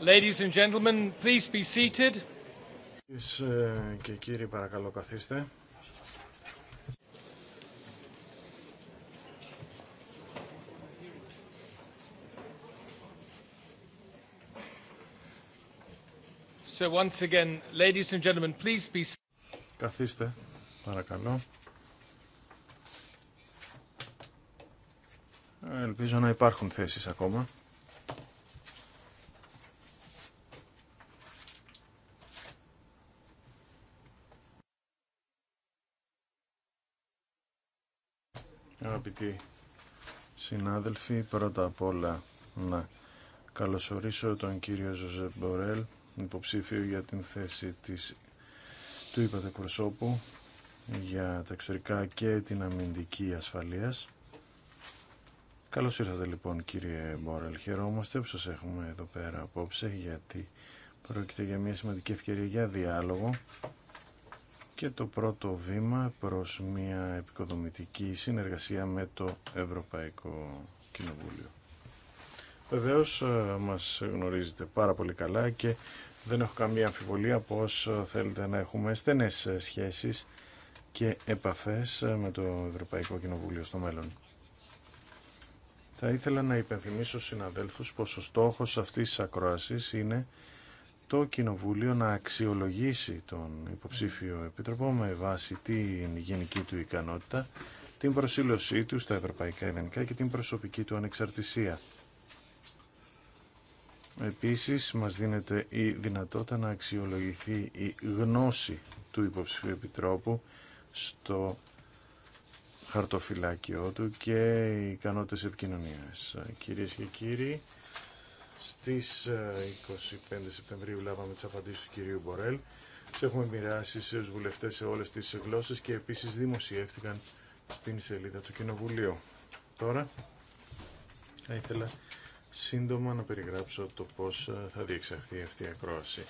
Ladies and gentlemen, please be seated. και κύριοι, παρακαλώ καθίστε. So once again, ladies and gentlemen, please be Καθίστε, παρακαλώ. Ελπίζω να υπάρχουν θέσεις ακόμα. συνάδελφοι. Πρώτα απ' όλα να καλωσορίσω τον κύριο Ζωζέ Μπορέλ, υποψήφιο για την θέση της, του είπατε για τα εξωτερικά και την αμυντική ασφαλείας. Καλώς ήρθατε λοιπόν κύριε Μπορέλ. Χαιρόμαστε που σας έχουμε εδώ πέρα απόψε γιατί πρόκειται για μια σημαντική ευκαιρία για διάλογο και το πρώτο βήμα προς μια επικοδομητική συνεργασία με το Ευρωπαϊκό Κοινοβούλιο. Βεβαίως ε, μας γνωρίζετε πάρα πολύ καλά και δεν έχω καμία αμφιβολία πως θέλετε να έχουμε στενές σχέσεις και επαφές ε, με το Ευρωπαϊκό Κοινοβούλιο στο μέλλον. Θα ήθελα να υπενθυμίσω συναδέλφους πως ο στόχος αυτής της ακρόασης είναι το Κοινοβούλιο να αξιολογήσει τον υποψήφιο επίτροπο με βάση την γενική του ικανότητα, την προσήλωσή του στα ευρωπαϊκά ιδανικά και την προσωπική του ανεξαρτησία. Επίσης, μας δίνεται η δυνατότητα να αξιολογηθεί η γνώση του υποψηφίου επιτρόπου στο χαρτοφυλάκιό του και οι ικανότητες επικοινωνίας. Κυρίες και κύριοι, στις 25 ε, Σεπτεμβρίου λάβαμε τις απαντήσεις του κυρίου Μπορέλ. Τι έχουμε μοιράσει σε βουλευτές σε όλες τις γλώσσες και επίσης δημοσιεύτηκαν στην σελίδα του Κοινοβουλίου. Τώρα θα ήθελα σύντομα να περιγράψω το πώς ε, θα διεξαχθεί αυτή η ακρόαση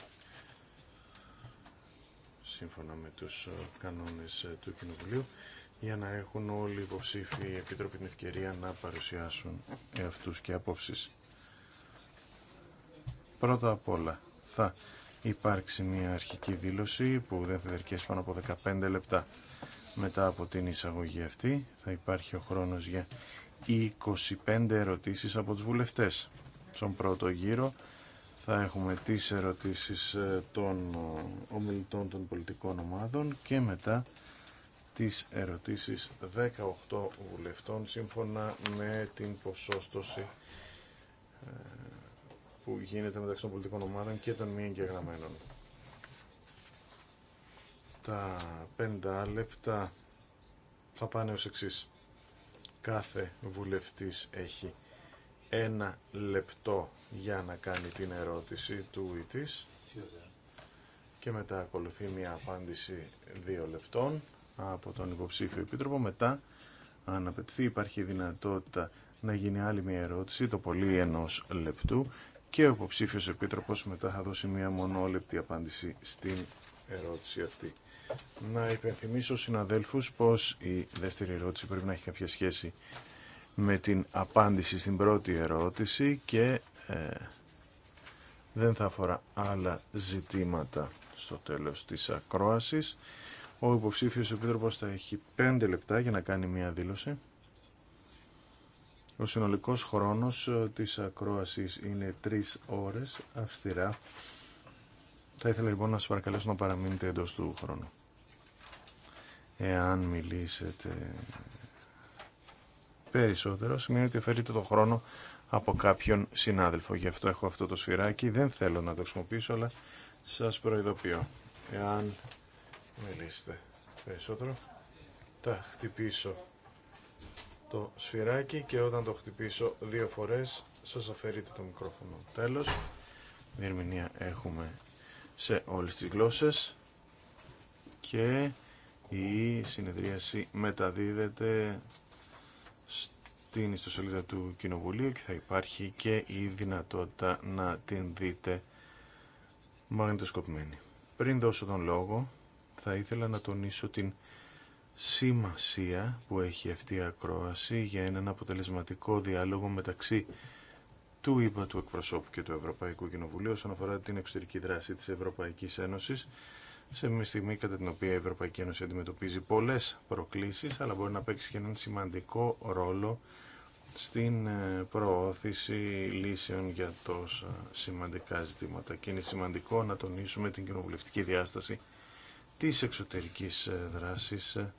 σύμφωνα με τους ε, κανόνες του Κοινοβουλίου για να έχουν όλοι οι υποψήφοι επίτροποι την ευκαιρία να παρουσιάσουν αυτούς και απόψεις. Πρώτα απ' όλα θα υπάρξει μια αρχική δήλωση που δεν θα διαρκέσει πάνω από 15 λεπτά μετά από την εισαγωγή αυτή. Θα υπάρχει ο χρόνος για 25 ερωτήσεις από τους βουλευτές. Στον πρώτο γύρο θα έχουμε τις ερωτήσεις ε, των ε, ομιλητών των πολιτικών ομάδων και μετά τις ερωτήσεις 18 βουλευτών σύμφωνα με την ποσόστοση ε, που γίνεται μεταξύ των πολιτικών ομάδων και των μη εγγεγραμμένων. Τα 5 λεπτά θα πάνε ως εξής. Κάθε βουλευτής έχει ένα λεπτό για να κάνει την ερώτηση του ή της και μετά ακολουθεί μια απάντηση δύο λεπτών από τον υποψήφιο επίτροπο. Μετά, αν απαιτηθεί, υπάρχει δυνατότητα να γίνει άλλη μια ερώτηση, το πολύ ενός λεπτού και ο υποψήφιος επίτροπος μετά θα δώσει μια μονόλεπτη απάντηση στην ερώτηση αυτή. Να υπενθυμίσω συναδέλφους πως η δεύτερη ερώτηση πρέπει να έχει κάποια σχέση με την απάντηση στην πρώτη ερώτηση και ε, δεν θα αφορά άλλα ζητήματα στο τέλος της ακρόασης. Ο υποψήφιος επίτροπος θα έχει 5 λεπτά για να κάνει μια δήλωση. Ο συνολικός χρόνος ε, της ακρόασης είναι 3 ώρες αυστηρά. Θα ήθελα λοιπόν να σας παρακαλέσω να παραμείνετε εντός του χρόνου. Εάν μιλήσετε περισσότερο, σημαίνει ότι αφαιρείτε το χρόνο από κάποιον συνάδελφο. Γι' αυτό έχω αυτό το σφυράκι. Δεν θέλω να το χρησιμοποιήσω, αλλά σας προειδοποιώ. Εάν μιλήσετε περισσότερο, θα χτυπήσω το σφυράκι και όταν το χτυπήσω δύο φορές σας αφαιρείτε το μικρόφωνο. Τέλος, διερμηνία έχουμε σε όλες τις γλώσσες και η συνεδρίαση μεταδίδεται στην ιστοσελίδα του Κοινοβουλίου και θα υπάρχει και η δυνατότητα να την δείτε μαγνητοσκοπημένη. Πριν δώσω τον λόγο, θα ήθελα να τονίσω την σημασία που έχει αυτή η ακρόαση για έναν αποτελεσματικό διάλογο μεταξύ του ΙΠΑ του εκπροσώπου και του Ευρωπαϊκού Κοινοβουλίου όσον αφορά την εξωτερική δράση της Ευρωπαϊκής Ένωσης σε μια στιγμή κατά την οποία η Ευρωπαϊκή Ένωση αντιμετωπίζει πολλές προκλήσεις αλλά μπορεί να παίξει και έναν σημαντικό ρόλο στην ε, προώθηση λύσεων για τόσα σημαντικά ζητήματα και είναι σημαντικό να τονίσουμε την κοινοβουλευτική διάσταση της εξωτερικής ε, δράσης ε,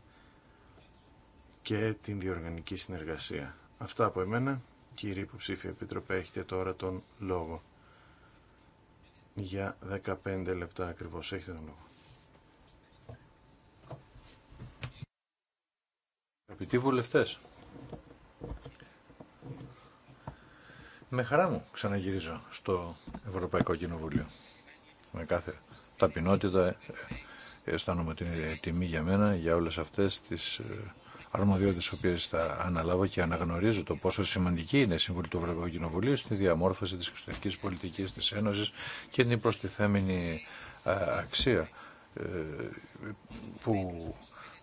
και την διοργανική συνεργασία. Αυτά από εμένα. Κύριε Υποψήφια Επίτροπε, έχετε τώρα τον λόγο. Για 15 λεπτά ακριβώς έχετε τον λόγο. Αγαπητοί βουλευτές, με χαρά μου ξαναγυρίζω στο Ευρωπαϊκό Κοινοβούλιο. Με κάθε ταπεινότητα ε, αισθάνομαι ότι είναι τιμή για μένα για όλες αυτές τις ε, αρμοδιότητες οποίες θα αναλάβω και αναγνωρίζω το πόσο σημαντική είναι η Συμβουλή του Ευρωπαϊκού Κοινοβουλίου στη διαμόρφωση της εξωτερική πολιτικής της Ένωσης και την προστιθέμενη ε, αξία ε, που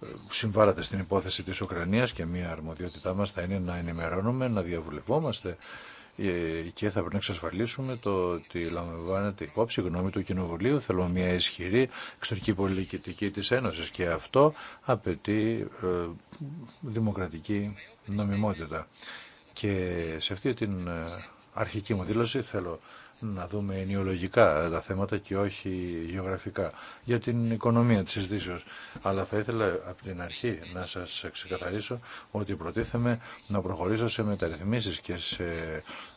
ε, συμβάλλατε στην υπόθεση της Ουκρανίας και μία αρμοδιότητά μας θα είναι να ενημερώνουμε, να διαβουλευόμαστε ε, και θα πρέπει να εξασφαλίσουμε το ότι λαμβάνεται υπόψη γνώμη του Κοινοβουλίου. Θέλω μια ισχυρή εξωτερική πολιτική της Ένωσης και αυτό απαιτεί ε, δημοκρατική νομιμότητα. Και σε αυτή την ε, αρχική μου δήλωση θέλω να δούμε ενοιολογικά τα θέματα και όχι γεωγραφικά για την οικονομία της συζητήσεως. Αλλά θα ήθελα από την αρχή να σας ξεκαθαρίσω ότι προτίθεμαι να προχωρήσω σε μεταρρυθμίσεις και σε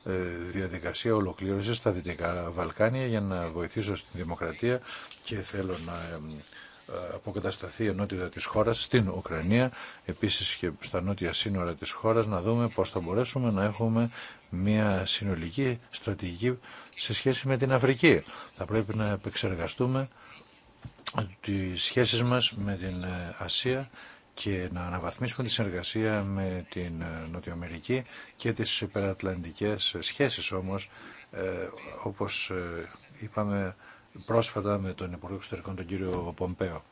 ε, διαδικασία ολοκλήρωσης στα Δυτικά Βαλκάνια για να βοηθήσω στην δημοκρατία και θέλω να ε, ε, αποκατασταθεί η ενότητα της χώρας στην Ουκρανία, επίσης και στα νότια σύνορα της χώρας, να δούμε πώς θα μπορέσουμε να έχουμε μια συνολική στρατηγική σε σχέση με την Αφρική. Θα πρέπει να επεξεργαστούμε τις σχέσεις μας με την ε, Ασία και να αναβαθμίσουμε τη συνεργασία με την ε, Αμερική και τις υπερατλαντικές σχέσεις όμως, όπως είπαμε, πρόσφατα με τον Υπουργό Εξωτερικών, τον κύριο Πομπέο.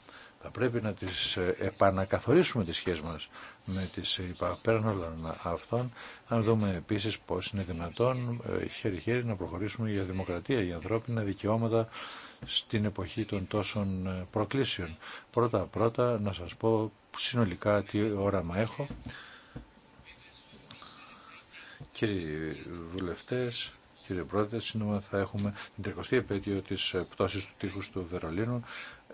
Θα πρέπει να τις ε, επανακαθορίσουμε τις σχέσεις μας με τις ε, υπαπέραν αυτών, να δούμε επίσης πώς είναι δυνατόν ε, χέρι-χέρι να προχωρήσουμε για δημοκρατία, για ανθρώπινα δικαιώματα στην εποχή των τόσων προκλήσεων. Πρώτα-πρώτα να σας πω συνολικά τι όραμα έχω. Κύριοι βουλευτές, Κύριε Πρόεδρε, σύντομα θα έχουμε την 30η επέτειο της ε, πτώσης του τείχους του Βερολίνου.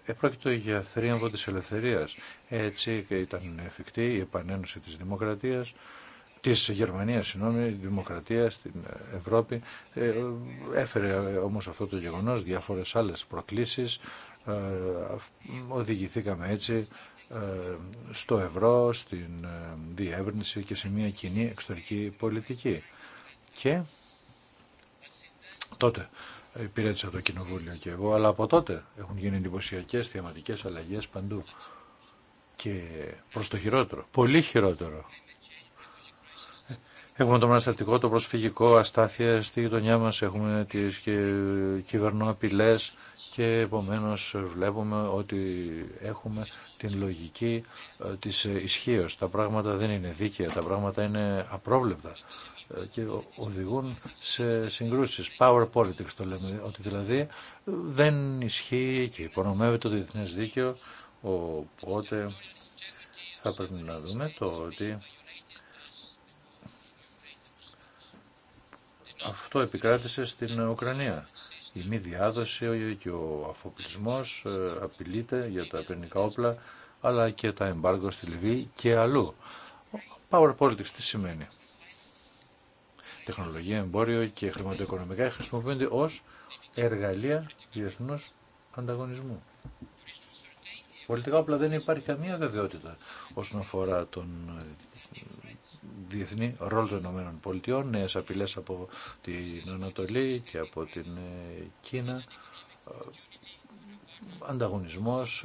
Επρόκειτο για θρίαμβο της ελευθερίας. Έτσι και ήταν εφικτή η επανένωση της δημοκρατίας Τη ελευθερια ετσι και ηταν εφικτη η επανενωση τη δημοκρατιας δημοκρατία στην ε, Ευρώπη. Ε, έφερε όμω αυτό το γεγονό, διάφορε άλλε προκλήσει οδηγηθήκαμε έτσι στο ευρώ, στην διεύρυνση και σε μια κοινή εξωτερική πολιτική. Και Τότε υπηρέτησα το κοινοβούλιο και εγώ, αλλά από τότε έχουν γίνει εντυπωσιακέ θεματικέ αλλαγές παντού. Και προς το χειρότερο, πολύ χειρότερο. Έχουμε το μεταναστευτικό, το προσφυγικό, αστάθεια στη γειτονιά μας, έχουμε τις κυβερνοαπειλέ και επομένω βλέπουμε ότι έχουμε την λογική ε, της ε, ισχύω. Τα πράγματα δεν είναι δίκαια, τα πράγματα είναι απρόβλεπτα. Ε, και οδηγούν σε συγκρούσεις. Power politics το λέμε, ότι δηλαδή δεν ισχύει και υπονομεύεται το διεθνές δίκαιο, οπότε θα πρέπει να δούμε το ότι αυτό επικράτησε στην Ουκρανία. Η μη διάδοση και ο αφοπλισμός ε, απειλείται για τα πυρηνικά όπλα, αλλά και τα εμπάργκο στη Λιβύη και αλλού. Power politics τι σημαίνει τεχνολογία, εμπόριο και χρηματοοικονομικά χρησιμοποιούνται ως εργαλεία διεθνού ανταγωνισμού. Πολιτικά όπλα δεν υπάρχει καμία βεβαιότητα όσον αφορά τον ε, διεθνή ρόλο των Ηνωμένων Πολιτειών, νέες απειλές από την Ανατολή και από την ε, Κίνα, ε, ανταγωνισμός,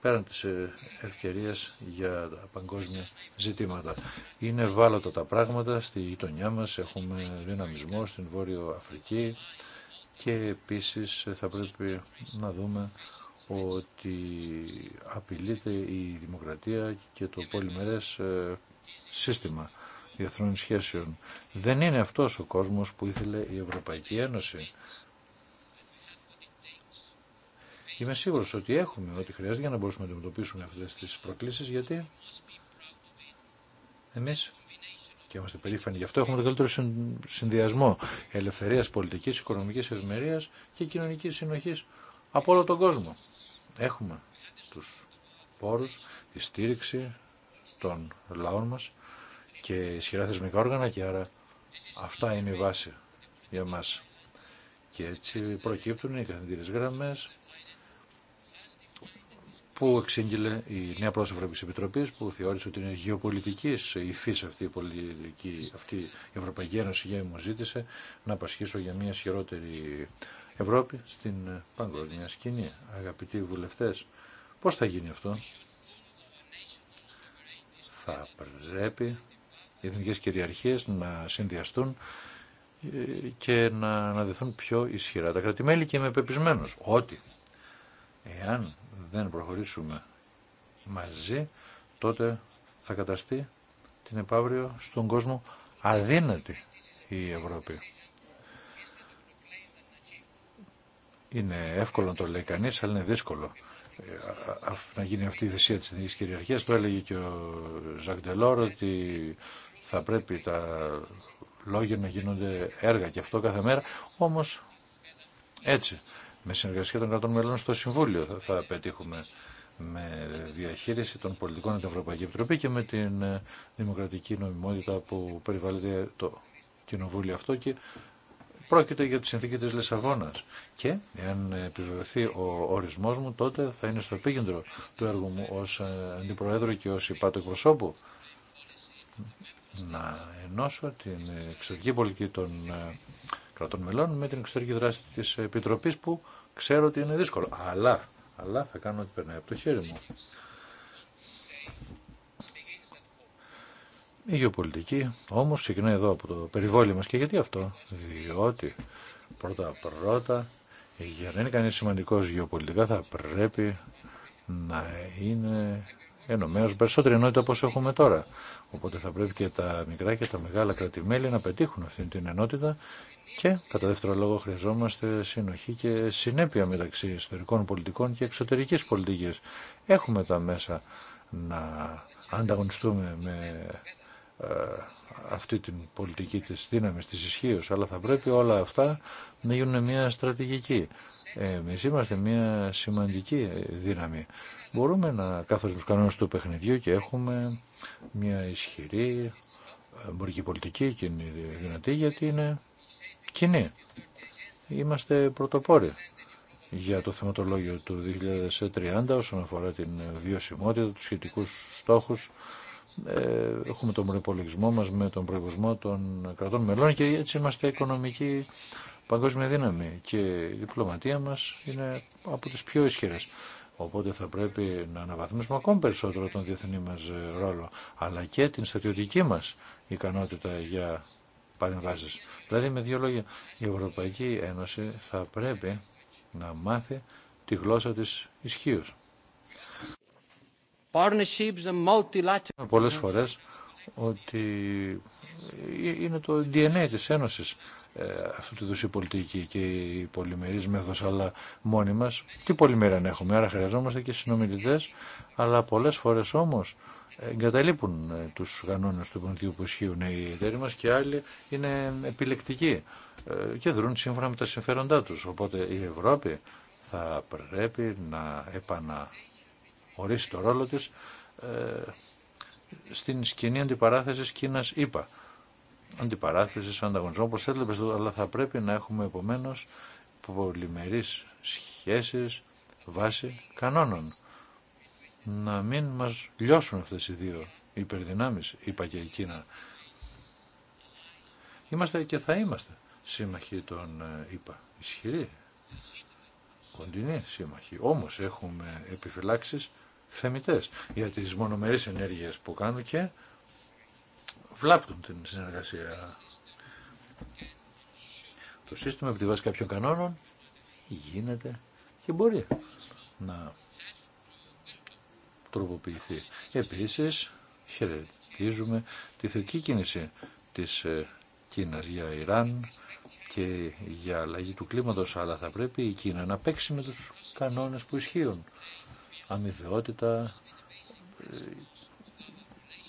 πέραν της ε, ευκαιρία για τα παγκόσμια ζητήματα. Είναι βάλωτα τα πράγματα στη γειτονιά μας, έχουμε δυναμισμό στην Βόρειο Αφρική και επίσης θα πρέπει να δούμε ότι απειλείται η δημοκρατία και το πολυμερές ε, σύστημα διεθνών σχέσεων. Δεν είναι αυτός ο κόσμος που ήθελε η Ευρωπαϊκή Ένωση. Είμαι σίγουρο ότι έχουμε ό,τι χρειάζεται για να μπορούμε να αντιμετωπίσουμε αυτέ τι προκλήσει γιατί εμεί και είμαστε περήφανοι γι' αυτό έχουμε τον καλύτερο συνδυασμό ελευθερία πολιτική, οικονομική ευημερία και κοινωνική συνοχή από όλο τον κόσμο. Έχουμε του πόρου, τη στήριξη των λαών μα και ισχυρά θεσμικά όργανα και άρα αυτά είναι η βάση για μας. Και έτσι προκύπτουν οι καθημερινέ γραμμές, που εξήγηλε η νέα πρόσωπη τη Επιτροπής που θεώρησε ότι είναι γεωπολιτική υφή αυτή η, πολιτική, αυτή Ευρωπαϊκή Ένωση και μου ζήτησε να απασχίσω για μια ισχυρότερη Ευρώπη στην παγκόσμια σκηνή. Αγαπητοί βουλευτές, πώς θα γίνει αυτό. Θα πρέπει οι εθνικέ κυριαρχίε να συνδυαστούν ε, και να αναδεθούν πιο ισχυρά τα κρατημέλη και είμαι πεπισμένο ότι εάν δεν προχωρήσουμε μαζί, τότε θα καταστεί την επαύριο στον κόσμο αδύνατη η Ευρώπη. Είναι εύκολο να το λέει κανεί, αλλά είναι δύσκολο ε, να γίνει αυτή η θυσία της εθνικής κυριαρχίας. Το έλεγε και ο Ζακ ότι θα πρέπει τα λόγια να γίνονται έργα και αυτό κάθε μέρα. Όμως έτσι με συνεργασία των κρατών μελών στο Συμβούλιο θα, πετύχουμε με διαχείριση των πολιτικών από την Ευρωπαϊκή Επιτροπή και με την ε, δημοκρατική νομιμότητα που περιβάλλεται το κοινοβούλιο αυτό και πρόκειται για τη συνθήκη της Λισαβόνας. Και εάν επιβεβαιωθεί ο ορισμός μου τότε θα είναι στο επίκεντρο του έργου μου ως ε, αντιπροέδρου και ως υπάτο προσώπου να ενώσω την εξωτερική πολιτική των ε, κρατών μελών με την εξωτερική δράση της Επιτροπής που Ξέρω ότι είναι δύσκολο, αλλά, αλλά θα κάνω ό,τι περνάει από το χέρι μου. Η γεωπολιτική όμως ξεκινάει εδώ από το περιβόλι μας. Και γιατί αυτό, διότι πρώτα-πρώτα για να είναι κανείς σημαντικός γεωπολιτικά θα πρέπει να είναι ενωμένος περισσότερη ενότητα όπως έχουμε τώρα. Οπότε θα πρέπει και τα μικρά και τα μεγάλα κρατημέλη να πετύχουν αυτή την ενότητα και κατά δεύτερο λόγο χρειαζόμαστε συνοχή και συνέπεια μεταξύ ιστορικών πολιτικών και εξωτερικής πολιτικής. Έχουμε τα μέσα να ανταγωνιστούμε με ε, αυτή την πολιτική της δύναμης, της ισχύω, αλλά θα πρέπει όλα αυτά να γίνουν μια στρατηγική. Εμεί είμαστε μια σημαντική δύναμη. Μπορούμε να κάθοσουμε στους κανόνες του παιχνιδιού και έχουμε μια ισχυρή εμπορική πολιτική και είναι δυνατή γιατί είναι κοινή. Είμαστε πρωτοπόροι για το θεματολόγιο του 2030 όσον αφορά την βιωσιμότητα, τους σχετικούς στόχους. Ε, έχουμε τον προπολογισμό μας με τον προϋποσμό των κρατών μελών και έτσι είμαστε οικονομική παγκόσμια δύναμη και η διπλωματία μας είναι από τις πιο ισχυρές. Οπότε θα πρέπει να αναβαθμίσουμε ακόμη περισσότερο τον διεθνή μας ρόλο, αλλά και την στρατιωτική μας ικανότητα για παρεμβάσεις. Δηλαδή με δύο λόγια η Ευρωπαϊκή Ένωση θα πρέπει να μάθει τη γλώσσα της ισχύω. Πολλές φορές ότι είναι το DNA της Ένωσης ε, αυτού του είδους η πολιτική και η πολυμερής μέθος, αλλά μόνοι μας τι πολυμερία έχουμε, άρα χρειαζόμαστε και συνομιλητές, αλλά πολλές φορές όμως εγκαταλείπουν ε, τους κανόνες του Πολιτείου που ισχύουν οι εταίροι μας και άλλοι είναι επιλεκτικοί ε, και δρούν σύμφωνα με τα συμφέροντά τους. Οπότε η Ευρώπη θα πρέπει να επαναορίσει το ρόλο της ε, στην σκηνή αντιπαράθεσης Κίνας-ΥΠΑ. Αντιπαράθεσης, ανταγωνισμό, όπως θέλετε, αλλά θα πρέπει να έχουμε επομένως πολυμερείς σχέσεις βάσει κανόνων να μην μας λιώσουν αυτές οι δύο υπερδυνάμεις, είπα και εκείνα. Είμαστε και θα είμαστε σύμμαχοι των ε, είπα, ισχυροί, κοντινοί σύμμαχοι. Όμως έχουμε επιφυλάξεις θεμητές για τις μονομερείς ενέργειες που κάνουν και βλάπτουν την συνεργασία. Το σύστημα επί τη βάση κάποιων κανόνων γίνεται και μπορεί να τροποποιηθεί. Επίσης, χαιρετίζουμε τη θετική κίνηση της ε, Κίνας για Ιράν και για αλλαγή του κλίματος, αλλά θα πρέπει η Κίνα να παίξει με τους κανόνες που ισχύουν. Αμοιβαιότητα, ε,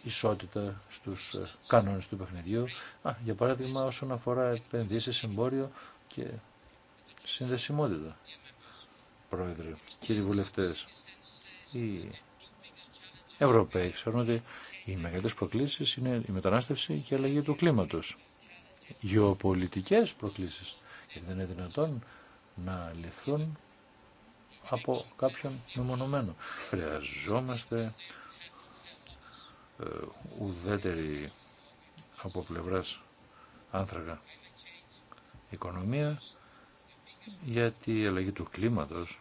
ισότητα στους ε, κανόνες του παιχνιδιού. Α, για παράδειγμα, όσον αφορά επενδύσεις, εμπόριο και συνδεσιμότητα. Πρόεδρε, κύριοι βουλευτές, η Ευρωπαίοι ξέρουν ότι οι μεγαλύτερε προκλήσει είναι η μετανάστευση και η αλλαγή του κλίματο. Γεωπολιτικέ προκλήσει. Γιατί δεν είναι δυνατόν να λυθούν από κάποιον μεμονωμένο. Χρειαζόμαστε ε, ουδέτερη από πλευράς άνθρακα οικονομία γιατί η αλλαγή του κλίματος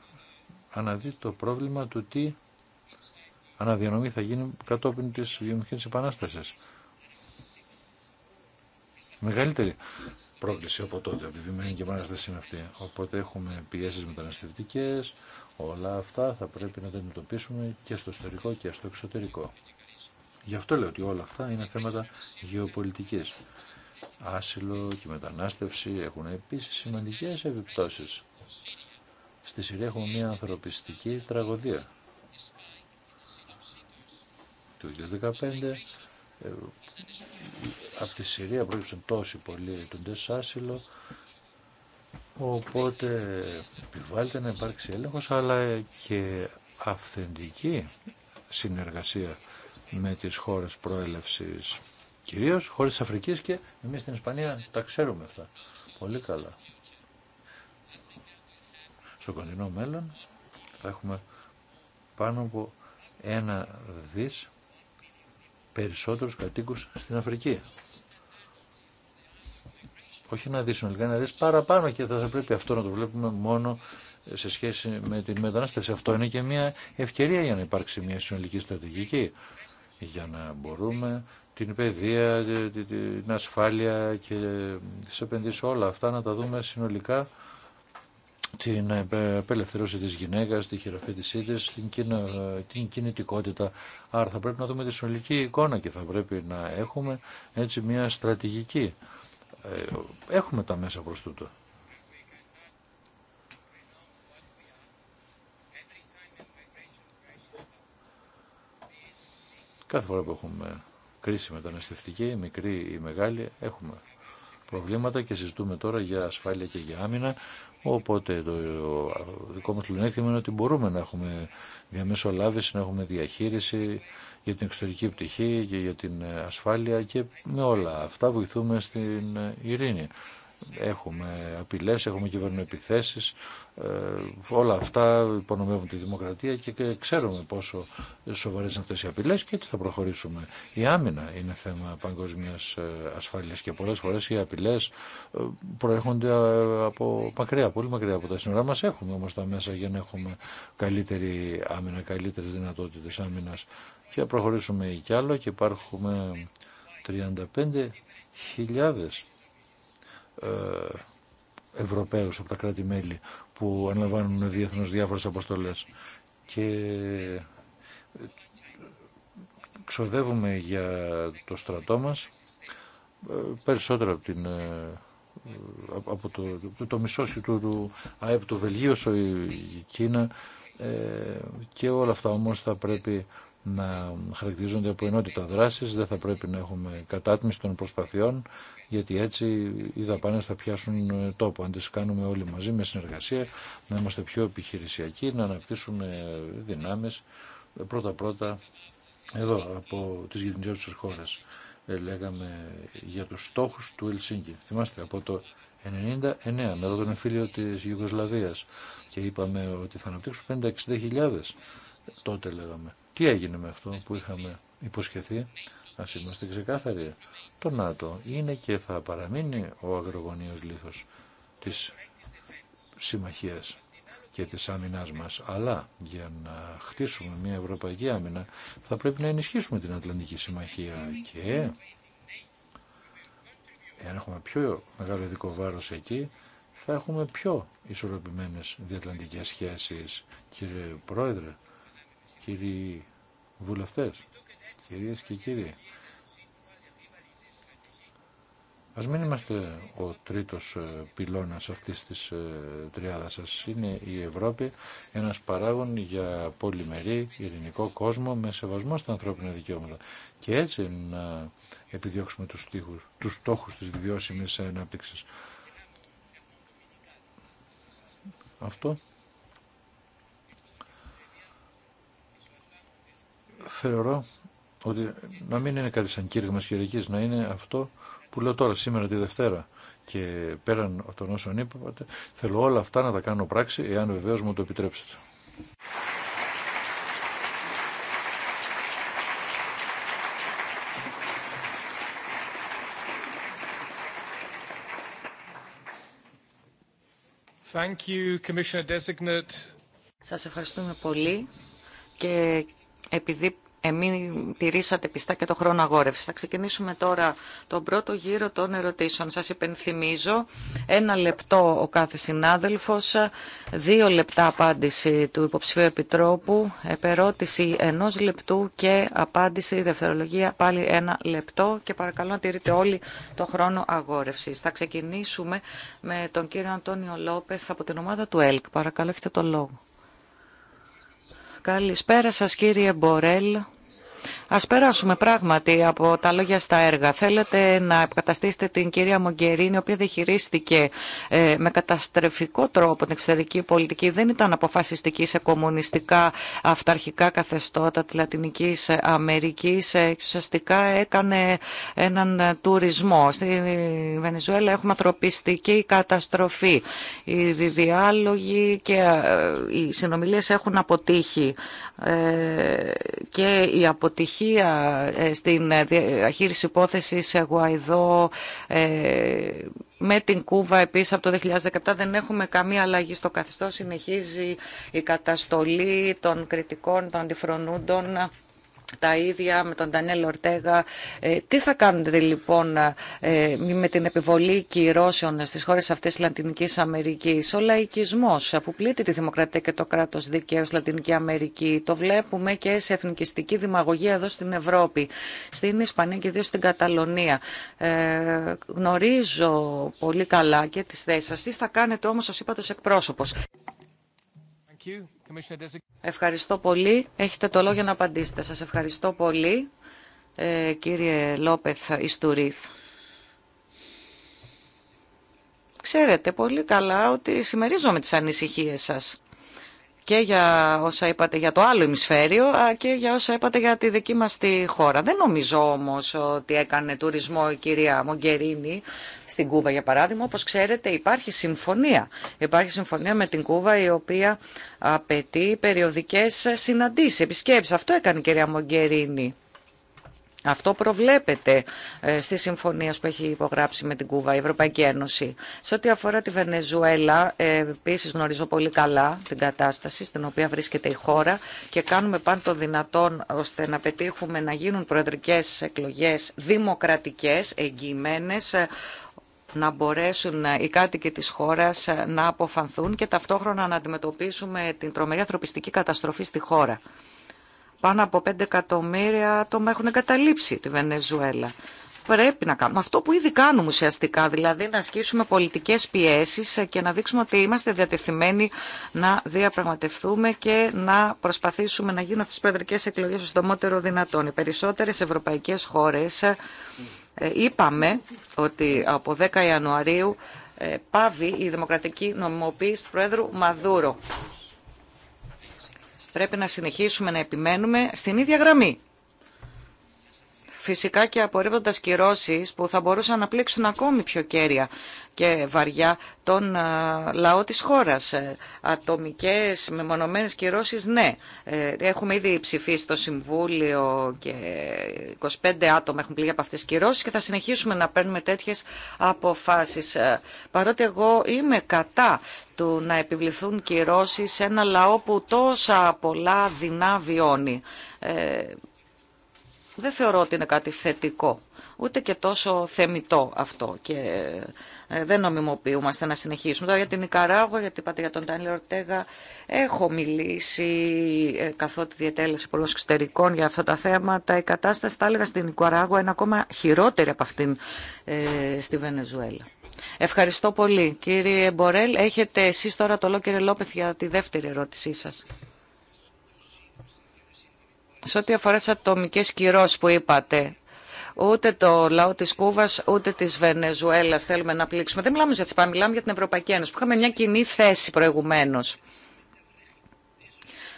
αναδεί το πρόβλημα του τι αναδιανομή θα γίνει κατόπιν της βιομηχανικής επανάστασης. Μεγαλύτερη πρόκληση από τότε, από τη βιομηχανική επανάσταση είναι αυτή. Οπότε έχουμε πιέσεις μεταναστευτικές, όλα αυτά θα πρέπει να τα αντιμετωπίσουμε και στο ιστορικό και στο εξωτερικό. Γι' αυτό λέω ότι όλα αυτά είναι θέματα γεωπολιτικής. Άσυλο και μετανάστευση έχουν επίσης σημαντικές επιπτώσεις. Στη Συρία έχουμε μια ανθρωπιστική τραγωδία του 2015. Ε, από τη Συρία προέκυψαν τόσοι πολλοί τον άσυλο, οπότε επιβάλλεται να υπάρξει έλεγχος, αλλά και αυθεντική συνεργασία με τις χώρες προέλευσης, κυρίως χώρες της Αφρικής και εμείς στην Ισπανία τα ξέρουμε αυτά πολύ καλά. Στο κοντινό μέλλον θα έχουμε πάνω από ένα δις περισσότερους κατοίκους στην Αφρική. Όχι να δεις συνολικά, να δεις παραπάνω και θα, θα πρέπει αυτό να το βλέπουμε μόνο σε σχέση με την μετανάστευση. Αυτό είναι και μια ευκαιρία για να υπάρξει μια συνολική στρατηγική, για να μπορούμε την παιδεία, την ασφάλεια και τι επενδύσεις όλα αυτά να τα δούμε συνολικά την απελευθερώση της γυναίκας, τη χειροφέτησή της, την, την κινητικότητα. Άρα θα πρέπει να δούμε τη συνολική εικόνα και θα πρέπει να έχουμε έτσι μια στρατηγική. Ε, έχουμε τα μέσα προς τούτο. Κάθε φορά που έχουμε κρίση μεταναστευτική, μικρή ή μεγάλη, έχουμε προβλήματα και συζητούμε τώρα για ασφάλεια και για άμυνα. Οπότε το δικό μας πλεονέκτημα είναι ότι μπορούμε να έχουμε διαμεσολάβηση, να έχουμε διαχείριση για την εξωτερική πτυχή και για την ε, ασφάλεια και με όλα αυτά βοηθούμε στην ε, ειρήνη. Έχουμε απειλές, έχουμε ε, όλα αυτά υπονομεύουν τη δημοκρατία και ξέρουμε πόσο σοβαρές είναι αυτές οι απειλές και έτσι θα προχωρήσουμε. Η άμυνα είναι θέμα παγκοσμίας ε, ασφάλειας και πολλές φορές οι απειλές ε, προέρχονται ε, από μακριά, πολύ μακριά από τα σύνορα μας. Έχουμε όμως τα μέσα για να έχουμε καλύτερη άμυνα, καλύτερε δυνατότητε άμυνας και θα προχωρήσουμε κι άλλο και υπάρχουμε 35.000 ε, Ευρωπαίους από τα κράτη-μέλη που αναλαμβάνουν διεθνώς διάφορες αποστολές και ε, ξοδεύουμε για το στρατό μας ε, περισσότερο από, την, από το, το, το μισό του, ΑΕΠ του Βελγίου, η Κίνα και όλα αυτά όμως θα πρέπει να χαρακτηρίζονται από ενότητα δράση, δεν θα πρέπει να έχουμε κατάτμιση των προσπαθειών, γιατί έτσι οι δαπάνε θα πιάσουν ε, τόπο. Αν τι κάνουμε όλοι μαζί με συνεργασία, να είμαστε πιο επιχειρησιακοί, να αναπτύσσουμε δυνάμεις ε, πρώτα-πρώτα εδώ από τις γειτονικές χώρε. χώρες. Λέγαμε για τους στόχους του Ελσίνκη. Θυμάστε, από το 99 μετά τον εμφύλιο της Ιουγκοσλαβίας και είπαμε ότι θα αναπτύξουν 50-60 χιλιάδες. Τότε λέγαμε. Τι έγινε με αυτό που είχαμε υποσχεθεί, ας είμαστε ξεκάθαροι. Το ΝΑΤΟ είναι και θα παραμείνει ο αγρογωνίος λίθος της συμμαχίας και της άμυνάς μας. Αλλά για να χτίσουμε μια ευρωπαϊκή άμυνα θα πρέπει να ενισχύσουμε την Ατλαντική Συμμαχία και εάν έχουμε πιο μεγάλο ειδικό βάρος εκεί θα έχουμε πιο ισορροπημένες διατλαντικές σχέσεις. Κύριε Πρόεδρε, κύριοι βουλευτές, κυρίες και κύριοι. Ας μην είμαστε ο τρίτος ε, πυλώνας αυτής της ε, τριάδας σας. Είναι η Ευρώπη ένας παράγων για πολυμερή ειρηνικό κόσμο με σεβασμό στα ανθρώπινα δικαιώματα. Και έτσι να επιδιώξουμε τους, στίχους, τους στόχους της βιώσιμης ανάπτυξης. Αυτό θεωρώ ότι να μην είναι κάτι σαν κήρυγμα χειρική, να είναι αυτό που λέω τώρα σήμερα τη Δευτέρα και πέραν των όσων είπατε, θέλω όλα αυτά να τα κάνω πράξη, εάν βεβαίω μου το επιτρέψετε. Thank Σας ευχαριστούμε πολύ και επειδή εμείς τηρήσατε πιστά και το χρόνο αγόρευση. Θα ξεκινήσουμε τώρα τον πρώτο γύρο των ερωτήσεων. Σας υπενθυμίζω, ένα λεπτό ο κάθε συνάδελφος, δύο λεπτά απάντηση του υποψηφίου επιτρόπου, επερώτηση ενός λεπτού και απάντηση δευτερολογία πάλι ένα λεπτό και παρακαλώ να τηρείτε όλοι το χρόνο αγόρευση. Θα ξεκινήσουμε με τον κύριο Αντώνιο Λόπεθ από την ομάδα του ΕΛΚ. Παρακαλώ, έχετε το λόγο. Καλησπέρα σας κύριε Μπορέλ. Α περάσουμε πράγματι από τα λόγια στα έργα. Θέλετε να επικαταστήσετε την κυρία Μογκερίνη, η οποία διχειρίστηκε ε, με καταστρεφικό τρόπο την εξωτερική πολιτική. Δεν ήταν αποφασιστική σε κομμουνιστικά αυταρχικά καθεστώτα της Λατινικής Αμερικής. Ε, ουσιαστικά έκανε έναν τουρισμό. Στη Βενεζουέλα έχουμε ανθρωπιστική καταστροφή. Οι διάλογοι ε, και οι συνομιλίε έχουν αποτύχει. Και η αποτυχία ε, στην στην ε, διαχείριση ε, υπόθεσης Γουαϊδό με την Κούβα επίσης από το 2017 δεν έχουμε καμία αλλαγή στο καθεστώς. Συνεχίζει η καταστολή των κριτικών, των αντιφρονούντων τα ίδια με τον Ντανέλ Ορτέγα. Ε, τι θα κάνετε λοιπόν ε, ε, με την επιβολή κυρώσεων στις χώρες αυτές της Λατινικής Αμερικής. Ο λαϊκισμός που πλήττει τη δημοκρατία και το κράτος δικαίου στη Λατινική Αμερική. Το βλέπουμε και σε εθνικιστική δημαγωγία εδώ στην Ευρώπη, στην Ισπανία και ιδίω στην Καταλωνία. Ε, γνωρίζω πολύ καλά και τις θέσεις σας. Τι θα κάνετε όμως ως είπα εκπρόσωπος. Ευχαριστώ πολύ. Έχετε το λόγο να απαντήσετε. Σας ευχαριστώ πολύ, ε, κύριε Λόπεθ Ιστουρίθ. Ξέρετε πολύ καλά ότι συμμερίζομαι τις ανησυχίες σας και για όσα είπατε για το άλλο ημισφαίριο και για όσα είπατε για τη δική μας τη χώρα. Δεν νομίζω όμως ότι έκανε τουρισμό η κυρία Μογκερίνη στην Κούβα για παράδειγμα. Όπως ξέρετε υπάρχει συμφωνία. Υπάρχει συμφωνία με την Κούβα η οποία απαιτεί περιοδικές συναντήσεις, επισκέψεις. Αυτό έκανε η κυρία Μογκερίνη. Αυτό προβλέπεται ε, στι συμφωνίε που έχει υπογράψει με την Κούβα η Ευρωπαϊκή Ένωση. Σε ό,τι αφορά τη Βενεζουέλα, ε, επίση γνωρίζω πολύ καλά την κατάσταση στην οποία βρίσκεται η χώρα και κάνουμε πάντα το δυνατόν ώστε να πετύχουμε να γίνουν προεδρικέ εκλογέ δημοκρατικέ, εγγυημένε, ε, να μπορέσουν οι κάτοικοι της χώρας να αποφανθούν και ταυτόχρονα να αντιμετωπίσουμε την τρομερή ανθρωπιστική καταστροφή στη χώρα. Πάνω από 5 εκατομμύρια άτομα έχουν εγκαταλείψει τη Βενεζουέλα. Πρέπει να κάνουμε αυτό που ήδη κάνουμε ουσιαστικά, δηλαδή να ασκήσουμε πολιτικέ πιέσει και να δείξουμε ότι είμαστε διατεθειμένοι να διαπραγματευτούμε και να προσπαθήσουμε να γίνουν αυτέ τι προεδρικέ εκλογέ στο στομότερο δυνατόν. Οι περισσότερες ευρωπαϊκές χώρες ε, είπαμε ότι από 10 Ιανουαρίου ε, πάβει η δημοκρατική νομιμοποίηση του Πρόεδρου Μαδούρο πρέπει να συνεχίσουμε να επιμένουμε στην ίδια γραμμή φυσικά και απορρίπτοντα κυρώσει που θα μπορούσαν να πλήξουν ακόμη πιο κέρια και βαριά τον ε, λαό της χώρας. Ε, ατομικές μεμονωμένες κυρώσεις, ναι. Ε, έχουμε ήδη ψηφίσει το Συμβούλιο και 25 άτομα έχουν πληγεί από αυτές τις κυρώσεις και θα συνεχίσουμε να παίρνουμε τέτοιες αποφάσεις. Παρότι εγώ είμαι κατά του να επιβληθούν κυρώσεις σε ένα λαό που τόσα πολλά δεινά βιώνει δεν θεωρώ ότι είναι κάτι θετικό, ούτε και τόσο θεμητό αυτό και ε, δεν νομιμοποιούμαστε να συνεχίσουμε. Τώρα για την Ικαράγω, γιατί την για τον Τάνιλ Ορτέγα, έχω μιλήσει ε, καθότι διατέλεσε πολλών εξωτερικών για αυτά τα θέματα. Η κατάσταση, θα έλεγα, στην Ικαράγω είναι ακόμα χειρότερη από αυτήν ε, στη Βενεζουέλα. Ευχαριστώ πολύ. Κύριε Μπορέλ, έχετε εσείς τώρα το λόγο κύριε Λόπεθ για τη δεύτερη ερώτησή σας. Σε ό,τι αφορά τι ατομικέ κυρώσει που είπατε, ούτε το λαό τη Κούβα ούτε τη Βενεζουέλα θέλουμε να πλήξουμε. Δεν μιλάμε για τι πάμε, μιλάμε για την Ευρωπαϊκή Ένωση που είχαμε μια κοινή θέση προηγουμένω.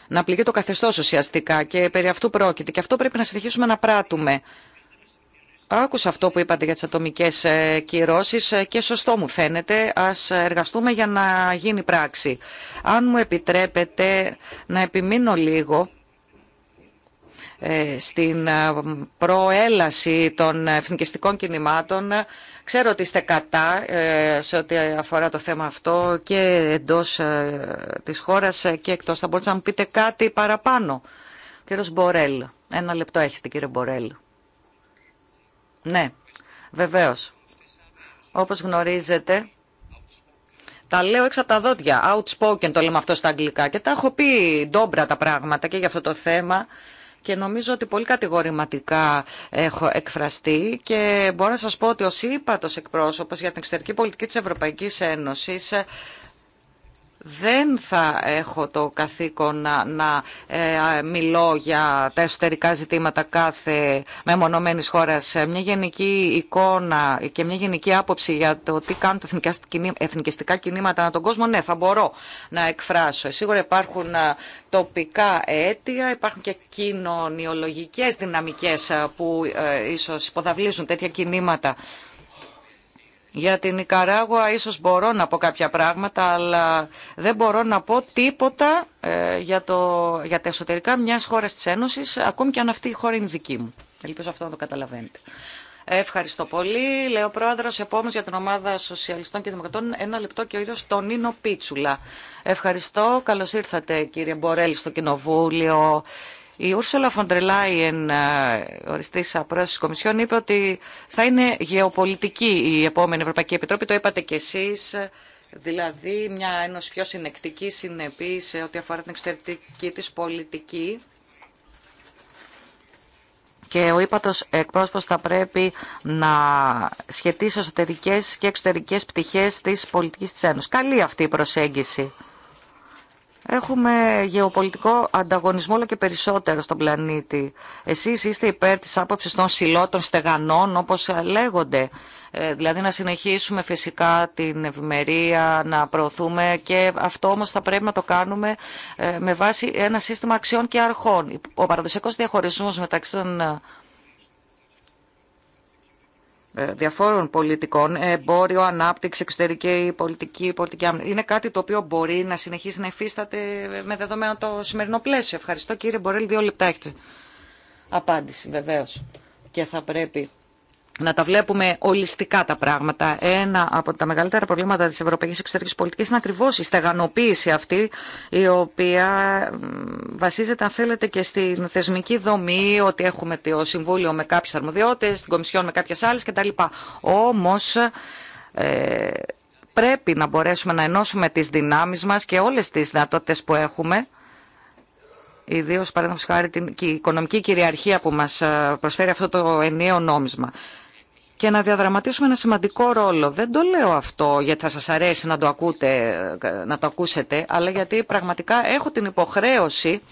Να πληγεί το καθεστώ ουσιαστικά και περί αυτού πρόκειται. Και αυτό πρέπει να συνεχίσουμε να πράττουμε. Άκουσα αυτό που είπατε για τις ατομικές ε, κυρώσεις ε, και σωστό μου φαίνεται. Ας εργαστούμε για να γίνει πράξη. Αν μου επιτρέπετε να επιμείνω λίγο ε, στην ε, προέλαση των εθνικιστικών κινημάτων. Ξέρω ότι είστε κατά ε, σε ό,τι αφορά το θέμα αυτό και εντός της χώρας και εκτός. Θα μπορούσατε να μου πείτε κάτι παραπάνω. Κύριος Μπορέλ, ένα λεπτό έχετε κύριε Μπορέλ. Ναι, βεβαίως. Όπως γνωρίζετε, τα λέω έξω από τα δόντια. Outspoken το λέμε αυτό στα αγγλικά. Και τα έχω πει ντόμπρα τα πράγματα και για αυτό το θέμα και νομίζω ότι πολύ κατηγορηματικά έχω εκφραστεί και μπορώ να σας πω ότι ο ύπατος εκπρόσωπος για την εξωτερική πολιτική της Ευρωπαϊκής Ένωσης δεν θα έχω το καθήκον να, να ε, μιλώ για τα εσωτερικά ζητήματα κάθε μεμονωμένης χώρας. Μια γενική εικόνα και μια γενική άποψη για το τι κάνουν τα εθνικιστικά κινήματα ανά τον κόσμο, ναι, θα μπορώ να εκφράσω. Σίγουρα υπάρχουν τοπικά αίτια, υπάρχουν και κοινωνιολογικές δυναμικές που ε, ίσως υποδαβλίζουν τέτοια κινήματα. Για την Ικαράγουα ίσως μπορώ να πω κάποια πράγματα, αλλά δεν μπορώ να πω τίποτα ε, για, το, για τα εσωτερικά μιας χώρας της Ένωσης, ακόμη και αν αυτή η χώρα είναι δική μου. Ελπίζω αυτό να το καταλαβαίνετε. Ευχαριστώ πολύ. Λέω πρόεδρος επόμενος για την ομάδα Σοσιαλιστών και Δημοκρατών, ένα λεπτό και ο ίδιος τον Νίνο Πίτσουλα. Ευχαριστώ. Καλώς ήρθατε, κύριε Μπορέλη, στο Κοινοβούλιο. Η Ούρσολα Φοντρελάιεν, ε, οριστή πρόεδρο τη Κομισιόν, είπε ότι θα είναι γεωπολιτική η επόμενη Ευρωπαϊκή Επιτροπή. Το είπατε κι εσεί. Δηλαδή, μια ενό πιο συνεκτική συνεπή σε ό,τι αφορά την εξωτερική τη πολιτική. Και ο ύπατο εκπρόσωπος θα πρέπει να σχετίσει εσωτερικέ και εξωτερικές πτυχέ της πολιτική τη Ένωση. Καλή αυτή η προσέγγιση. Έχουμε γεωπολιτικό ανταγωνισμό όλο και περισσότερο στον πλανήτη. Εσείς είστε υπέρ τη άποψη των σιλώτων στεγανών, όπως λέγονται. Ε, δηλαδή να συνεχίσουμε φυσικά την ευημερία, να προωθούμε και αυτό όμως θα πρέπει να το κάνουμε ε, με βάση ένα σύστημα αξιών και αρχών. Ο παραδοσιακός διαχωρισμός μεταξύ των ε, ε, διαφόρων πολιτικών, εμπόριο, ανάπτυξη, εξωτερική πολιτική, πολιτική άμυνα. Είναι κάτι το οποίο μπορεί να συνεχίσει να υφίσταται με δεδομένο το σημερινό πλαίσιο. Ευχαριστώ κύριε Μπορέλ, δύο λεπτά έχετε απάντηση βεβαίως και θα πρέπει να τα βλέπουμε ολιστικά τα πράγματα. Ένα από τα μεγαλύτερα προβλήματα της ευρωπαϊκής εξωτερικής πολιτικής είναι ακριβώς η στεγανοποίηση αυτή, η οποία βασίζεται, αν θέλετε, και στην θεσμική δομή, ότι έχουμε το Συμβούλιο με κάποιες αρμοδιότητες, την Κομισιόν με κάποιες άλλες κτλ. Όμως... Ε, πρέπει να μπορέσουμε να ενώσουμε τις δυνάμεις μας και όλες τις δυνατότητες που έχουμε ιδίω παραδείγματο χάρη την οικονομική κυριαρχία που μα ε, προσφέρει αυτό το ενιαίο νόμισμα και να διαδραματίσουμε ένα σημαντικό ρόλο. Δεν το λέω αυτό γιατί θα σας αρέσει να το, ακούτε, να το ακούσετε, αλλά γιατί πραγματικά έχω την υποχρέωση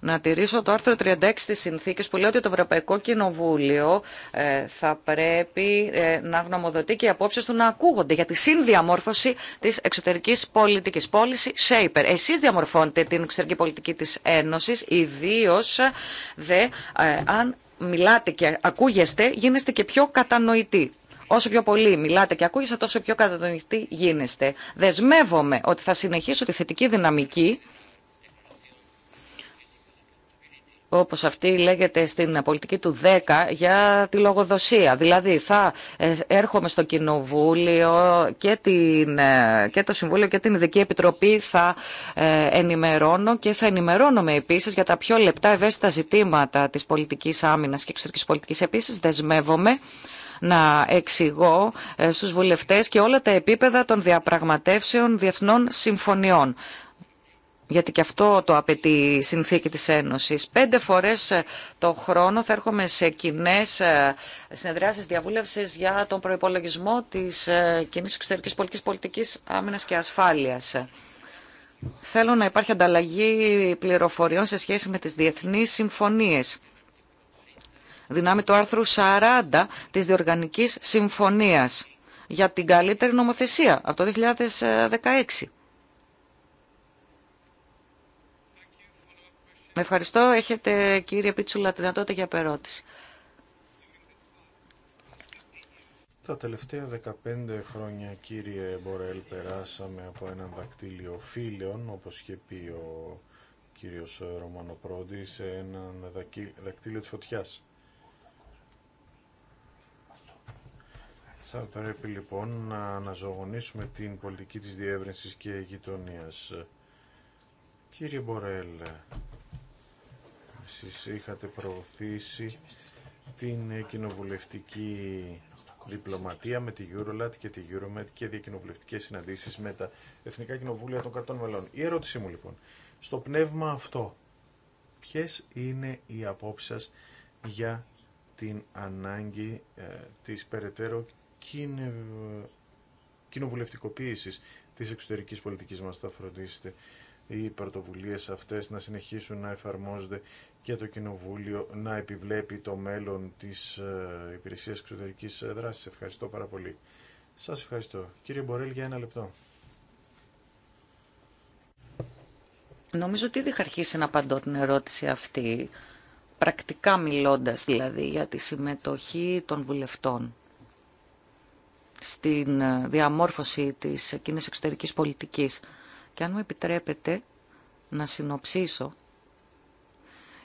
να τηρήσω το άρθρο 36 της συνθήκης που λέει ότι το Ευρωπαϊκό Κοινοβούλιο ε, θα πρέπει ε, να γνωμοδοτεί και οι απόψεις του να ακούγονται για τη συνδιαμόρφωση της εξωτερικής πολιτικής. πώληση ΣΕΙΠΕΡ. Εσείς διαμορφώνετε την εξωτερική πολιτική της Ένωσης, ιδίως δε ε, αν μιλάτε και ακούγεστε, γίνεστε και πιο κατανοητοί. Όσο πιο πολύ μιλάτε και ακούγεστε, τόσο πιο κατανοητοί γίνεστε. Δεσμεύομαι ότι θα συνεχίσω τη θετική δυναμική όπως αυτή λέγεται στην πολιτική του 10 για τη λογοδοσία. Δηλαδή θα ε, έρχομαι στο Κοινοβούλιο και, την, ε, και το Συμβούλιο και την Ειδική Επιτροπή θα ε, ενημερώνω και θα ενημερώνομαι επίσης για τα πιο λεπτά ευαίσθητα ζητήματα της πολιτικής άμυνας και εξωτερικής πολιτικής. Επίσης δεσμεύομαι να εξηγώ στους βουλευτές και όλα τα επίπεδα των διαπραγματεύσεων διεθνών συμφωνιών γιατί και αυτό το απαιτεί η συνθήκη της Ένωσης. Πέντε φορές ε, το χρόνο θα έρχομαι σε κοινέ ε, συνεδριάσεις διαβούλευσης για τον προϋπολογισμό της ε, κοινής εξωτερικής πολιτικής πολιτικής άμυνας και ασφάλειας. Θέλω να υπάρχει ανταλλαγή πληροφοριών σε σχέση με τις διεθνείς συμφωνίες. Δυνάμει του άρθρου 40 της Διοργανικής Συμφωνίας για την καλύτερη νομοθεσία από το 2016. Με ευχαριστώ. Έχετε κύριε Πίτσουλα τη δυνατότητα για περώτηση. Τα τελευταία 15 χρόνια, κύριε Μπορέλ, περάσαμε από έναν δακτύλιο φίλων, όπως είχε πει ο κύριος Ρωμανοπρόντη, σε έναν δακτύλιο της φωτιάς. Θα πρέπει λοιπόν να αναζωογονήσουμε την πολιτική της διεύρυνσης και γειτονίας. Κύριε Μπορέλ, εσείς είχατε προωθήσει την κοινοβουλευτική διπλωματία με τη Eurolat και τη Euromed και διακοινοβουλευτικές συναντήσεις με τα Εθνικά Κοινοβούλια των Κρατών Μελών. Η ερώτησή μου λοιπόν, στο πνεύμα αυτό, ποιες είναι οι απόψεις σας για την ανάγκη ε, της περαιτέρω κοινοβουλευτικοποίησης της εξωτερικής πολιτικής μας θα φροντίσετε οι πρωτοβουλίες αυτές να συνεχίσουν να εφαρμόζονται και το Κοινοβούλιο να επιβλέπει το μέλλον της ε, υπηρεσίας εξωτερικής δράσης. Ευχαριστώ πάρα πολύ. Σας ευχαριστώ. Κύριε Μπορέλ, για ένα λεπτό. Νομίζω ότι ήδη είχα αρχίσει να απαντώ την ερώτηση αυτή, πρακτικά μιλώντας δηλαδή για τη συμμετοχή των βουλευτών στην ε, διαμόρφωση της κοινή εξωτερικής πολιτικής. Και αν μου επιτρέπετε να συνοψίσω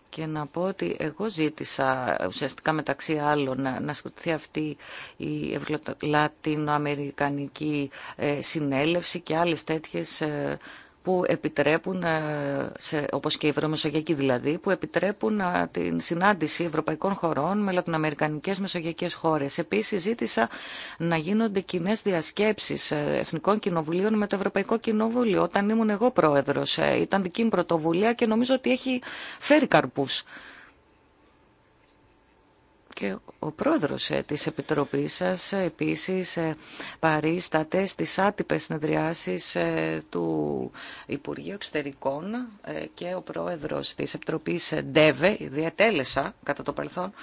και να πω ότι εγώ ζήτησα ουσιαστικά μεταξύ άλλων να, να αυτή η Ευρωλατινοαμερικανική ε, συνέλευση και άλλες τέτοιες ε, που επιτρέπουν, ε, σε, όπως και η Ευρωμεσογειακή δηλαδή, που επιτρέπουν ε, την συνάντηση ευρωπαϊκών χωρών με λατινοαμερικανικές μεσογειακές χώρες. Επίσης ζήτησα να γίνονται κοινέ διασκέψεις ε, εθνικών κοινοβουλίων με το Ευρωπαϊκό Κοινοβούλιο. Όταν ήμουν εγώ πρόεδρος ήταν δική μου πρωτοβουλία και νομίζω ότι έχει φέρει καρπούς και ο πρόεδρος της Επιτροπής σας επίσης παρίσταται στις άτυπες συνεδριάσεις του Υπουργείου Εξωτερικών και ο πρόεδρος της Επιτροπής ΔΕΒΕ, διατέλεσα κατά το παρελθόν,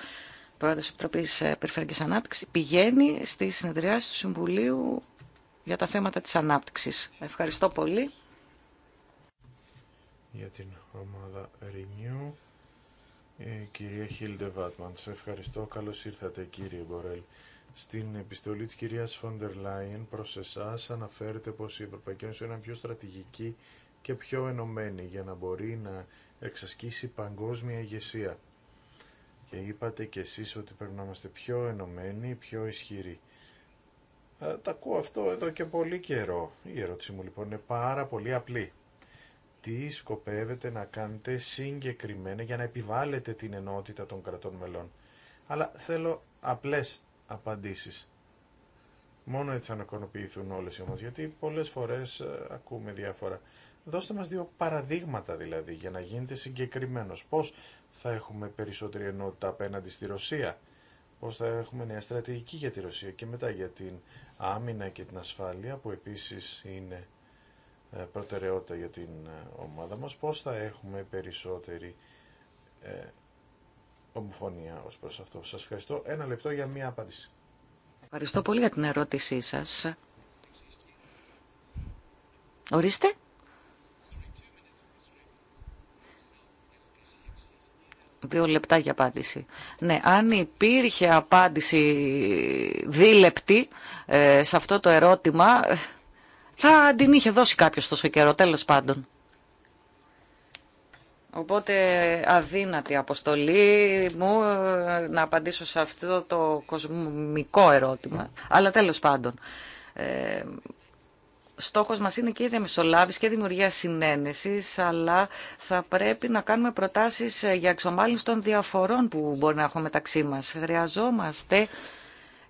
πρόεδρος της Επιτροπής ε, Περιφερειακής Ανάπτυξης, πηγαίνει στις συνεδριάσεις του Συμβουλίου για τα θέματα της ανάπτυξης. Ευχαριστώ πολύ. Για την ομάδα Renew. Ε, κυρία Χίλντε Βάτμαν, σε ευχαριστώ. Καλώς ήρθατε κύριε Μπορέλ. Στην επιστολή της κυρίας Φόντερ Λάιεν προ εσά αναφέρεται πως η Ευρωπαϊκή Ένωση είναι πιο στρατηγική και πιο ενωμένη για να μπορεί να εξασκήσει παγκόσμια ηγεσία. Και είπατε κι εσείς ότι πρέπει να είμαστε πιο ενωμένοι, πιο ισχυροί. Ε, τα ακούω αυτό εδώ και πολύ καιρό. Η ερώτηση μου λοιπόν είναι πάρα πολύ απλή τι σκοπεύετε να κάνετε συγκεκριμένα για να επιβάλλετε την ενότητα των κρατών μελών. Αλλά θέλω απλές απαντήσεις. Μόνο έτσι θα ανακονοποιηθούν όλες οι γιατί πολλές φορές ε, ακούμε διάφορα. Δώστε μας δύο παραδείγματα δηλαδή, για να γίνετε συγκεκριμένος. Πώς θα έχουμε περισσότερη ενότητα απέναντι στη Ρωσία, πώς θα έχουμε νέα στρατηγική για τη Ρωσία και μετά για την άμυνα και την ασφάλεια, που επίσης είναι ε, προτεραιότητα για την ε, ομάδα μας, πώς θα έχουμε περισσότερη ε, ομοφωνία ως προς αυτό. Σας ευχαριστώ. Ένα λεπτό για μία απάντηση. Ευχαριστώ πολύ για την ερώτησή σας. Ορίστε. Δύο λεπτά για απάντηση. Ναι, αν υπήρχε απάντηση δίλεπτη ε, σε αυτό το ερώτημα, θα την είχε δώσει κάποιος τόσο καιρό, τέλος πάντων. Οπότε αδύνατη αποστολή μου ε, να απαντήσω σε αυτό το κοσμικό ερώτημα. Αλλά τέλος πάντων, ε, στόχος μας είναι και η διαμεσολάβηση και η δημιουργία συνένεσης, αλλά θα πρέπει να κάνουμε προτάσεις ε, για εξομάλυνση των διαφορών που μπορεί να έχουμε μεταξύ μας. Χρειαζόμαστε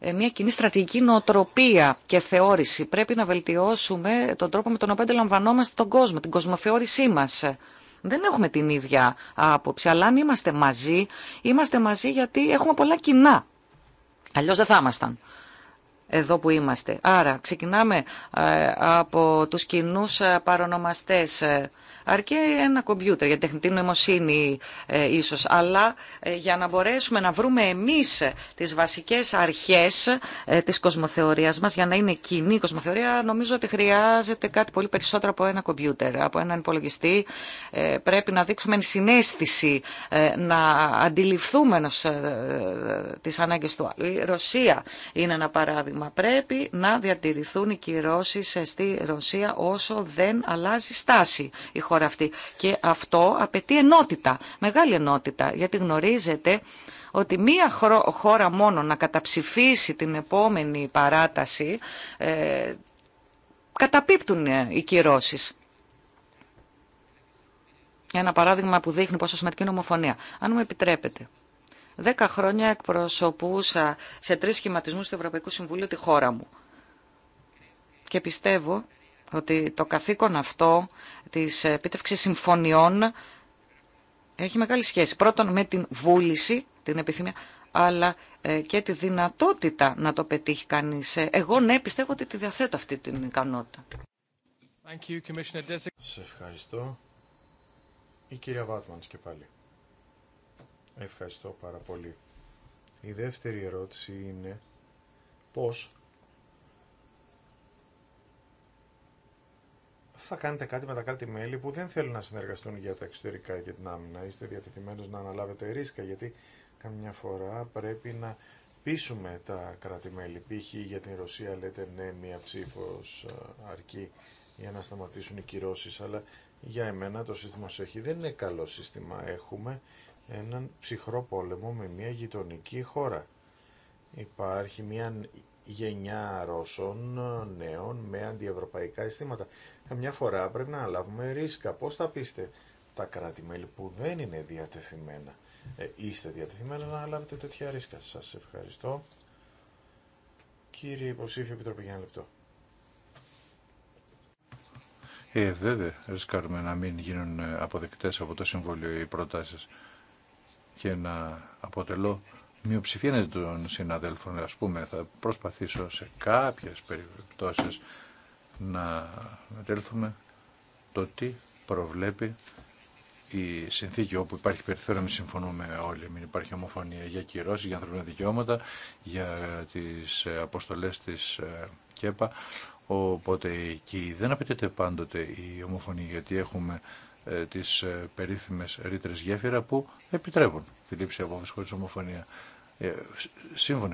ε, μια κοινή στρατηγική νοοτροπία και θεώρηση. Πρέπει να βελτιώσουμε τον τρόπο με τον οποίο αντιλαμβανόμαστε τον κόσμο, την κοσμοθεώρησή μας. Δεν έχουμε την ίδια άποψη, αλλά αν είμαστε μαζί, είμαστε μαζί γιατί έχουμε πολλά κοινά. Αλλιώ δεν θα ήμασταν εδώ που είμαστε. Άρα ξεκινάμε ε, από τους κοινούς ε, παρονομαστές Αρκεί ένα κομπιούτερ για τεχνητή νοημοσύνη ε, ίσως, αλλά ε, για να μπορέσουμε να βρούμε εμείς τις βασικές αρχές ε, της κοσμοθεωρίας μας, για να είναι κοινή η κοσμοθεωρία, νομίζω ότι χρειάζεται κάτι πολύ περισσότερο από ένα κομπιούτερ, από έναν υπολογιστή. Ε, πρέπει να δείξουμε συνέστηση, ε, να αντιληφθούμε τι τις ανάγκες του άλλου. Η Ρωσία είναι ένα παράδειγμα. Πρέπει να διατηρηθούν οι κυρώσεις στη Ρωσία όσο δεν αλλάζει στάση η χώρα και αυτό απαιτεί ενότητα, μεγάλη ενότητα, γιατί γνωρίζετε ότι μία χώρα μόνο να καταψηφίσει την επόμενη παράταση ε, καταπίπτουν ε, οι κυρώσεις. Ένα παράδειγμα που δείχνει πόσο σημαντική είναι ομοφωνία. Αν μου επιτρέπετε. Δέκα χρόνια εκπροσωπούσα σε τρεις σχηματισμούς του Ευρωπαϊκού Συμβουλίου τη χώρα μου. Και πιστεύω ότι το καθήκον αυτό της επίτευξης συμφωνιών έχει μεγάλη σχέση. Πρώτον με την βούληση, την επιθυμία, αλλά ε, και τη δυνατότητα να το πετύχει κανείς. Ε, εγώ ναι, πιστεύω ότι τη διαθέτω αυτή την ικανότητα. Thank ευχαριστώ. Η κυρία Βάτμανς και πάλι. Ευχαριστώ πάρα πολύ. Η δεύτερη ερώτηση είναι πώς θα κάνετε κάτι με τα κράτη-μέλη που δεν θέλουν να συνεργαστούν για τα εξωτερικά και την άμυνα. Είστε διατεθειμένος να αναλάβετε ρίσκα γιατί καμιά φορά πρέπει να πείσουμε τα κράτη-μέλη. Π.χ. για την Ρωσία λέτε ναι, μία ψήφο αρκεί για να σταματήσουν οι κυρώσεις, αλλά για εμένα το σύστημα σου έχει δεν είναι καλό σύστημα. Έχουμε έναν ψυχρό πόλεμο με μια γειτονική χώρα. Υπάρχει μια γενιά Ρώσων νέων με αντιευρωπαϊκά αισθήματα. Καμιά φορά πρέπει να λάβουμε ρίσκα. Πώς θα πείστε τα κράτη-μέλη που δεν είναι διατεθειμένα, ε, είστε διατεθειμένα να λάβετε τέτοια ρίσκα. Σας ευχαριστώ. Κύριε Υποψήφιο Επιτροπή, για ένα λεπτό. Ε, βέβαια, ρισκάρουμε να μην γίνουν ε, αποδεκτές από το Συμβούλιο οι προτάσεις και να αποτελώ μειοψηφία είναι των συναδέλφων. Ας πούμε, θα προσπαθήσω σε κάποιες περιπτώσεις να μετέλθουμε το τι προβλέπει η συνθήκη όπου υπάρχει περιθώριο να μην συμφωνούμε όλοι, μην υπάρχει ομοφωνία για κυρώσεις, για ανθρώπινα δικαιώματα, για τις αποστολές της ε, ΚΕΠΑ. Οπότε εκεί δεν απαιτείται πάντοτε η ομοφωνία γιατί έχουμε ε, τις ε, περίφημες ρήτρες γέφυρα που επιτρέπουν τη λήψη απόφαση χωρίς ομοφωνία. Ε,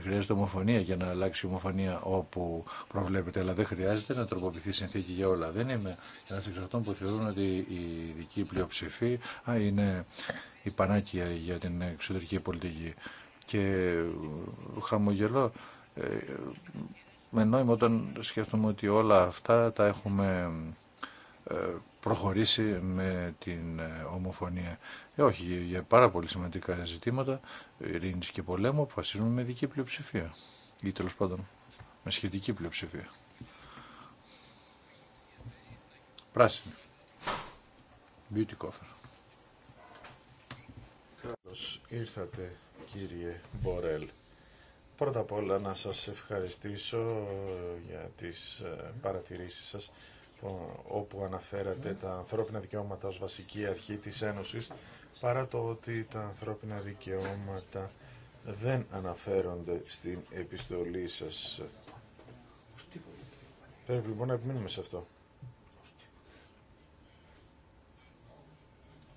χρειάζεται ομοφωνία για να αλλάξει η ομοφωνία όπου προβλέπεται, αλλά δεν χρειάζεται να τροποποιηθεί η συνθήκη για όλα. Δεν είμαι ένα εξ αυτών που θεωρούν ότι η δική πλειοψηφή α, είναι η πανάκια για την εξωτερική πολιτική. Και ε, χαμογελώ ε, με νόημα όταν σκέφτομαι ότι όλα αυτά τα έχουμε ε, προχωρήσει με την ε, ομοφωνία. Ε, όχι, για πάρα πολύ σημαντικά ζητήματα ειρήνης και πολέμου αποφασίζουμε με δική πλειοψηφία ή τέλο πάντων με σχετική πλειοψηφία. Πράσινη. Beauty coffer. Καλώς ήρθατε κύριε Μπορέλ. Πρώτα απ' όλα να σας ευχαριστήσω για τις παρατηρήσεις σας όπου αναφέρατε τα ανθρώπινα δικαιώματα ως βασική αρχή της Ένωσης, παρά το ότι τα ανθρώπινα δικαιώματα δεν αναφέρονται στην επιστολή σας. Πρέπει λοιπόν να επιμείνουμε σε αυτό.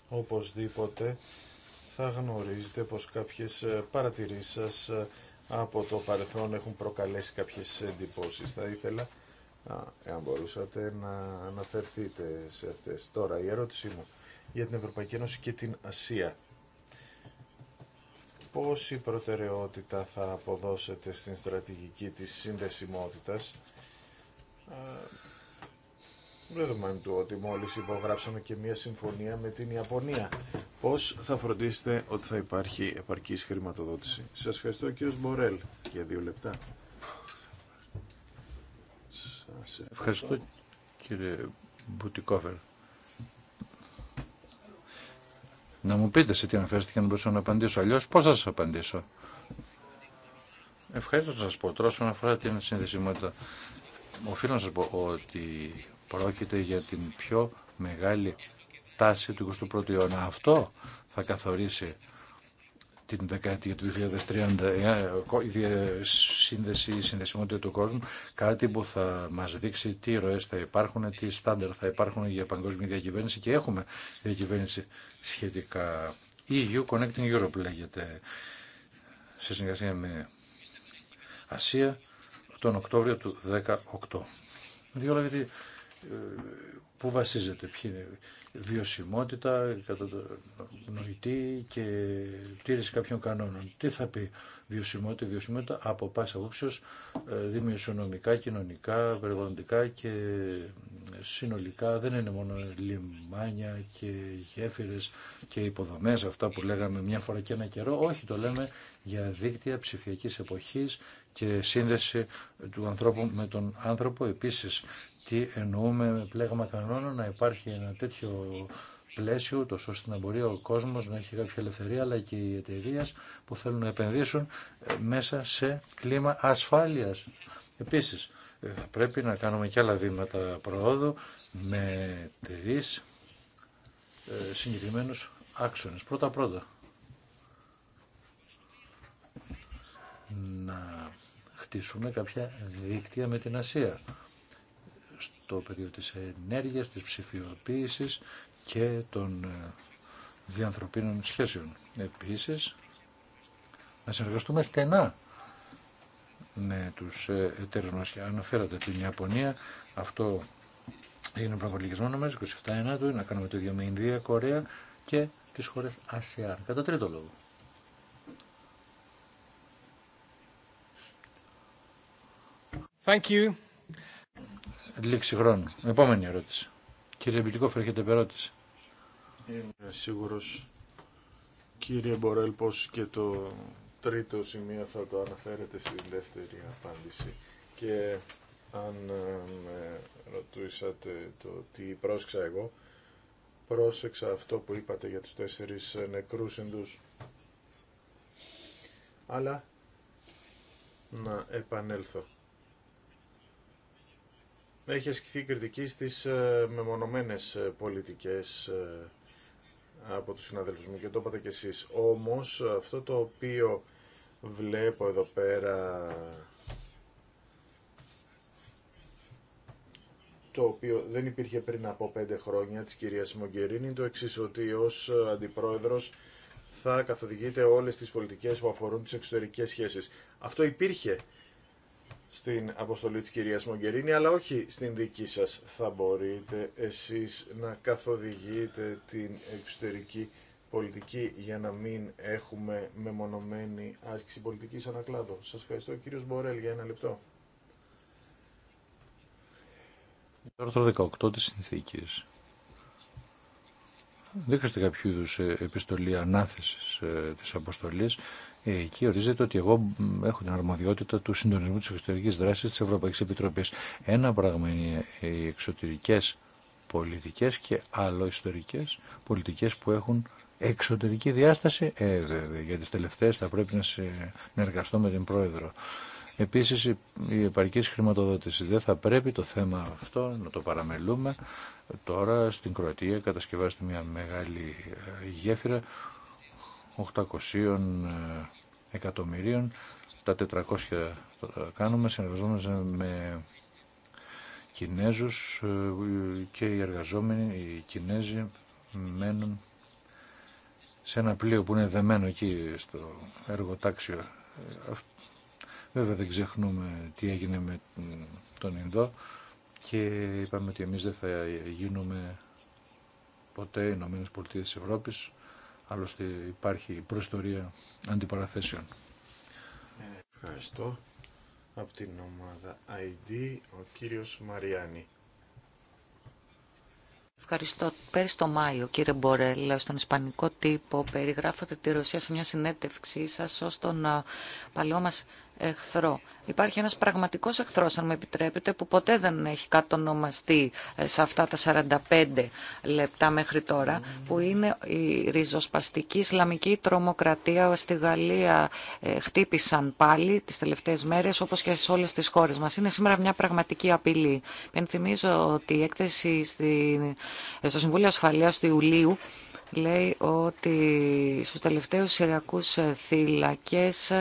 Οπωσδήποτε θα γνωρίζετε πως κάποιες παρατηρήσεις από το παρελθόν έχουν προκαλέσει κάποιες εντυπώσεις. Θα ήθελα εάν μπορούσατε να αναφερθείτε σε αυτές. Τώρα, η ερώτησή μου για την Ευρωπαϊκή Ένωση και την Ασία. Πόση προτεραιότητα θα αποδώσετε στην στρατηγική της συνδεσιμότητας, δεδομένου του ότι μόλις υπογράψαμε και μία συμφωνία με την Ιαπωνία. Πώς θα φροντίσετε ότι θα υπάρχει επαρκής χρηματοδότηση. Σας ευχαριστώ κύριος Μπορέλ για δύο λεπτά. Ευχαριστώ κύριε Μπουτικόφερ. Να μου πείτε σε τι αναφέρεστε και να μπορούσα να απαντήσω. Αλλιώς πώς θα σας απαντήσω. Ευχαριστώ να σας πω. Τώρα όσον αφορά την συνδεσιμότητα. Οφείλω να σα πω ότι πρόκειται για την πιο μεγάλη τάση του 21ου αιώνα. Αυτό θα καθορίσει την δεκαετία του 2030, ε, η διασύνδεση, η συνδεσιμότητα του κόσμου, κάτι που θα μας δείξει τι ροές θα υπάρχουν, τι στάνταρ θα υπάρχουν για παγκόσμια διακυβέρνηση και έχουμε διακυβέρνηση σχετικά. EU Connecting Europe λέγεται, σε συνεργασία με Ασία, τον Οκτώβριο του 2018. Διόλα γιατί Πού βασίζεται, ποιοι είναι βιωσιμότητα, νοητή και τήρηση κάποιων κανόνων. Τι θα πει βιωσιμότητα, βιωσιμότητα από πάσα απόψεως ε, δημιουργικά, κοινωνικά, περιβαλλοντικά και ε, συνολικά. Δεν είναι μόνο λιμάνια και γέφυρες και υποδομές, αυτά που λέγαμε μια φορά και ένα καιρό. Όχι, το λέμε για δίκτυα ψηφιακής εποχής και σύνδεση του ανθρώπου με τον άνθρωπο. Επίσης, τι εννοούμε με πλέγμα κανόνων, να υπάρχει ένα τέτοιο πλαίσιο, τόσο ώστε να μπορεί ο κόσμος να έχει κάποια ελευθερία, αλλά και οι εταιρείε που θέλουν να επενδύσουν ε, μέσα σε κλίμα ασφάλειας. Επίσης, ε, θα πρέπει να κάνουμε και άλλα βήματα προόδου με τρεις ε, συγκεκριμένου αξονες άξονες. Πρώτα-πρώτα, να χτίσουμε κάποια δίκτυα με την Ασία το πεδίο της ενέργειας, της ψηφιοποίησης και των ε, διανθρωπίνων σχέσεων. Επίσης, να συνεργαστούμε στενά με τους ε, εταίρους μας. Αναφέρατε την Ιαπωνία, αυτό έγινε πραγματικισμένο μας, 27 Ιανουαρίου, να κάνουμε το ίδιο με Ινδία, Κορέα και τις χώρες ΑΣΕΑΝ. Κατά τρίτο λόγο. Thank you λήξη χρόνου. Επόμενη ερώτηση. Κύριε έρχεται η ερώτηση. Είμαι σίγουρος, κύριε Μπορέλ, πως και το τρίτο σημείο θα το αναφέρετε στην δεύτερη απάντηση. Και αν ε, με ρωτούσατε το τι πρόσεξα εγώ, πρόσεξα αυτό που είπατε για τους τέσσερις νεκρούς Ινδούς. Αλλά να επανέλθω έχει ασκηθεί κριτική στις ε, μεμονωμένες ε, πολιτικές ε, από τους συναδέλφους μου και το είπατε και εσείς. Όμως αυτό το οποίο βλέπω εδώ πέρα το οποίο δεν υπήρχε πριν από πέντε χρόνια της κυρίας Μογκερίνη είναι το εξή ότι ως αντιπρόεδρος θα καθοδηγείτε όλες τις πολιτικές που αφορούν τις εξωτερικές σχέσεις. Αυτό υπήρχε στην αποστολή της κυρίας Μογκερίνη, αλλά όχι στην δική σας. Θα μπορείτε εσείς να καθοδηγείτε την εξωτερική πολιτική για να μην έχουμε μεμονωμένη άσκηση πολιτικής ανακλάδου. Σας ευχαριστώ κύριος Μπορέλ για ένα λεπτό. Το άρθρο 18 της συνθήκης δεν χρειάζεται κάποιο είδου ε, επιστολή ανάθεσης ε, της αποστολής ε, εκεί ορίζεται ότι εγώ έχω την αρμοδιότητα του συντονισμού της εξωτερικής δράσης της Ευρωπαϊκής Επιτροπής. Ένα πράγμα είναι οι εξωτερικές πολιτικές και άλλο ιστορικές πολιτικές που έχουν εξωτερική διάσταση. Ε, βέβαια, για τις τελευταίες θα πρέπει να συνεργαστώ με την Πρόεδρο. Επίσης η επαρκής χρηματοδότηση δεν θα πρέπει το θέμα αυτό να το παραμελούμε. Τώρα στην Κροατία κατασκευάζεται μια μεγάλη ε, γέφυρα 800 ε, εκατομμυρίων. Τα 400 ε, κάνουμε συνεργαζόμαστε με Κινέζους ε, και οι εργαζόμενοι, οι Κινέζοι μένουν σε ένα πλοίο που είναι δεμένο εκεί στο εργοτάξιο. Βέβαια δεν ξεχνούμε τι έγινε με τον Ινδό και είπαμε ότι εμείς δεν θα γίνουμε ποτέ οι Ηνωμένες Πολιτείες της Ευρώπης Άλλωστε υπάρχει προστορία αντιπαραθέσεων. Ευχαριστώ. Από την ομάδα ID, ο κύριος Μαριάννη. Ευχαριστώ. Πέρυσι το Μάιο, κύριε Μπορέλ, στον Ισπανικό τύπο περιγράφατε τη Ρωσία σε μια συνέντευξή σας ω τον παλαιό μας εχθρό. Υπάρχει ένας πραγματικός εχθρός, αν με επιτρέπετε, που ποτέ δεν έχει κατονομαστεί ε, σε αυτά τα 45 λεπτά μέχρι τώρα, που είναι η ριζοσπαστική Ισλαμική τρομοκρατία στη Γαλλία. Ε, χτύπησαν πάλι τις τελευταίες μέρες, όπως και σε όλες τις χώρες μας. Είναι σήμερα μια πραγματική απειλή. Πενθυμίζω ότι η έκθεση στο Συμβούλιο Ασφαλείας του Ιουλίου λέει ότι στους τελευταίους Συριακούς θύλακες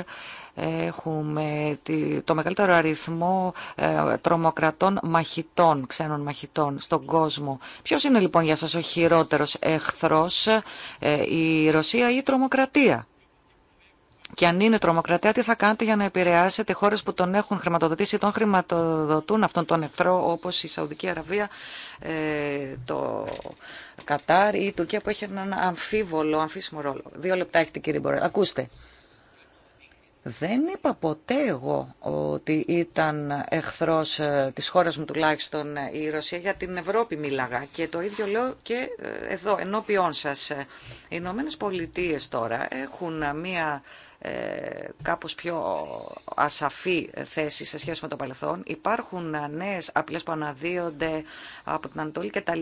Έχουμε το μεγαλύτερο αριθμό ε, τρομοκρατών μαχητών, ξένων μαχητών στον κόσμο. Ποιος είναι λοιπόν για σας ο χειρότερος εχθρός, ε, η Ρωσία ή η τρομοκρατία. Και αν είναι τρομοκρατία, τι θα κάνετε για να επηρεάσετε χώρε που τον έχουν χρηματοδοτήσει ή τον χρηματοδοτούν αυτόν τον εχθρό, όπω η Σαουδική Αραβία, ε, το Κατάρ ή η Τουρκία, που έχει έναν αμφίβολο, αμφίσιμο ρόλο. Δύο λεπτά έχετε, κύριε Μπορέ. Ακούστε. Δεν είπα ποτέ εγώ ότι ήταν εχθρός ε, της χώρας μου τουλάχιστον ε, η Ρωσία, για την Ευρώπη μίλαγα και το ίδιο λέω και ε, εδώ ενώπιόν σας. Οι Ηνωμένε Πολιτείε τώρα έχουν μία κάπως πιο ασαφή θέση σε σχέση με το παρελθόν. Υπάρχουν νέες απλές που αναδύονται από την Ανατολή κτλ.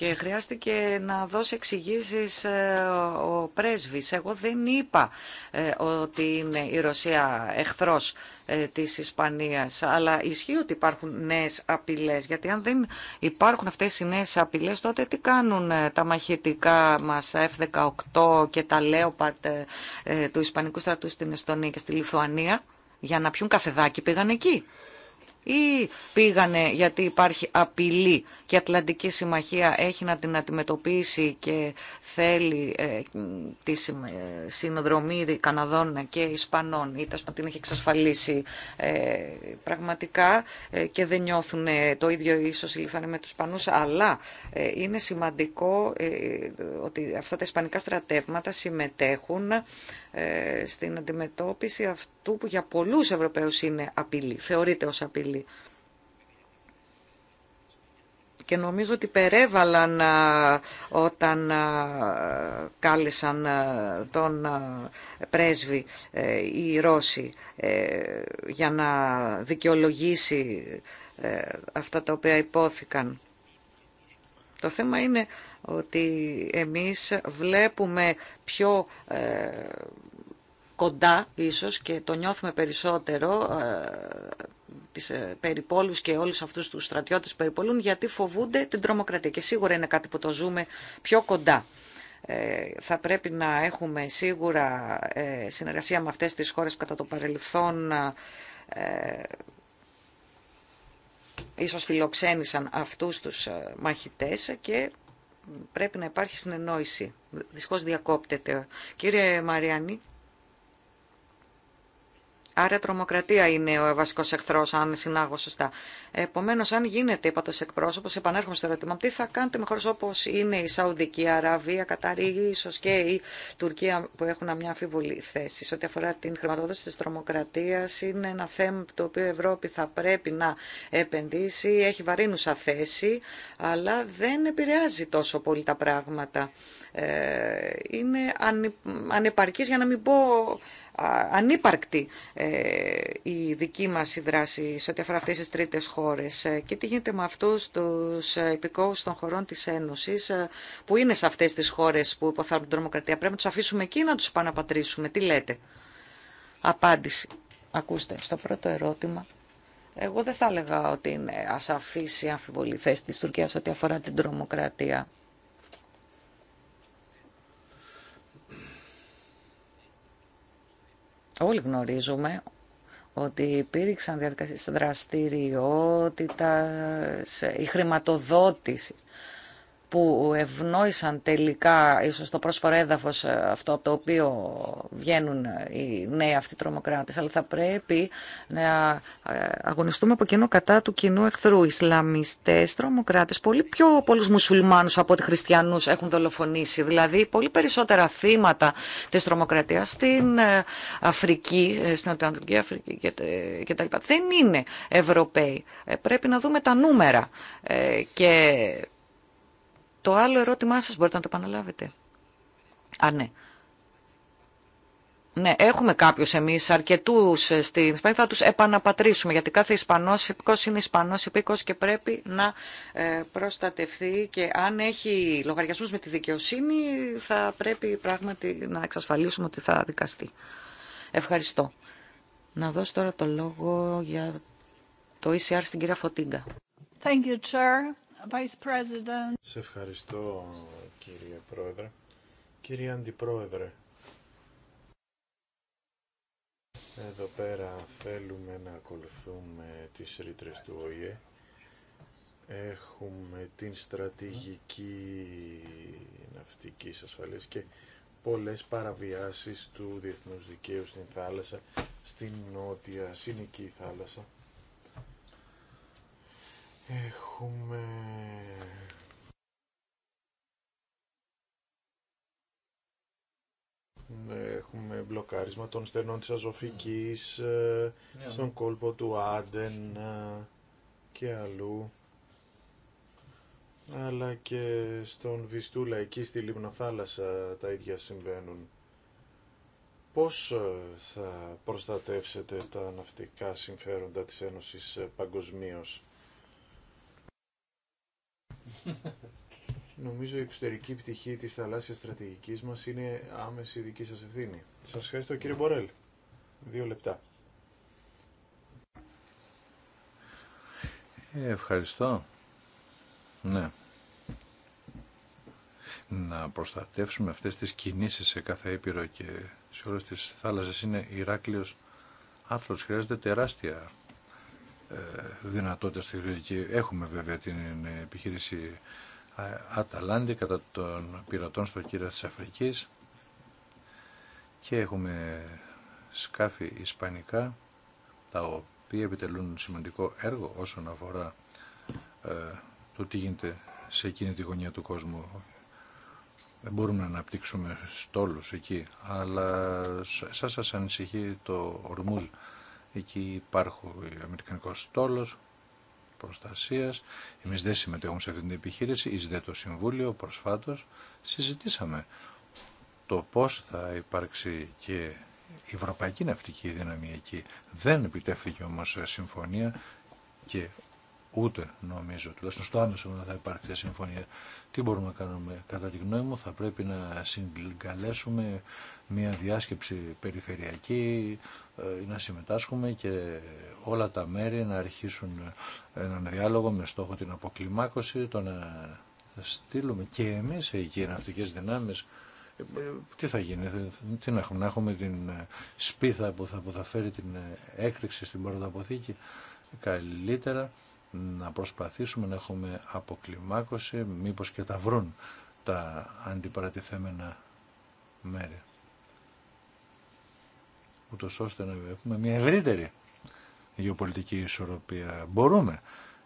Και χρειάστηκε να δώσει εξηγήσει ε, ο πρέσβης. Εγώ δεν είπα ε, ότι είναι η Ρωσία εχθρός ε, της Ισπανίας, αλλά ισχύει ότι υπάρχουν νέες απειλές, γιατί αν δεν υπάρχουν αυτές οι νέες απειλές, τότε τι κάνουν τα μαχητικά μας F-18 και τα Λέοπαρτ του Ισπανικού στρατού στην Εστονία και στη Λιθουανία, για να πιούν καφεδάκι πήγαν εκεί ή πήγανε γιατί υπάρχει απειλή και η Ατλαντική Συμμαχία έχει να την αντιμετωπίσει και θέλει ε, τη ε, συνοδρομή Καναδών και Ισπανών ή την έχει εξασφαλίσει ε, πραγματικά ε, και δεν νιώθουν το ίδιο ίσως οι με τους Ισπανούς αλλά είναι σημαντικό ότι αυτά τα Ισπανικά στρατεύματα συμμετέχουν ε, στην αντιμετώπιση αυτού που για πολλούς Ευρωπαίους είναι απειλή, θεωρείται ως απειλή. Και νομίζω ότι περέβαλαν ε, όταν ε, κάλεσαν τον πρέσβη οι Ρώσοι για να δικαιολογήσει αυτά τα οποία υπόθηκαν. Το θέμα είναι ότι εμείς βλέπουμε πιο ε, κοντά ίσως και το νιώθουμε περισσότερο ε, τις ε, περιπόλους και όλους αυτούς τους στρατιώτες περιπολούν γιατί φοβούνται την τρομοκρατία και σίγουρα είναι κάτι που το ζούμε πιο κοντά. Ε, θα πρέπει να έχουμε σίγουρα ε, συνεργασία με αυτές τις χώρες κατά το παρελθόν ίσως φιλοξένησαν αυτούς τους ε, μαχητές και πρέπει να υπάρχει συνεννόηση. Δυστυχώς διακόπτεται. Κύριε Μαριανή, Άρα τρομοκρατία είναι ο βασικό εχθρό, αν συνάγω σωστά. Επομένω, αν γίνεται, είπα το εκπρόσωπο, επανέρχομαι στο ερώτημα, τι θα κάνετε με χώρε όπω είναι η Σαουδική Αραβία, Κατάρι, ίσω και η Τουρκία που έχουν μια αμφιβολή θέση. Σε ό,τι αφορά την χρηματοδότηση τη τρομοκρατία, είναι ένα θέμα το οποίο η Ευρώπη θα πρέπει να επενδύσει. Έχει βαρύνουσα θέση, αλλά δεν επηρεάζει τόσο πολύ τα πράγματα. Ε, είναι ανεπαρκής για να μην πω ανύπαρκτη ε, η δική μας δράση σε ό,τι αφορά αυτές τις τρίτες χώρες ε, και τι γίνεται με αυτούς τους ε, υπηκόους των χωρών της Ένωσης που είναι σε αυτές τις χώρες που υποθάρουν την τρομοκρατία. Πρέπει να τους αφήσουμε εκεί να τους επαναπατρίσουμε. Τι λέτε. Απάντηση. Ακούστε, στο πρώτο ερώτημα εγώ δεν θα έλεγα ότι είναι ασαφής η αμφιβολή θέση της Τουρκίας ό,τι αφορά την τρομοκρατία. Όλοι γνωρίζουμε ότι υπήρξαν διαδικασίες δραστηριότητας, ε, η χρηματοδότηση που ευνόησαν τελικά ίσως το πρόσφορο έδαφος ε, αυτό από το οποίο βγαίνουν ε, οι νέοι αυτοί τρομοκράτες, αλλά θα πρέπει να ε, αγωνιστούμε από κοινό κατά του κοινού εχθρού. Ισλαμιστές, τρομοκράτες, πολύ πιο πολλούς μουσουλμάνους από ότι χριστιανούς έχουν δολοφονήσει, δηλαδή πολύ περισσότερα θύματα της τρομοκρατίας στην Αφρική, στην Ανατολική Αφρική κτλ. Δεν είναι Ευρωπαίοι. Πρέπει να δούμε τα νούμερα και το άλλο ερώτημά σας μπορείτε να το επαναλάβετε. Α, ναι. Ναι, έχουμε κάποιου εμεί, αρκετού ε, στην Ισπανία, θα του επαναπατρίσουμε. Γιατί κάθε Ισπανό υπήκο είναι Ισπανό υπήκο και πρέπει να ε, προστατευθεί. Και αν έχει λογαριασμού με τη δικαιοσύνη, θα πρέπει πράγματι να εξασφαλίσουμε ότι θα δικαστεί. Ευχαριστώ. Να δώσω τώρα το λόγο για το ECR στην κυρία Φωτίνκα. Thank you, σε ευχαριστώ κύριε Πρόεδρε. Κύριε Αντιπρόεδρε, εδώ πέρα θέλουμε να ακολουθούμε τις ρήτρες του ΟΗΕ. Έχουμε την στρατηγική ναυτικής ασφαλείας και πολλές παραβιάσεις του διεθνούς δικαίου στην θάλασσα, στην νότια συνική θάλασσα Έχουμε ναι, έχουμε μπλοκάρισμα των στενών της Αζωφικής, ε, ναι, στον ναι. κόλπο του Άντεν ε, και αλλού, αλλά και στον Βιστούλα, εκεί στη Λιμνοθάλασσα τα ίδια συμβαίνουν. Πώς ε, θα προστατεύσετε τα ναυτικά συμφέροντα της Ένωσης παγκοσμίως Νομίζω η εξωτερική πτυχή της θαλάσσιας στρατηγικής μας είναι άμεση δική σας ευθύνη. Σας ευχαριστώ κύριε Μπορέλ. Δύο λεπτά. Ε, ευχαριστώ. Ναι. Να προστατεύσουμε αυτές τις κινήσεις σε κάθε ήπειρο και σε όλες τις θάλασσες είναι Ηράκλειος άθλος. Χρειάζεται τεράστια ε, δυνατότητα στη Έχουμε βέβαια την ε, επιχείρηση ε, Αταλάντη κατά των πειρατών στο κύριο της Αφρικής και έχουμε σκάφη ισπανικά τα οποία επιτελούν σημαντικό έργο όσον αφορά το τι γίνεται σε εκείνη τη γωνία του κόσμου. Δεν μπορούμε να αναπτύξουμε στόλους εκεί, αλλά σας σας ανησυχεί το ορμούς Εκεί υπάρχει ο Αμερικανικός στόλος προστασίας. Εμείς δεν συμμετέχουμε σε αυτή την επιχείρηση. Εις δε το Συμβούλιο προσφάτως συζητήσαμε το πώς θα υπάρξει και η Ευρωπαϊκή Ναυτική Δύναμη εκεί. Δεν επιτεύχθηκε όμως ε, συμφωνία και Ούτε νομίζω, τουλάχιστον στο άμεσο δεν θα υπάρξει συμφωνία. Τι μπορούμε να κάνουμε. Κατά τη γνώμη μου θα πρέπει να συγκαλέσουμε μια διάσκεψη περιφερειακή, ε, να συμμετάσχουμε και όλα τα μέρη να αρχίσουν έναν διάλογο με στόχο την αποκλιμάκωση, το να στείλουμε και εμείς εκεί ναυτικές δυνάμεις ε, τι θα γίνει, τι να έχουμε, την ε, σπίθα που θα, που θα φέρει την έκρηξη στην πρωταποθήκη, καλύτερα να προσπαθήσουμε να έχουμε αποκλιμάκωση, μήπως και τα βρουν τα αντιπαρατηθέμενα μέρη. Ούτως ώστε να έχουμε μια ευρύτερη γεωπολιτική ισορροπία. Μπορούμε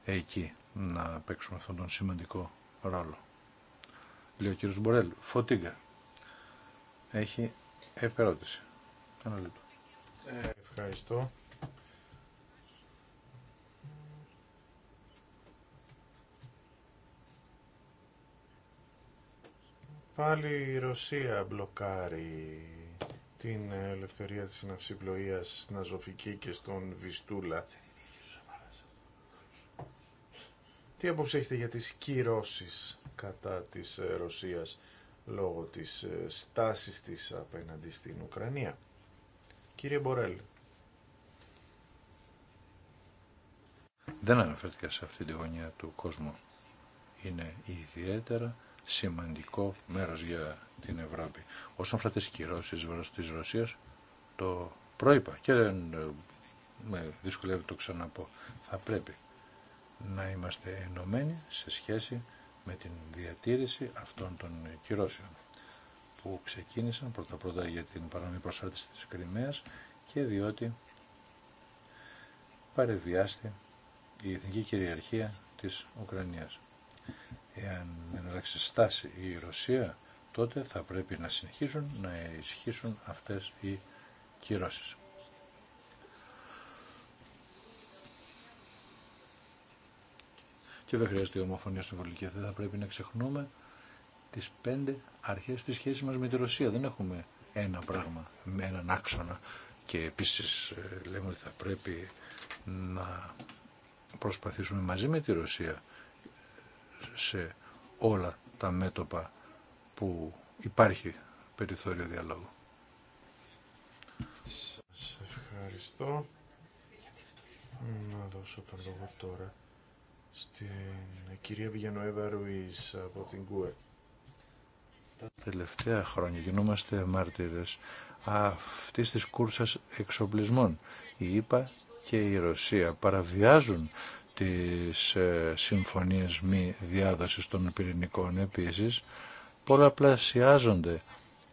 εκεί να παίξουμε αυτόν τον σημαντικό ρόλο. Λέει ο κύριος Μπορέλ, φωτίγκα. Έχει επερώτηση. Ε, ευχαριστώ. Πάλι η Ρωσία μπλοκάρει την ελευθερία της συναυσιπλοείας στην Αζωφική και στον Βιστούλα. Τι άποψη έχετε για τις κυρώσεις κατά της ε, Ρωσίας λόγω της ε, στάσης της απέναντι στην Ουκρανία. Κύριε Μπορέλ. Δεν αναφέρθηκα σε αυτή τη γωνία του κόσμου. Είναι ιδιαίτερα σημαντικό μέρος για την Ευρώπη. Όσον αφορά τις κυρώσεις της Ρωσίας, το προείπα και δεν ε, με δυσκολεύει το ξαναπώ. Θα πρέπει να είμαστε ενωμένοι σε σχέση με την διατήρηση αυτών των κυρώσεων που ξεκίνησαν πρώτα-πρώτα για την παραμή προσάρτηση της Κρυμαίας και διότι παρεβιάστη η εθνική κυριαρχία της Ουκρανίας. Εάν δεν η Ρωσία, τότε θα πρέπει να συνεχίσουν να ισχύσουν αυτές οι κυρώσεις. Και δεν χρειάζεται η ομοφωνία πολιτική Δεν θα πρέπει να ξεχνούμε τις πέντε αρχές της σχέσης μας με τη Ρωσία. Δεν έχουμε ένα πράγμα με έναν άξονα. Και επίσης ε, λέμε ότι θα πρέπει να προσπαθήσουμε μαζί με τη Ρωσία σε όλα τα μέτωπα που υπάρχει περιθώριο διαλόγου. Σας ευχαριστώ. Να δώσω τον λόγο τώρα στην κυρία Βιγενοέβα Ρουής από την ΚΟΕ. Τα τελευταία χρόνια γινόμαστε μάρτυρες αυτής της κούρσας εξοπλισμών. Η ΕΠΑ και η Ρωσία παραβιάζουν τις ε, συμφωνίες μη διάδοσης των πυρηνικών επίσης πολλαπλασιάζονται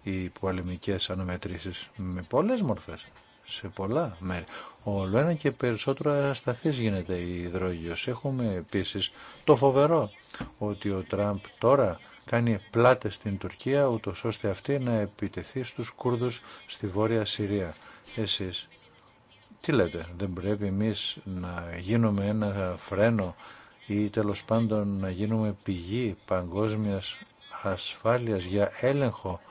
οι πολεμικές αναμετρήσεις με πολλές μορφές σε πολλά μέρη. Όλο ένα και περισσότερο ασταθής γίνεται η υδρόγειος. Έχουμε επίσης το φοβερό ότι ο Τραμπ τώρα κάνει πλάτες στην Τουρκία ούτως ώστε αυτή να επιτεθεί στους Κούρδους στη Βόρεια Συρία. Εσείς τι λέτε, δεν πρέπει εμείς να γίνουμε ένα φρένο ή τέλος πάντων να γίνουμε πηγή παγκόσμιας ασφάλειας για έλεγχο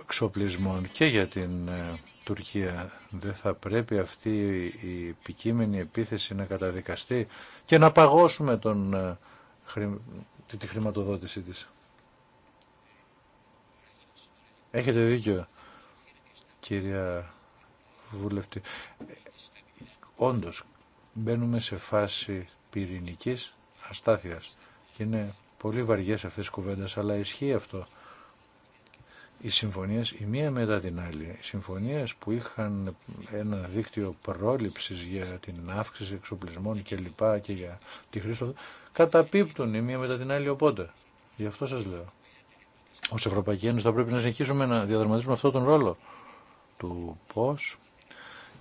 εξοπλισμών και για την ε, Τουρκία. Δεν θα πρέπει αυτή η επικείμενη επίθεση να καταδικαστεί και να παγώσουμε τον, ε, τη χρηματοδότησή της. Έχετε δίκιο, κυρία βουλευτή. Όντως, μπαίνουμε σε φάση πυρηνικής αστάθειας και είναι πολύ βαριές αυτές τις κουβέντες, αλλά ισχύει αυτό. Οι συμφωνίες, η μία μετά την άλλη, οι συμφωνίες που είχαν ένα δίκτυο πρόληψης για την αύξηση εξοπλισμών και λοιπά και για τη χρήση καταπίπτουν η μία μετά την άλλη οπότε. Γι' αυτό σας λέω. Ως Ευρωπαϊκή Ένωση θα πρέπει να συνεχίσουμε να διαδραματίσουμε αυτόν τον ρόλο του πώς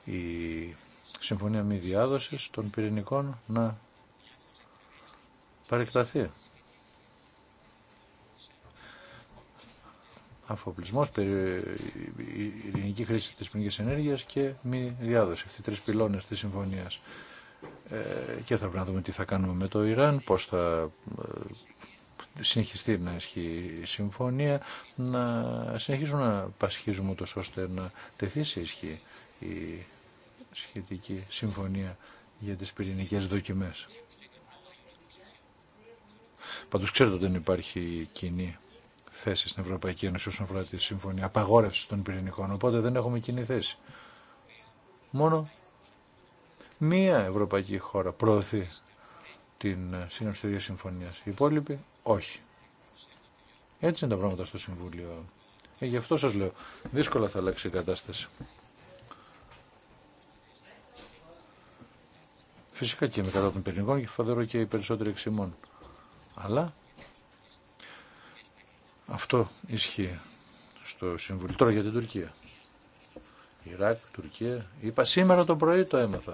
η Συμφωνία Μη Διάδοσης των Πυρηνικών να παρεκταθεί. Αφοπλισμός, η ειρηνική χρήση της πυρηνικής ενέργειας και μη διάδοση. αυτή οι τρεις πυλώνες της συμφωνίας. Ε, και θα πρέπει να δούμε τι θα κάνουμε με το Ιράν, πώς θα ε, συνεχιστεί να ισχύει η συμφωνία, να συνεχίζουμε να πασχίζουμε ούτως ώστε να τεθεί σε ισχύει η σχετική συμφωνία για τις πυρηνικές δοκιμές. Πάντως ξέρετε ότι δεν υπάρχει κοινή θέση στην Ευρωπαϊκή Ένωση όσον αφορά τη συμφωνία απαγόρευση των πυρηνικών, οπότε δεν έχουμε κοινή θέση. Μόνο μία ευρωπαϊκή χώρα προωθεί την σύναψη δύο συμφωνίας. Οι υπόλοιποι όχι. Έτσι είναι τα πράγματα στο Συμβούλιο. Ε, γι' αυτό σας λέω, δύσκολα θα αλλάξει η κατάσταση. Φυσικά και είμαι κατά των πυρηνικών και φανταρώ και οι περισσότεροι εξημών. Αλλά αυτό ισχύει στο Συμβουλίο. Τώρα για την Τουρκία. Ιράκ, Τουρκία. Είπα σήμερα το πρωί το έμαθα.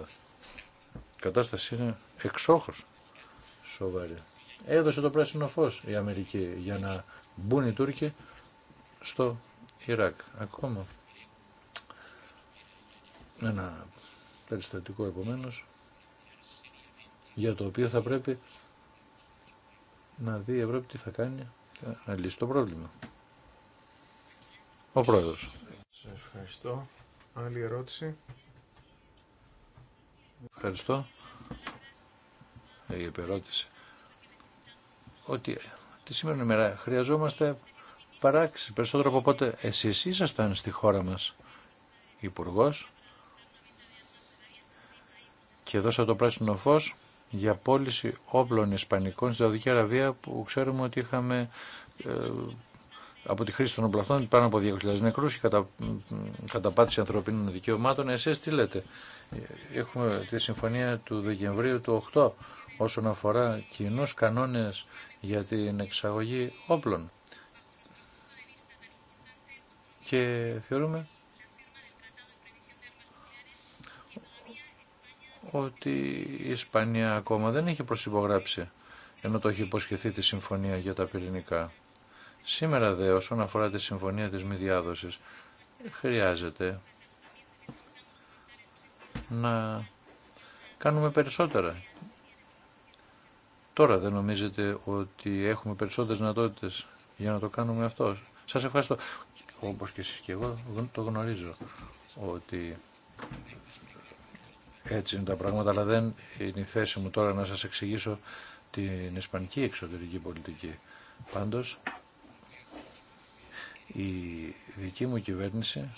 Η κατάσταση είναι εξόχως σοβαρή. Έδωσε το πράσινο φως η Αμερική για να μπουν οι Τούρκοι στο Ιράκ. Ακόμα ένα περιστατικό επομένως για το οποίο θα πρέπει να δει η Ευρώπη τι θα κάνει να λύσει το πρόβλημα. Ο πρόεδρος. Σας ευχαριστώ. Άλλη ερώτηση. Ευχαριστώ. Η επερώτηση. Ότι τη σήμερα ημέρα χρειαζόμαστε παράξει περισσότερο από πότε εσείς ήσασταν στη χώρα μας υπουργό και δώσα το πράσινο φως για πώληση όπλων ισπανικών στη Σαουδική Αραβία που ξέρουμε ότι είχαμε ε, από τη χρήση των οπλαυτών πάνω από 200.000 νεκρούς και κατα, καταπάτηση ανθρωπίνων δικαιωμάτων. Εσείς τι λέτε. Έχουμε τη συμφωνία του Δεκεμβρίου του 8 όσον αφορά κοινού κανόνες για την εξαγωγή όπλων. Και θεωρούμε ότι η Ισπανία ακόμα δεν έχει προσυπογράψει ενώ το έχει υποσχεθεί τη συμφωνία για τα πυρηνικά. Σήμερα δε όσον αφορά τη συμφωνία της μη διάδοσης χρειάζεται να κάνουμε περισσότερα. Τώρα δεν νομίζετε ότι έχουμε περισσότερες δυνατότητε για να το κάνουμε αυτό. Σας ευχαριστώ. Όπως και εσείς και εγώ το γνωρίζω ότι έτσι είναι τα πράγματα, αλλά δεν είναι η θέση μου τώρα να σας εξηγήσω την ισπανική εξωτερική πολιτική. Πάντως, η δική μου κυβέρνηση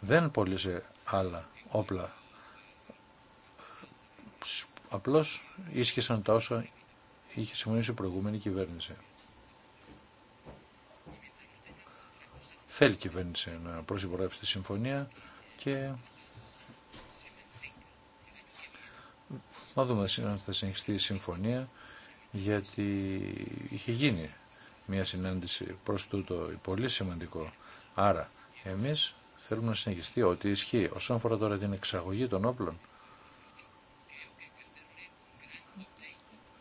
δεν πώλησε άλλα όπλα. Απλώς ίσχυσαν τα όσα είχε συμφωνήσει η προηγούμενη κυβέρνηση. Θέλει η κυβέρνηση να προσυμπορεύσει τη συμφωνία, και να δούμε αν θα συνεχιστεί η συμφωνία, γιατί είχε γίνει μια συνάντηση προς τούτο πολύ σημαντικό. Άρα, εμείς θέλουμε να συνεχιστεί ότι ισχύει. Όσον αφορά τώρα την εξαγωγή των όπλων,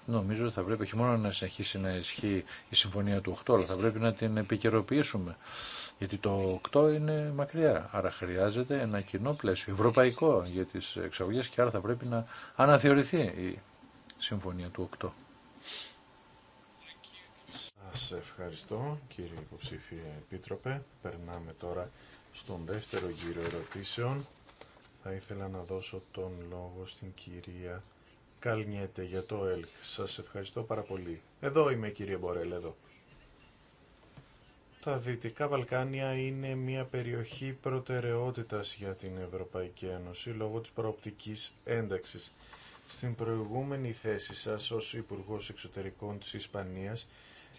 Νομίζω ότι θα πρέπει όχι μόνο να συνεχίσει να ισχύει η συμφωνία του 8, αλλά θα πρέπει να την επικαιροποιήσουμε γιατί το 8 είναι μακριά, άρα χρειάζεται ένα κοινό πλαίσιο ευρωπαϊκό για τι εξαγωγέ και άρα θα πρέπει να αναθεωρηθεί η συμφωνία του 8. Σας ευχαριστώ κύριε υποψήφια επίτροπε. Περνάμε τώρα στον δεύτερο γύρο ερωτήσεων. Θα ήθελα να δώσω τον λόγο στην κυρία Καλνιέτε για το ΕΛΚ. Σας ευχαριστώ πάρα πολύ. Εδώ είμαι κύριε Μπορέλ, εδώ. Τα Δυτικά Βαλκάνια είναι μια περιοχή προτεραιότητας για την Ευρωπαϊκή Ένωση λόγω της προοπτικής ένταξης. Στην προηγούμενη θέση σας ως Υπουργός Εξωτερικών της Ισπανίας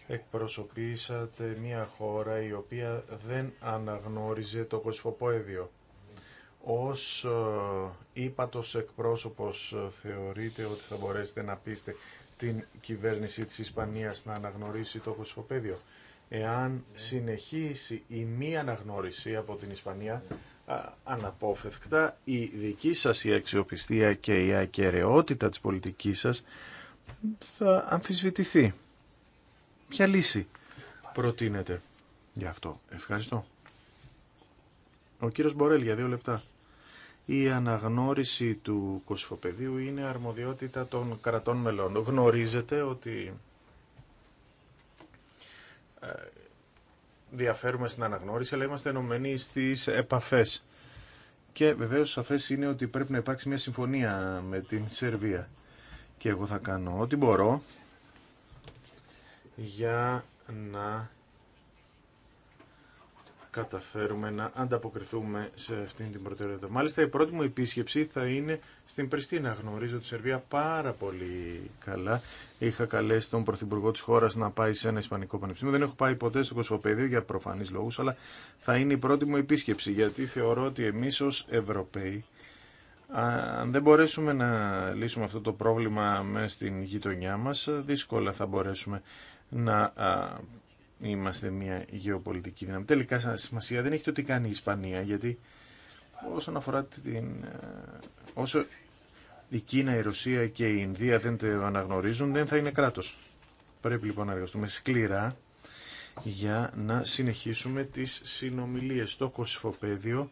εκπροσωπήσατε μια χώρα η οποία δεν αναγνώριζε το κοσφοπόεδιο. Ως ε, ύπατος εκπρόσωπος ε, θεωρείτε ότι θα μπορέσετε να πείστε την κυβέρνηση της Ισπανίας να αναγνωρίσει το κοσφοπέδιο εάν συνεχίσει η μη αναγνώριση από την Ισπανία αναπόφευκτα η δική σας η αξιοπιστία και η ακαιρεότητα της πολιτικής σας θα αμφισβητηθεί. Ποια λύση προτείνετε γι' αυτό. Ευχαριστώ. Ο κύριος Μπορέλ για δύο λεπτά. Η αναγνώριση του κοσφοπεδίου είναι αρμοδιότητα των κρατών μελών. Γνωρίζετε ότι διαφέρουμε στην αναγνώριση, αλλά είμαστε ενωμένοι στις επαφές. Και βεβαίω σαφέ είναι ότι πρέπει να υπάρξει μια συμφωνία με την Σερβία. Και εγώ θα κάνω ό,τι μπορώ για να καταφέρουμε να ανταποκριθούμε σε αυτήν την προτεραιότητα. Μάλιστα η πρώτη μου επίσκεψη θα είναι στην Πριστίνα. Γνωρίζω τη Σερβία πάρα πολύ καλά. Είχα καλέσει τον Πρωθυπουργό της χώρας να πάει σε ένα Ισπανικό Πανεπιστήμιο. Δεν έχω πάει ποτέ στο Κοσμοπέδιο για προφανείς λόγους, αλλά θα είναι η πρώτη μου επίσκεψη γιατί θεωρώ ότι εμείς ως Ευρωπαίοι αν δεν μπορέσουμε να λύσουμε αυτό το πρόβλημα με στην γειτονιά μας, δύσκολα θα μπορέσουμε να είμαστε μια γεωπολιτική δύναμη. Τελικά σημασία δεν έχει το τι κάνει η Ισπανία, γιατί όσον αφορά την... Ε, όσο η Κίνα, η Ρωσία και η Ινδία δεν το αναγνωρίζουν, δεν θα είναι κράτος. Πρέπει λοιπόν να εργαστούμε σκληρά για να συνεχίσουμε τις συνομιλίες το κοσφοπέδιο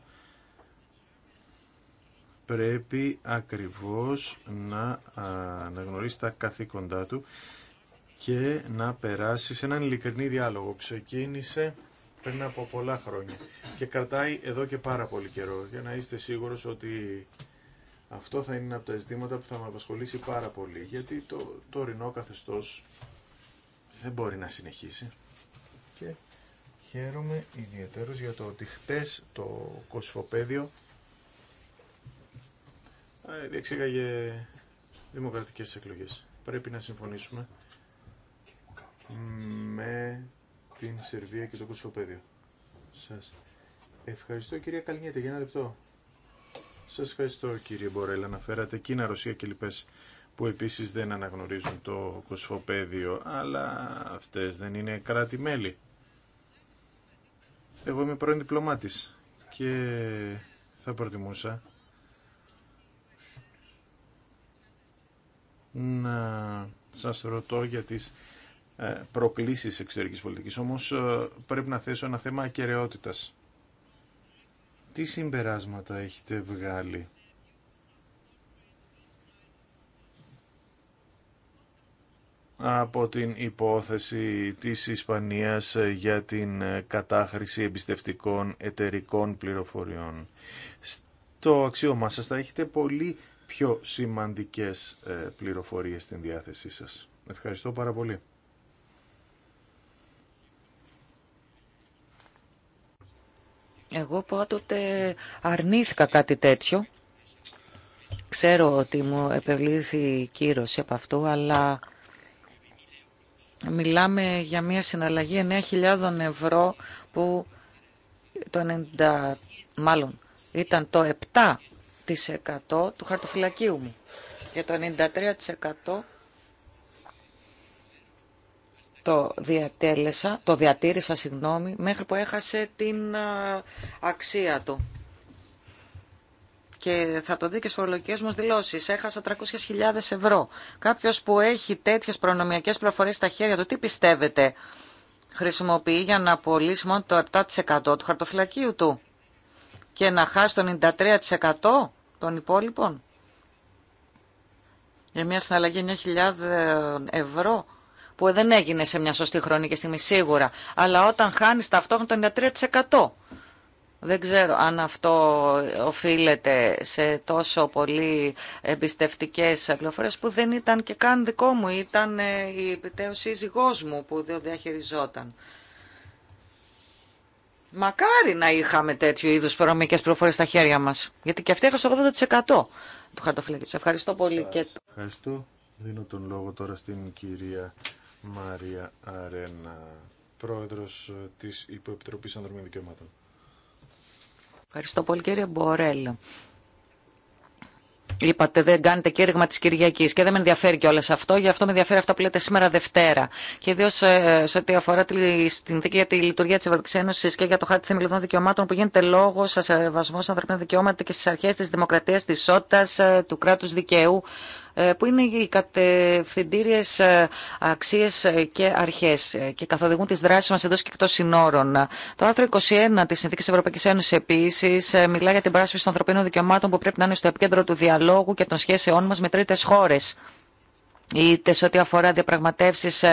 πρέπει ακριβώς να αναγνωρίσει τα καθήκοντά του και να περάσει σε έναν ειλικρινή διάλογο ξεκίνησε πριν από πολλά χρόνια και κρατάει εδώ και πάρα πολύ καιρό για να είστε σίγουρος ότι αυτό θα είναι ένα από τα ζητήματα που θα με απασχολήσει πάρα πολύ γιατί το τωρινό καθεστώ δεν μπορεί να συνεχίσει και χαίρομαι ιδιαίτερος για το ότι χτες το κοσφοπέδιο ε, διεξήγαγε δημοκρατικές εκλογές. Πρέπει να συμφωνήσουμε με την Σερβία και το Κοσμοπέδιο. Σας ευχαριστώ κυρία Καλνιέτη, για ένα λεπτό. Σας ευχαριστώ κύριε Μπορέλα. Αναφέρατε Κίνα, Ρωσία και λοιπές που επίσης δεν αναγνωρίζουν το κοσφοπέδιο, αλλά αυτές δεν είναι κράτη-μέλη. Εγώ είμαι πρώην διπλωμάτης και θα προτιμούσα να σας ρωτώ για τις ε, προκλήσεις εξωτερικής πολιτικής. Όμως ε, πρέπει να θέσω ένα θέμα ακαιρεότητας. Τι συμπεράσματα έχετε βγάλει από την υπόθεση της Ισπανίας ε, για την κατάχρηση εμπιστευτικών εταιρικών πληροφοριών. Στο αξίωμά σας θα έχετε πολύ πιο σημαντικές πληροφορίες στην διάθεσή σας. Ευχαριστώ πάρα πολύ. Εγώ πάντοτε αρνήθηκα κάτι τέτοιο. Ξέρω ότι μου επευλήθη κύρωση από αυτού, αλλά μιλάμε για μια συναλλαγή 9.000 ευρώ που το 90, μάλλον ήταν το 7% του χαρτοφυλακίου μου. και το 93% το, διατέλεσα, το διατήρησα συγγνώμη, μέχρι που έχασε την ε, αξία του. Και θα το δει και στι φορολογικέ μου δηλώσει. Έχασα 300.000 ευρώ. Κάποιο που έχει τέτοιε προνομιακέ πληροφορίε στα χέρια του, τι πιστεύετε, χρησιμοποιεί για να απολύσει μόνο το 7% του χαρτοφυλακίου του και να χάσει το 93% των υπόλοιπων για μια συναλλαγή 9.000 ευρώ που δεν έγινε σε μια σωστή χρονική στιγμή σίγουρα, αλλά όταν χάνεις ταυτόχρονα το 93%. Δεν ξέρω αν αυτό οφείλεται σε τόσο πολύ εμπιστευτικές πληροφορίες που δεν ήταν και καν δικό μου, ήταν ε, η επιτέως σύζυγός μου που δεν διαχειριζόταν. Μακάρι να είχαμε τέτοιου είδου προνομικέ πληροφορίες στα χέρια μα. γιατί και αυτή έχασε 80% του χαρτοφυλακίου. Ευχαριστώ πολύ. Σας και... Ευχαριστώ. Δίνω τον λόγο τώρα στην κυρία Μαρία Αρένα, πρόεδρο της Υποεπιτροπής Ανδρομικών Δικαιωμάτων. Ευχαριστώ πολύ κύριε Μπορέλ. Είπατε δεν κάνετε κήρυγμα τη Κυριακή και δεν με ενδιαφέρει κιόλα αυτό. Γι' αυτό με ενδιαφέρει αυτό που λέτε σήμερα Δευτέρα. Και ιδίω σε, σε ό,τι αφορά τη δική για τη λειτουργία τη Ευρωπαϊκή Ένωση και για το χάρτη θεμελιωδών δικαιωμάτων που γίνεται λόγο σε σεβασμό στα ανθρωπίνα δικαιώματα και στι αρχέ τη δημοκρατία, τη ισότητα, ε, του κράτου δικαίου, ε, που είναι οι κατευθυντήριε ε, αξίε και αρχέ ε, και καθοδηγούν τι δράσει μα εντό και εκτό συνόρων. Το άρθρο 21 τη Συνθήκη Ευρωπαϊκή Ένωση, επίση μιλά για την πράσπιση των ανθρωπίνων δικαιωμάτων που πρέπει να είναι στο επίκεντρο του διαλόγου και των σχέσεών μα με τρίτε χώρε, είτε σε ό,τι αφορά διαπραγματεύσεις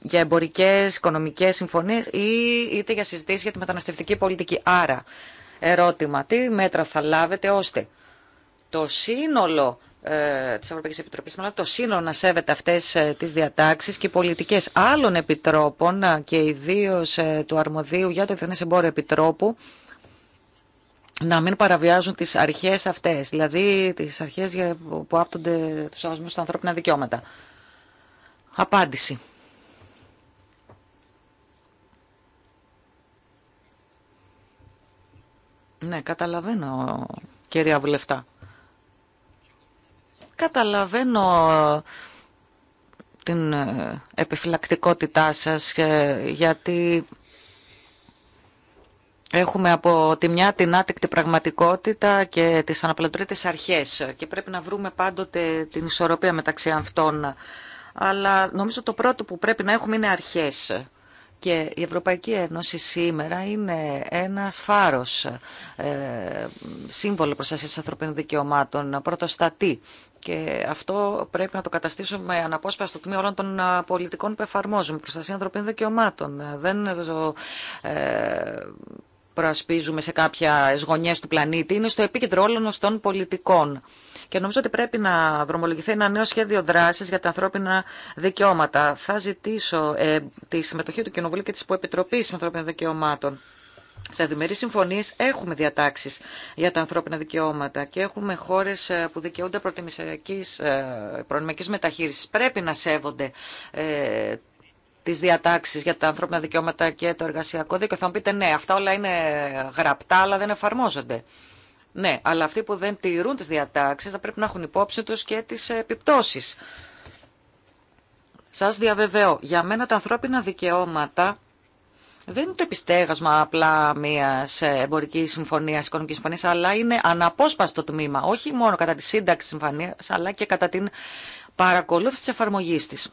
για εμπορικές, οικονομικές συμφωνίες ή είτε για συζητήσεις για τη μεταναστευτική πολιτική. Άρα, ερώτημα, τι μέτρα θα λάβετε ώστε το σύνολο ε, της Ευρωπαϊκής Επιτροπής, αλλά το σύνολο να σέβεται αυτές ε, τις διατάξεις και οι πολιτικές άλλων επιτρόπων ε, και ιδίως του αρμοδίου για το Εθνές Εμπόριο Επιτρόπου να μην παραβιάζουν τις αρχές αυτές, δηλαδή τις αρχές που άπτονται του ασμούς στα ανθρώπινα δικαιώματα. Απάντηση. Ναι, καταλαβαίνω, κυρία Βουλευτά. Καταλαβαίνω ε, την ε, επιφυλακτικότητά σας ε, γιατί έχουμε από τη μια την άτεκτη πραγματικότητα και τις αναπλατρήτες αρχές και πρέπει να βρούμε πάντοτε την ισορροπία μεταξύ αυτών. Αλλά νομίζω το πρώτο που πρέπει να έχουμε είναι αρχές. Και η Ευρωπαϊκή Ένωση σήμερα είναι ένας φάρος, σύμβολο προστασίας ανθρωπίνων δικαιωμάτων, πρωτοστατή και αυτό πρέπει να το καταστήσουμε αναπόσπαστο τμήμα όλων των ε, πολιτικών που εφαρμόζουμε. Προστασία ανθρωπίνων δικαιωμάτων. Ε, δεν ε, ε, προασπίζουμε σε κάποια γωνιέ του πλανήτη. Είναι στο επίκεντρο όλων των πολιτικών. Και νομίζω ότι πρέπει να δρομολογηθεί ένα νέο σχέδιο δράση για τα ανθρώπινα δικαιώματα. Θα ζητήσω τη συμμετοχή του Κοινοβουλίου και τη Επιτροπή Ανθρωπίνων Δικαιωμάτων σε διμερείς συμφωνίες έχουμε διατάξεις για τα ανθρώπινα δικαιώματα και έχουμε χώρες ε, που δικαιούνται ε, προνομιακή μεταχείρισης. Πρέπει να σέβονται ε, τις διατάξεις για τα ανθρώπινα δικαιώματα και το εργασιακό δίκαιο. Θα μου πείτε ναι, αυτά όλα είναι γραπτά αλλά δεν εφαρμόζονται. Ναι, αλλά αυτοί που δεν τηρούν τις διατάξεις θα πρέπει να έχουν υπόψη τους και τις επιπτώσεις. Σας διαβεβαιώ, για μένα τα ανθρώπινα δικαιώματα δεν είναι το επιστέγασμα απλά μια εμπορική συμφωνία, οικονομική συμφωνία, αλλά είναι αναπόσπαστο τμήμα, όχι μόνο κατά τη σύνταξη συμφωνία, αλλά και κατά την παρακολούθηση τη εφαρμογή τη.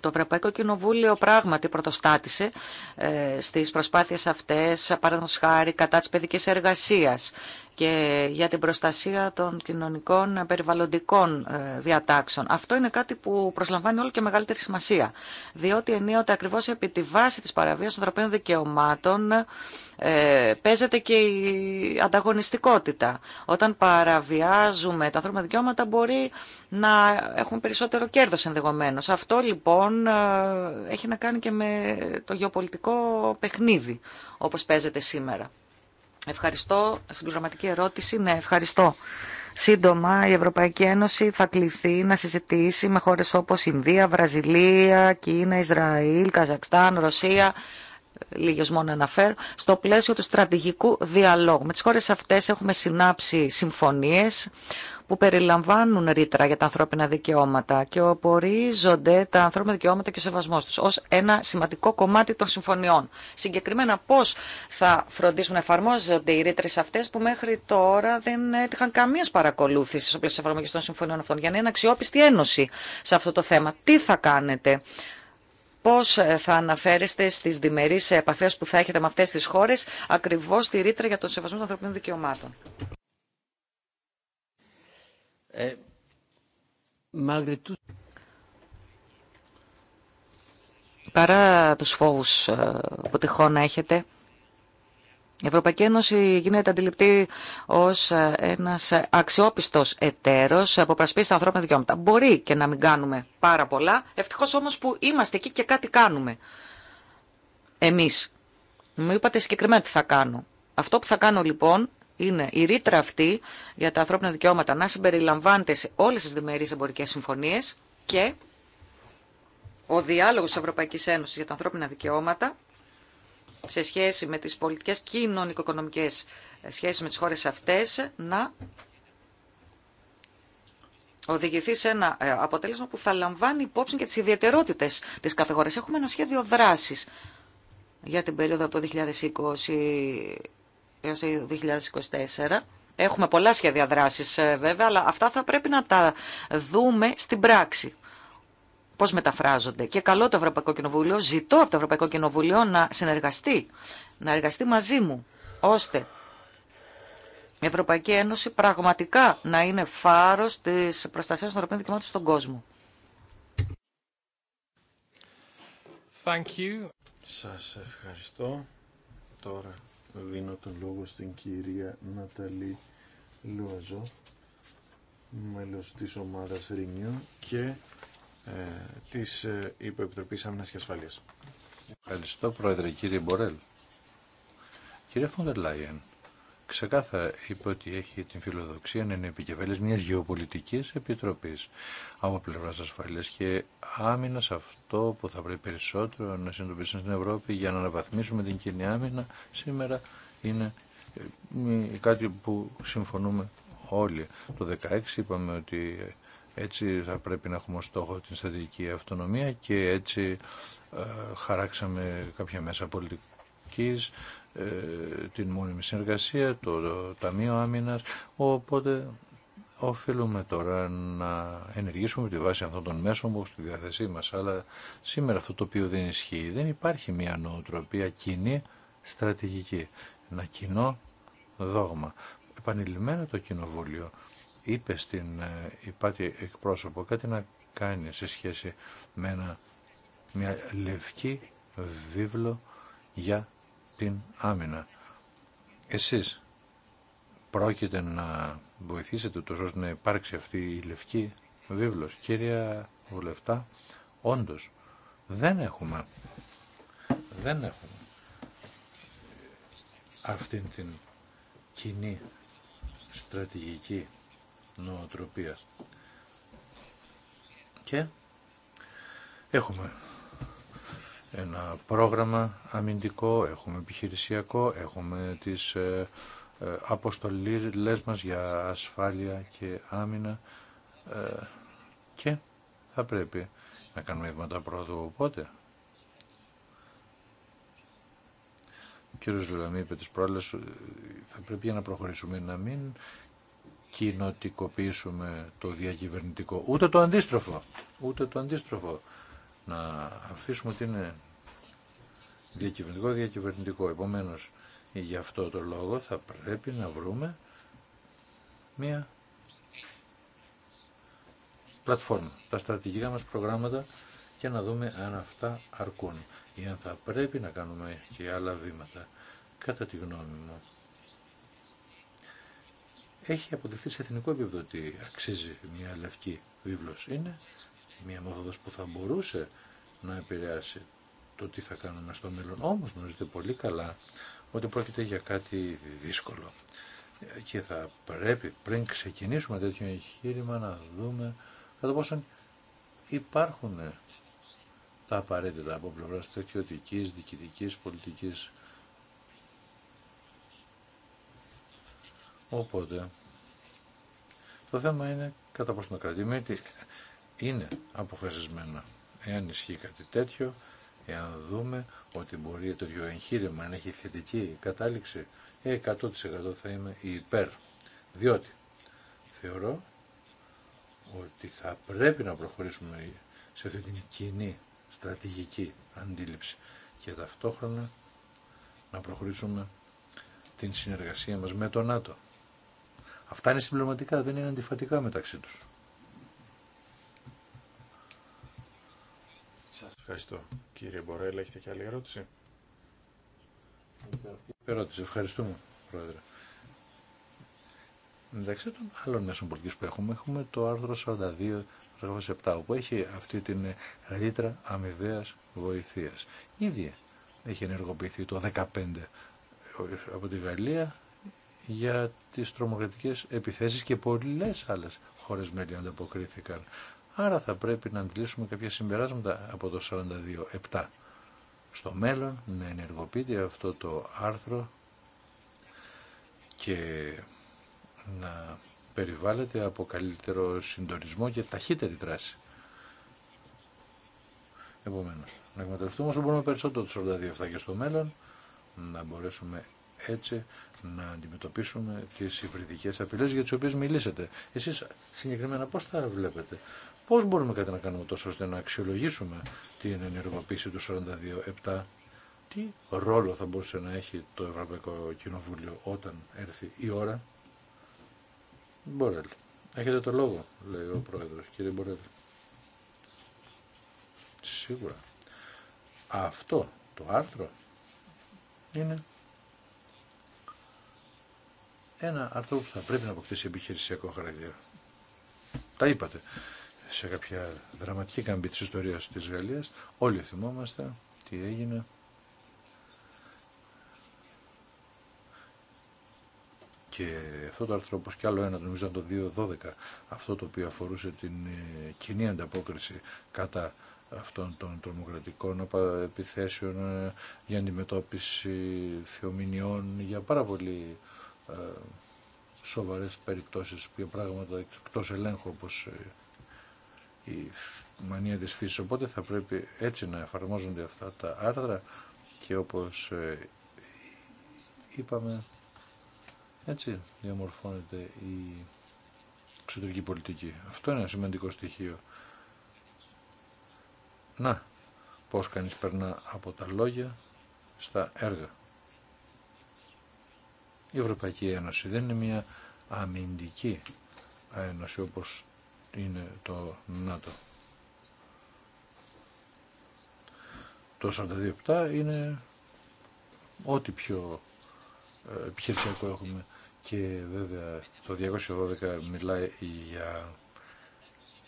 Το Ευρωπαϊκό Κοινοβούλιο πράγματι πρωτοστάτησε ε, στις προσπάθειες αυτές, παραδείγματος χάρη, κατά της παιδικής εργασίας και για την προστασία των κοινωνικών ε, περιβαλλοντικών ε, διατάξεων. Αυτό είναι κάτι που προσλαμβάνει όλο και μεγαλύτερη σημασία, διότι ενίοτε ακριβώς επί τη βάση της παραβίας των ανθρωπίνων δικαιωμάτων ε, παίζεται και η ανταγωνιστικότητα. Όταν παραβιάζουμε τα ανθρώπινα δικαιώματα μπορεί να έχουν περισσότερο κέρδος ενδεχομένω. Αυτό λοιπόν ε, έχει να κάνει και με το γεωπολιτικό παιχνίδι όπως παίζεται σήμερα. Ευχαριστώ. Συμπληρωματική ερώτηση. Ναι, ευχαριστώ. Σύντομα, η Ευρωπαϊκή Ένωση θα κληθεί να συζητήσει με χώρες όπως Ινδία, Βραζιλία, Κίνα, Ισραήλ, Καζακστάν, Ρωσία, λίγες μόνο αναφέρω, στο πλαίσιο του στρατηγικού διαλόγου. Με τις χώρες αυτές έχουμε συνάψει συμφωνίες που περιλαμβάνουν ρήτρα για τα ανθρώπινα δικαιώματα και όπου τα ανθρώπινα δικαιώματα και ο σεβασμό του ω ένα σημαντικό κομμάτι των συμφωνιών. Συγκεκριμένα, πώ θα φροντίσουν να εφαρμόζονται οι ρήτρε αυτέ που μέχρι τώρα δεν έτυχαν καμία παρακολούθηση στο πλαίσιο εφαρμογή των συμφωνιών αυτών για να είναι αξιόπιστη ένωση σε αυτό το θέμα. Τι θα κάνετε Πώ θα αναφέρεστε στι διμερείς επαφέ που θα έχετε με αυτέ τι χώρε ακριβώ στη ρήτρα για τον σεβασμό των ανθρωπίνων δικαιωμάτων. Ε, Παρά τους φόβους ε, που τυχόν έχετε, η Ευρωπαϊκή Ένωση γίνεται αντιληπτή ως ε, ένας αξιόπιστος εταίρος από πρασπίσεις ανθρώπινα δικαιώματα. Μπορεί και να μην κάνουμε πάρα πολλά, ευτυχώς όμως που είμαστε εκεί και κάτι κάνουμε. Εμείς. Μου είπατε συγκεκριμένα τι θα κάνω. Αυτό που θα κάνω λοιπόν είναι η ρήτρα αυτή για τα ανθρώπινα δικαιώματα να συμπεριλαμβάνεται σε όλες τις διμερείς εμπορικές συμφωνίες και ο διάλογος της Ευρωπαϊκής Ένωσης για τα ανθρώπινα δικαιώματα σε σχέση με τις πολιτικές κοινωνικο-οικονομικές ε, σχέσεις με τις χώρες αυτές να οδηγηθεί σε ένα ε, αποτέλεσμα που θα λαμβάνει υπόψη και τις ιδιαιτερότητες της κάθε Έχουμε ένα σχέδιο δράσης για την περίοδο από το 2020 το 2024. Έχουμε πολλά σχέδια δράσης ε, βέβαια, αλλά αυτά θα πρέπει να τα δούμε στην πράξη. Πώς μεταφράζονται. Και καλό το Ευρωπαϊκό Κοινοβούλιο, ζητώ από το Ευρωπαϊκό Κοινοβούλιο να συνεργαστεί, να εργαστεί μαζί μου, ώστε η Ευρωπαϊκή Ένωση πραγματικά να είναι φάρος της προστασίας των ευρωπαϊκών δικαιωμάτων στον κόσμο. Thank Σας ευχαριστώ. Τώρα δίνω τον λόγο στην κυρία Ναταλή Λουαζό, μέλος της ομάδας Ρινιού και ε, της ε, Υποεπιτροπής Άμυνας και Ασφαλείας. Ευχαριστώ Πρόεδρε κύριε Μπορέλ. Κύριε Φοντερ Λάιεν, ξεκάθαρα είπε ότι έχει την φιλοδοξία να είναι επικεφαλή μιας γεωπολιτικής επιτροπής από πλευρά ασφαλεία και άμυνα αυτό που θα πρέπει περισσότερο να συνειδητοποιήσουμε στην Ευρώπη για να αναβαθμίσουμε την κοινή άμυνα σήμερα είναι ε, κάτι που συμφωνούμε όλοι. Το 2016 είπαμε ότι έτσι θα πρέπει να έχουμε ως στόχο την στρατηγική αυτονομία και έτσι ε, χαράξαμε κάποια μέσα πολιτικής ε, την μόνιμη συνεργασία, το, Ταμείο Άμυνας, οπότε οφείλουμε τώρα να ενεργήσουμε τη βάση αυτών των μέσων που στη διάθεσή μας, αλλά σήμερα αυτό το οποίο δεν ισχύει, δεν υπάρχει μια νοοτροπία κοινή στρατηγική, ένα κοινό δόγμα. Επανειλημμένα το κοινοβούλιο είπε στην ε, υπάτη εκπρόσωπο κάτι να κάνει σε σχέση με ένα, μια λευκή βίβλο για την Εσείς πρόκειται να βοηθήσετε τόσο ώστε να υπάρξει αυτή η λευκή βίβλος. Κύρια Βουλευτά, όντως δεν έχουμε, δεν έχουμε αυτήν την κοινή στρατηγική νοοτροπία. Και έχουμε ένα πρόγραμμα αμυντικό, έχουμε επιχειρησιακό, έχουμε τις ε, ε, αποστολές μας για ασφάλεια και άμυνα ε, και θα πρέπει να κάνουμε βήματα πρόοδου οπότε. Ο κύριος Λουλαμή είπε τις πρόλες, θα πρέπει να προχωρήσουμε να μην κοινοτικοποιήσουμε το διακυβερνητικό. Ούτε το αντίστροφο. Ούτε το αντίστροφο να αφήσουμε ότι είναι διακυβερνητικό, διακυβερνητικό. Επομένως, γι' αυτό το λόγο θα πρέπει να βρούμε μία πλατφόρμα, τα στρατηγικά μας προγράμματα και να δούμε αν αυτά αρκούν ή αν θα πρέπει να κάνουμε και άλλα βήματα. Κατά τη γνώμη μου, έχει αποδειχθεί σε εθνικό επίπεδο ότι αξίζει μια λευκή βίβλος. Είναι μία μέθοδος που θα μπορούσε να επηρεάσει το τι θα κάνουμε στο μέλλον. Όμως γνωρίζετε πολύ καλά ότι πρόκειται για κάτι δύσκολο. Και θα πρέπει πριν ξεκινήσουμε τέτοιο εγχείρημα να δούμε κατά πόσο υπάρχουν τα απαραίτητα από πλευρά στρατιωτικής, διοικητικής, πολιτικής. Οπότε, το θέμα είναι κατά πόσο να κρατήμεται είναι αποφασισμένα. Εάν ισχύει κάτι τέτοιο, εάν δούμε ότι μπορεί το ίδιο εγχείρημα να έχει θετική κατάληξη, 100% ε, θα είμαι υπέρ. Διότι θεωρώ ότι θα πρέπει να προχωρήσουμε σε αυτή την κοινή στρατηγική αντίληψη και ταυτόχρονα να προχωρήσουμε την συνεργασία μας με το ΝΑΤΟ. Αυτά είναι συμπληρωματικά, δεν είναι αντιφατικά μεταξύ τους. Ευχαριστώ. Κύριε Μπορέλα, έχετε και άλλη ερώτηση. Ερώτηση. Ευχαριστούμε, Πρόεδρε. Εντάξει, των άλλων μέσων πολιτικής που έχουμε, έχουμε το άρθρο 42 7, όπου έχει αυτή την ρήτρα αμοιβαία βοηθεία. Ήδη έχει ενεργοποιηθεί το 15 από τη Γαλλία για τις τρομοκρατικές επιθέσεις και πολλές άλλες χώρες μέλη ανταποκρίθηκαν. Άρα θα πρέπει να αντιλήσουμε κάποια συμπεράσματα από το 42.7. Στο μέλλον να ενεργοποιείται αυτό το άρθρο και να περιβάλλεται από καλύτερο συντονισμό και ταχύτερη δράση. Επομένω, να εκμεταλλευτούμε όσο μπορούμε περισσότερο το 42 και στο μέλλον, να μπορέσουμε έτσι να αντιμετωπίσουμε τις υβριδικές απειλές για τις οποίες μιλήσατε. Εσείς συγκεκριμένα πώς τα βλέπετε. Πώς μπορούμε κάτι να κάνουμε τόσο ώστε να αξιολογήσουμε την ενεργοποίηση του 42-7. Τι ρόλο θα μπορούσε να έχει το Ευρωπαϊκό Κοινοβούλιο όταν έρθει η ώρα. Μπορέλ. Έχετε το λόγο, λέει ο Πρόεδρος, κύριε Μπορέλ. Σίγουρα. Αυτό το άρθρο είναι ένα άρθρο που θα πρέπει να αποκτήσει επιχειρησιακό χαρακτήρα. Τα είπατε σε κάποια δραματική καμπή της ιστορίας της Γαλλίας. Όλοι θυμόμαστε τι έγινε. Και αυτό το άρθρο, όπως κι άλλο ένα, νομίζω το 2.12, αυτό το οποίο αφορούσε την ε, κοινή ανταπόκριση κατά αυτών των τρομοκρατικών επιθέσεων ε, για αντιμετώπιση θεομηνιών, για πάρα πολύ ε, σοβαρές περιπτώσεις, που πράγματα εκτός ελέγχου, όπως η μανία της φύσης. Οπότε θα πρέπει έτσι να εφαρμόζονται αυτά τα άρδρα και όπως ε, είπαμε έτσι διαμορφώνεται η εξωτερική πολιτική. Αυτό είναι ένα σημαντικό στοιχείο. Να, πώς κανείς περνά από τα λόγια στα έργα. Η Ευρωπαϊκή Ένωση δεν είναι μια αμυντική ένωση όπως είναι το ΝΑΤΟ. Το 42-7 είναι ό,τι πιο ε, επιχειρησιακό έχουμε και βέβαια το 212 μιλάει για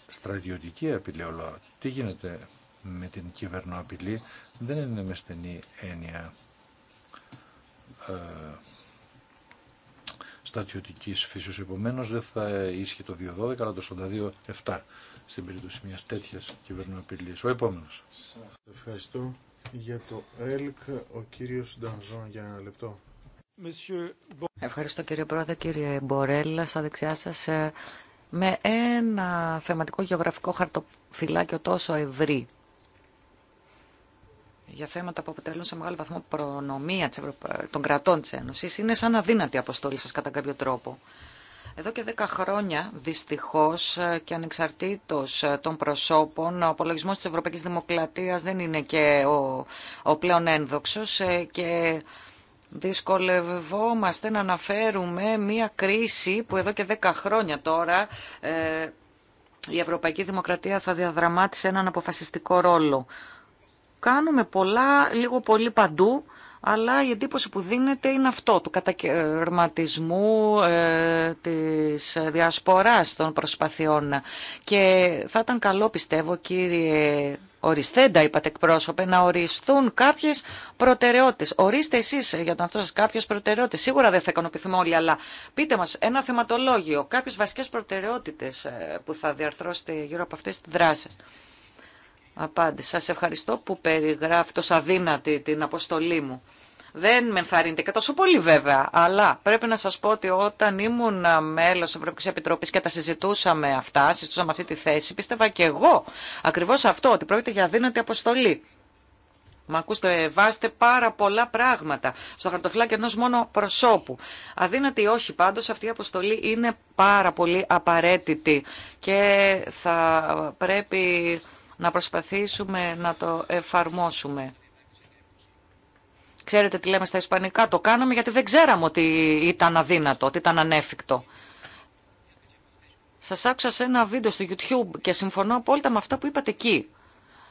στρατιωτική απειλή όλα. Τι γίνεται με την κυβερνοαπειλή δεν είναι με στενή έννοια ε, Στατιωτική φύσεω. επομένω, δεν θα ίσχυε το 2.12 αλλά το 42.7 στην περίπτωση μιας τέτοιας κυβερνοαπειλή. Ο επόμενος. ευχαριστώ για το ΕΛΚ. Ο κύριος Ντανζόν για ένα λεπτό. Ευχαριστώ κύριε Πρόεδρε, κύριε Μπορέλα, στα δεξιά σας ε, με ένα θεματικό γεωγραφικό χαρτοφυλάκιο τόσο ευρύ για θέματα που αποτελούν σε μεγάλο βαθμό προνομία των κρατών τη Ένωση είναι σαν αδύνατη αποστολή σα κατά κάποιο τρόπο. Εδώ και δέκα χρόνια, δυστυχώ, και ανεξαρτήτως των προσώπων, ο απολογισμό τη Ευρωπαϊκή Δημοκρατία δεν είναι και ο, πλέον ένδοξο, και δυσκολευόμαστε να αναφέρουμε μία κρίση που εδώ και δέκα χρόνια τώρα ε, η Ευρωπαϊκή Δημοκρατία θα διαδραμάτισε έναν αποφασιστικό ρόλο Κάνουμε πολλά, λίγο πολύ παντού, αλλά η εντύπωση που δίνεται είναι αυτό, του κατακαιρματισμού ε, της διασποράς των προσπαθειών. Και θα ήταν καλό, πιστεύω, κύριε Οριστέντα, είπατε εκπρόσωπε, να οριστούν κάποιες προτεραιότητες. Ορίστε εσείς για τον αυτό σα κάποιε προτεραιότητες. Σίγουρα δεν θα ικανοποιηθούμε όλοι, αλλά πείτε μας ένα θεματολόγιο, κάποιε βασικέ προτεραιότητε ε, που θα διαρθρώσετε γύρω από αυτέ τι δράσει απάντηση. Σας ευχαριστώ που περιγράφει τόσο αδύνατη την αποστολή μου. Δεν με ενθαρρύνεται και τόσο πολύ βέβαια, αλλά πρέπει να σας πω ότι όταν ήμουν μέλος της Ευρωπαϊκής Επιτροπής και τα συζητούσαμε αυτά, συζητούσαμε αυτή τη θέση, πίστευα και εγώ ακριβώς αυτό, ότι πρόκειται για αδύνατη αποστολή. Μα ακούστε, βάστε πάρα πολλά πράγματα στο χαρτοφυλάκι ενό μόνο προσώπου. Αδύνατη ή όχι, πάντω αυτή η αποστολή είναι πάρα πολύ απαραίτητη και θα πρέπει να προσπαθήσουμε να το εφαρμόσουμε. Ξέρετε τι λέμε στα ισπανικά, το κάναμε γιατί δεν ξέραμε ότι ήταν αδύνατο, ότι ήταν ανέφικτο. Σας άκουσα σε ένα βίντεο στο YouTube και συμφωνώ απόλυτα με αυτά που είπατε εκεί.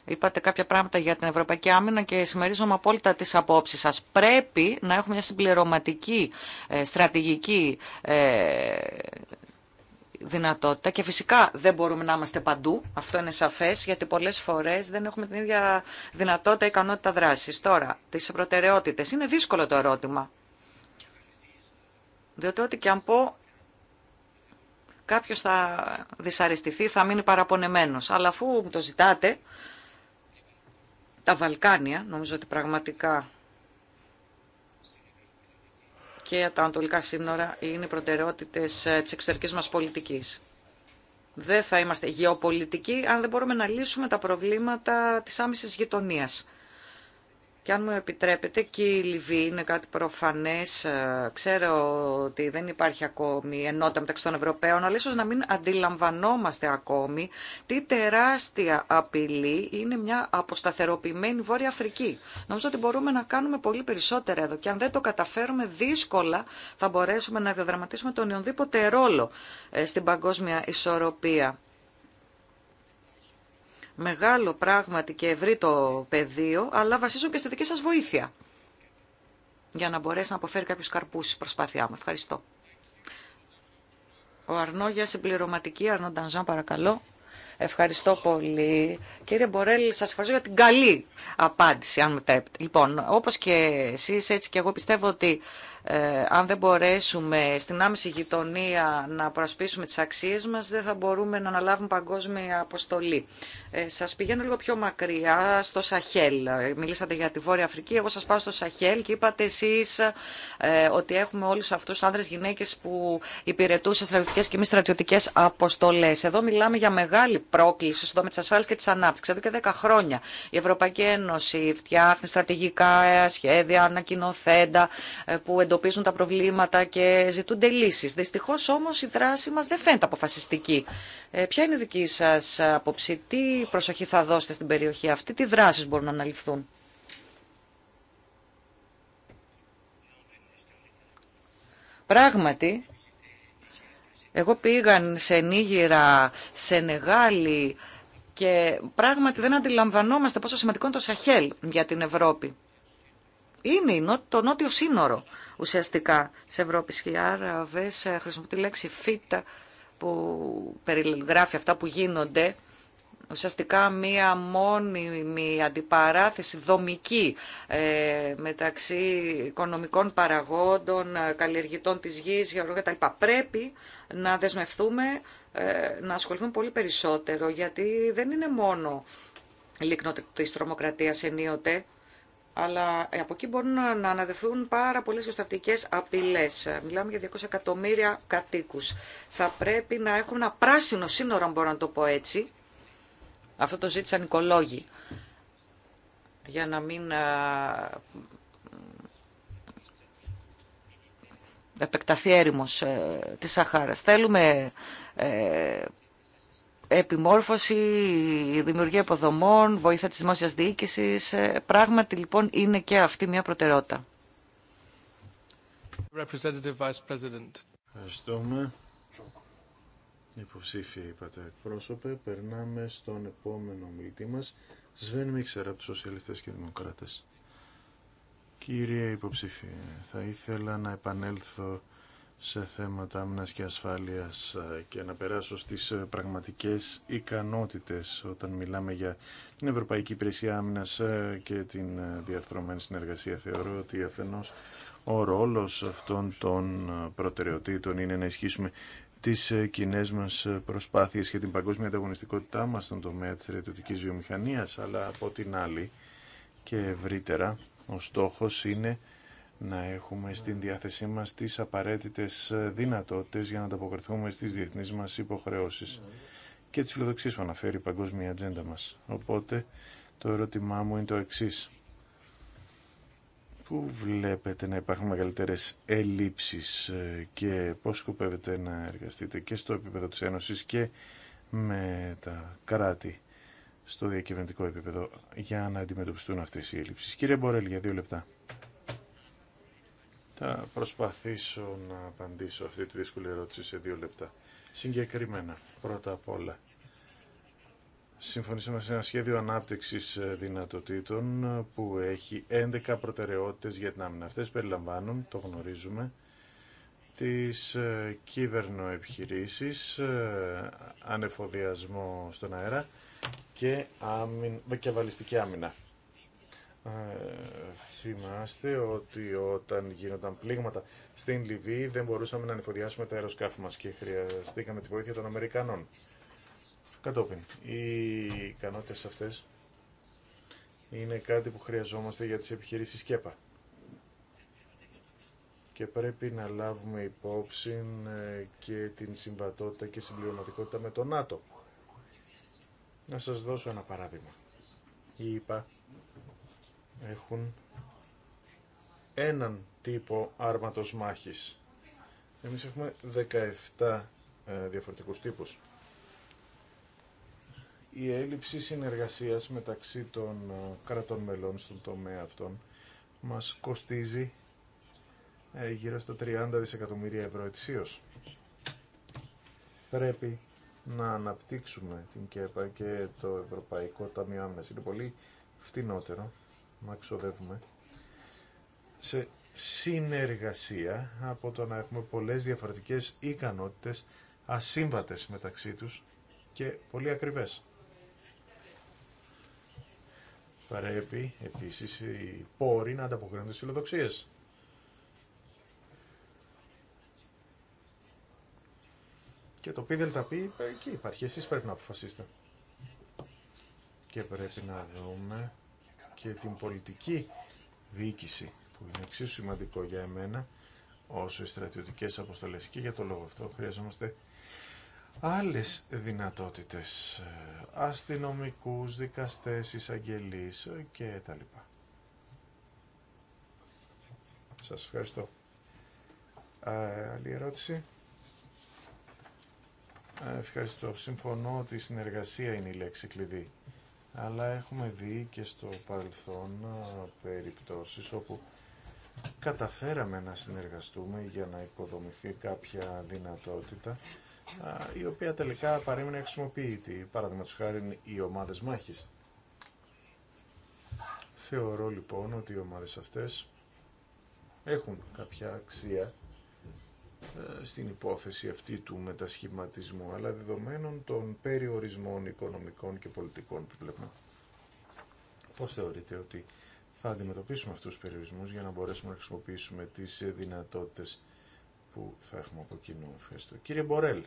Είπατε κάποια πράγματα για την Ευρωπαϊκή Άμυνα και συμμερίζομαι απόλυτα τις απόψεις σας. Πρέπει να έχουμε μια συμπληρωματική ε, στρατηγική ε, δυνατότητα και φυσικά δεν μπορούμε να είμαστε παντού, αυτό είναι σαφές, γιατί πολλές φορές δεν έχουμε την ίδια δυνατότητα ικανότητα δράσης. Τώρα, τις προτεραιότητες. Είναι δύσκολο το ερώτημα. Διότι ό,τι και αν πω, κάποιος θα δυσαρεστηθεί, θα μείνει παραπονεμένος. Αλλά αφού το ζητάτε, τα Βαλκάνια, νομίζω ότι πραγματικά και τα ανατολικά σύνορα είναι οι προτεραιότητες ε, της εξωτερικής μας πολιτικής. Δεν θα είμαστε γεωπολιτικοί αν δεν μπορούμε να λύσουμε τα προβλήματα της άμεσης γειτονία. Και αν μου επιτρέπετε, και η Λιβύη είναι κάτι προφανές. Ε, ξέρω ότι δεν υπάρχει ακόμη ενότητα μεταξύ των Ευρωπαίων, αλλά ίσως να μην αντιλαμβανόμαστε ακόμη τι τεράστια απειλή είναι μια αποσταθεροποιημένη Βόρεια Αφρική. Νομίζω ότι μπορούμε να κάνουμε πολύ περισσότερα εδώ και αν δεν το καταφέρουμε δύσκολα θα μπορέσουμε να διαδραματίσουμε τον ιονδήποτε ρόλο ε, στην παγκόσμια ισορροπία μεγάλο πράγματι και ευρύ το πεδίο, αλλά βασίζουν και στη δική σας βοήθεια για να μπορέσει να αποφέρει κάποιους καρπούς η προσπάθειά μου. Ευχαριστώ. Ο Αρνό για συμπληρωματική, Αρνό Ντανζάν παρακαλώ. Ευχαριστώ πολύ. Κύριε Μπορέλ, σας ευχαριστώ για την καλή απάντηση, αν μου τρέπετε. Λοιπόν, όπως και εσεί έτσι και εγώ πιστεύω ότι ε, αν δεν μπορέσουμε στην άμεση γειτονία να προασπίσουμε τις αξίες μας, δεν θα μπορούμε να αναλάβουμε παγκόσμια αποστολή. Ε, σας πηγαίνω λίγο πιο μακριά στο Σαχέλ. Μιλήσατε για τη Βόρεια Αφρική, εγώ σας πάω στο Σαχέλ και είπατε εσείς ε, ότι έχουμε όλους αυτούς τους άνδρες γυναίκες που υπηρετούν σε στρατιωτικές και μη στρατιωτικές αποστολές. Εδώ μιλάμε για μεγάλη πρόκληση στο δόμο της ασφάλειας και της ανάπτυξης. Εδώ και 10 χρόνια η Ευρωπαϊκή Ένωση φτιάχνει στρατηγικά σχέδια, ανακοινοθέντα ε, που εντοπίζουν τα προβλήματα και ζητούνται λύσει. Δυστυχώ όμω η δράση μα δεν φαίνεται αποφασιστική. Ε, ποια είναι η δική σα άποψη, τι προσοχή θα δώσετε στην περιοχή αυτή, τι δράσει μπορούν να αναλυφθούν. Πράγματι, εγώ πήγαν σε Νίγηρα, σε Νεγάλη και πράγματι δεν αντιλαμβανόμαστε πόσο σημαντικό είναι το Σαχέλ για την Ευρώπη είναι το νότιο σύνορο ουσιαστικά σε Ευρώπη Οι Άραβες ε, χρησιμοποιεί τη λέξη φύτα που περιγράφει αυτά που γίνονται. Ουσιαστικά μία μόνιμη αντιπαράθεση δομική ε, μεταξύ οικονομικών παραγόντων, ε, καλλιεργητών της γης, γεωργών κτλ. Πρέπει να δεσμευτούμε, να ασχοληθούμε πολύ περισσότερο, γιατί δεν είναι μόνο λίκνο της τρομοκρατίας ενίοτε, αλλά από εκεί μπορούν να αναδεθούν πάρα πολλές γεωστρατηγικές απειλές. Μιλάμε για 200 εκατομμύρια κατοίκους. Θα πρέπει να έχουμε ένα πράσινο σύνορο, αν μπορώ να το πω έτσι. Αυτό το ζήτησαν οικολόγοι, για να μην επεκταθεί έρημος ε, της Σαχάρας. Θέλουμε ε, επιμόρφωση, δημιουργία υποδομών, βοήθεια της δημόσιας διοίκησης. Ε, πράγματι λοιπόν είναι και αυτή μια προτεραιότητα. Ευχαριστούμε. Υποψήφια είπατε εκπρόσωπε. Περνάμε στον επόμενο μιλητή μας, Σβέν Μίξερ από τους Σοσιαλιστές και Δημοκράτες. Κύριε υποψήφια, θα ήθελα να επανέλθω σε θέματα άμυνας και ασφάλειας ε, και να περάσω στις ε, πραγματικές ικανότητες όταν μιλάμε για την Ευρωπαϊκή Υπηρεσία Άμυνας ε, και την διαρθρωμένη συνεργασία. Θεωρώ ότι αφενός ο ρόλος αυτών των προτεραιοτήτων είναι να ισχύσουμε τις κοινέ μας προσπάθειες και την παγκόσμια ανταγωνιστικότητά μας στον τομέα της στρατιωτικής βιομηχανίας, αλλά από την άλλη και ευρύτερα ο στόχος είναι να έχουμε στην διάθεσή μας τις απαραίτητες δυνατότητες για να ανταποκριθούμε στις διεθνείς μας υποχρεώσεις και τις φιλοδοξίες που αναφέρει η παγκόσμια ατζέντα μας. Οπότε το ερώτημά μου είναι το εξής. Πού βλέπετε να υπάρχουν μεγαλύτερες ελλείψεις ε, και πώς σκοπεύετε να εργαστείτε και στο επίπεδο της Ένωσης και με τα κράτη στο διακυβερνητικό επίπεδο για να αντιμετωπιστούν αυτές οι ελλείψεις. Κύριε Μπορέλ, για δύο λεπτά. Θα προσπαθήσω να απαντήσω αυτή τη δύσκολη ερώτηση σε δύο λεπτά. Συγκεκριμένα, πρώτα απ' όλα, συμφωνήσαμε σε ένα σχέδιο ανάπτυξης ε, δυνατοτήτων ε, που έχει 11 προτεραιότητες για την άμυνα. Αυτές περιλαμβάνουν, το γνωρίζουμε, τις ε, κυβερνοεπιχειρήσεις, ανεφοδιασμό στον αέρα και, άμυν, και βαλιστική άμυνα. Ε, θυμάστε ότι όταν γίνονταν πλήγματα στην Λιβύη δεν μπορούσαμε να ανεφοδιάσουμε τα αεροσκάφη μας και χρειαστήκαμε τη βοήθεια των Αμερικανών. Κατόπιν, οι ικανότητε αυτές είναι κάτι που χρειαζόμαστε για τις επιχειρήσεις ΚΕΠΑ. Και πρέπει να λάβουμε υπόψη ε, και την συμβατότητα και συμπληρωματικότητα με το ΝΑΤΟ. Να σας δώσω ένα παράδειγμα. Η έχουν έναν τύπο άρματος μάχης. Εμείς έχουμε 17 ε, διαφορετικούς τύπους. Η έλλειψη συνεργασίας μεταξύ των ε, κρατών μελών στον τομέα αυτών μας κοστίζει ε, γύρω στα 30 δισεκατομμύρια ευρώ ετησίως. Πρέπει να αναπτύξουμε την ΚΕΠΑ και το Ευρωπαϊκό Ταμείο Άμυνας. Είναι πολύ φτηνότερο να ξοδεύουμε σε συνεργασία από το να έχουμε πολλές διαφορετικές ικανότητες ασύμβατες μεταξύ τους και πολύ ακριβές. Πρέπει επίσης οι πόροι να ανταποκρίνονται στις φιλοδοξίες. Και το πει εκεί υπάρχει, εσείς πρέπει να αποφασίσετε. Και πρέπει να δούμε και την πολιτική διοίκηση που είναι εξίσου σημαντικό για εμένα όσο οι στρατιωτικές αποστολές και για το λόγο αυτό χρειαζόμαστε άλλες δυνατότητες ε, αστυνομικούς, δικαστές, εισαγγελείς ε, και τα λοιπά. Σας ευχαριστώ. Α, άλλη ερώτηση. Ε, ευχαριστώ. Συμφωνώ ότι η συνεργασία είναι η λέξη κλειδί αλλά έχουμε δει και στο παρελθόν περιπτώσεις όπου καταφέραμε να συνεργαστούμε για να υποδομηθεί κάποια δυνατότητα η οποία τελικά παρέμεινε χρησιμοποιητή, παραδείγματος χάρη οι ομάδες μάχης. Θεωρώ λοιπόν ότι οι ομάδες αυτές έχουν κάποια αξία ε, στην υπόθεση αυτή του μετασχηματισμού, αλλά δεδομένων των περιορισμών οικονομικών και πολιτικών που βλέπουμε. Πώς θεωρείτε ότι θα αντιμετωπίσουμε αυτούς τους περιορισμούς για να μπορέσουμε να χρησιμοποιήσουμε τις δυνατότητες που θα έχουμε από κοινού. Ευχαριστώ. Κύριε Μπορέλ.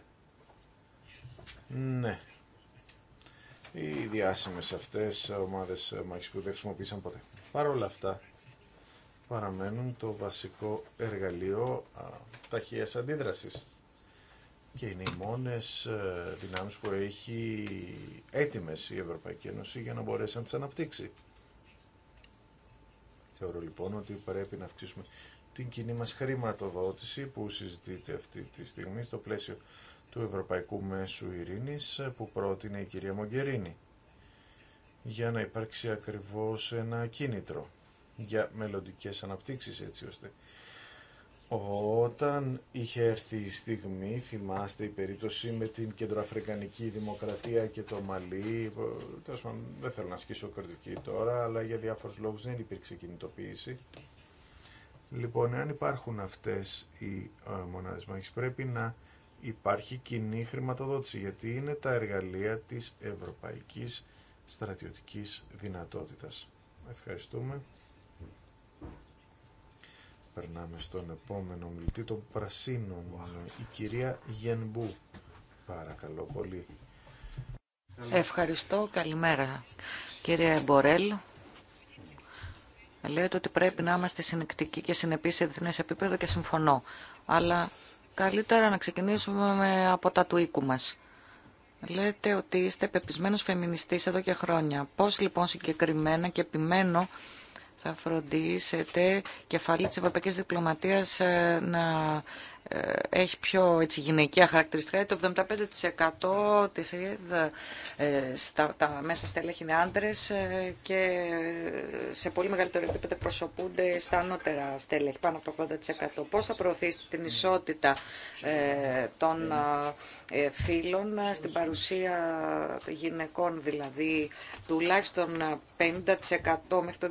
Ναι. Οι διάσημες αυτές ομάδες μάχης που δεν χρησιμοποίησαν ποτέ. Παρ' όλα αυτά, παραμένουν το βασικό εργαλείο ταχείας αντίδρασης και είναι οι μόνες ε, δυνάμεις που έχει έτοιμες η Ευρωπαϊκή Ένωση για να μπορέσει να τις αναπτύξει. Θεωρώ λοιπόν ότι πρέπει να αυξήσουμε την κοινή μας χρηματοδότηση που συζητείται αυτή τη στιγμή στο πλαίσιο του Ευρωπαϊκού Μέσου Ειρήνης ε, που πρότεινε η κυρία Μογκερίνη για να υπάρξει ακριβώς ένα κίνητρο για μελλοντικές αναπτύξεις έτσι ώστε όταν είχε έρθει η στιγμή, θυμάστε η περίπτωση με την Κεντροαφρικανική Δημοκρατία και το Μαλί, δεν θέλω να ασκήσω κριτική τώρα, αλλά για διάφορους λόγους δεν υπήρξε κινητοποίηση. Λοιπόν, αν υπάρχουν αυτές οι ε, μονάδες μάχης, πρέπει να υπάρχει κοινή χρηματοδότηση, γιατί είναι τα εργαλεία της ευρωπαϊκής στρατιωτικής δυνατότητας. Ευχαριστούμε περνάμε στον επόμενο μιλητή, τον Πρασίνο, η κυρία Γενμπού. Παρακαλώ πολύ. Ευχαριστώ. Καλημέρα. Κύριε Μπορέλ, λέτε ότι πρέπει να είμαστε συνεκτικοί και συνεπείς σε διεθνές επίπεδο και συμφωνώ. Αλλά καλύτερα να ξεκινήσουμε με, από τα του οίκου μας. Λέτε ότι είστε πεπισμένος φεμινιστής εδώ και χρόνια. Πώς λοιπόν συγκεκριμένα και επιμένω θα φροντίσετε κεφαλή της Ευρωπαϊκής Διπλωματίας ε, να ε, έχει πιο έτσι, γυναικεία χαρακτηριστικά. Το 75% της ΕΕΔ ε, στα, μέσα στελέχη είναι άντρες ε, και σε πολύ μεγαλύτερο επίπεδο προσωπούνται στα ανώτερα στελέχη, πάνω από το 80%. Πώς θα προωθήσετε την ισότητα των φίλων στην παρουσία γυναικών, δηλαδή τουλάχιστον 50% μέχρι το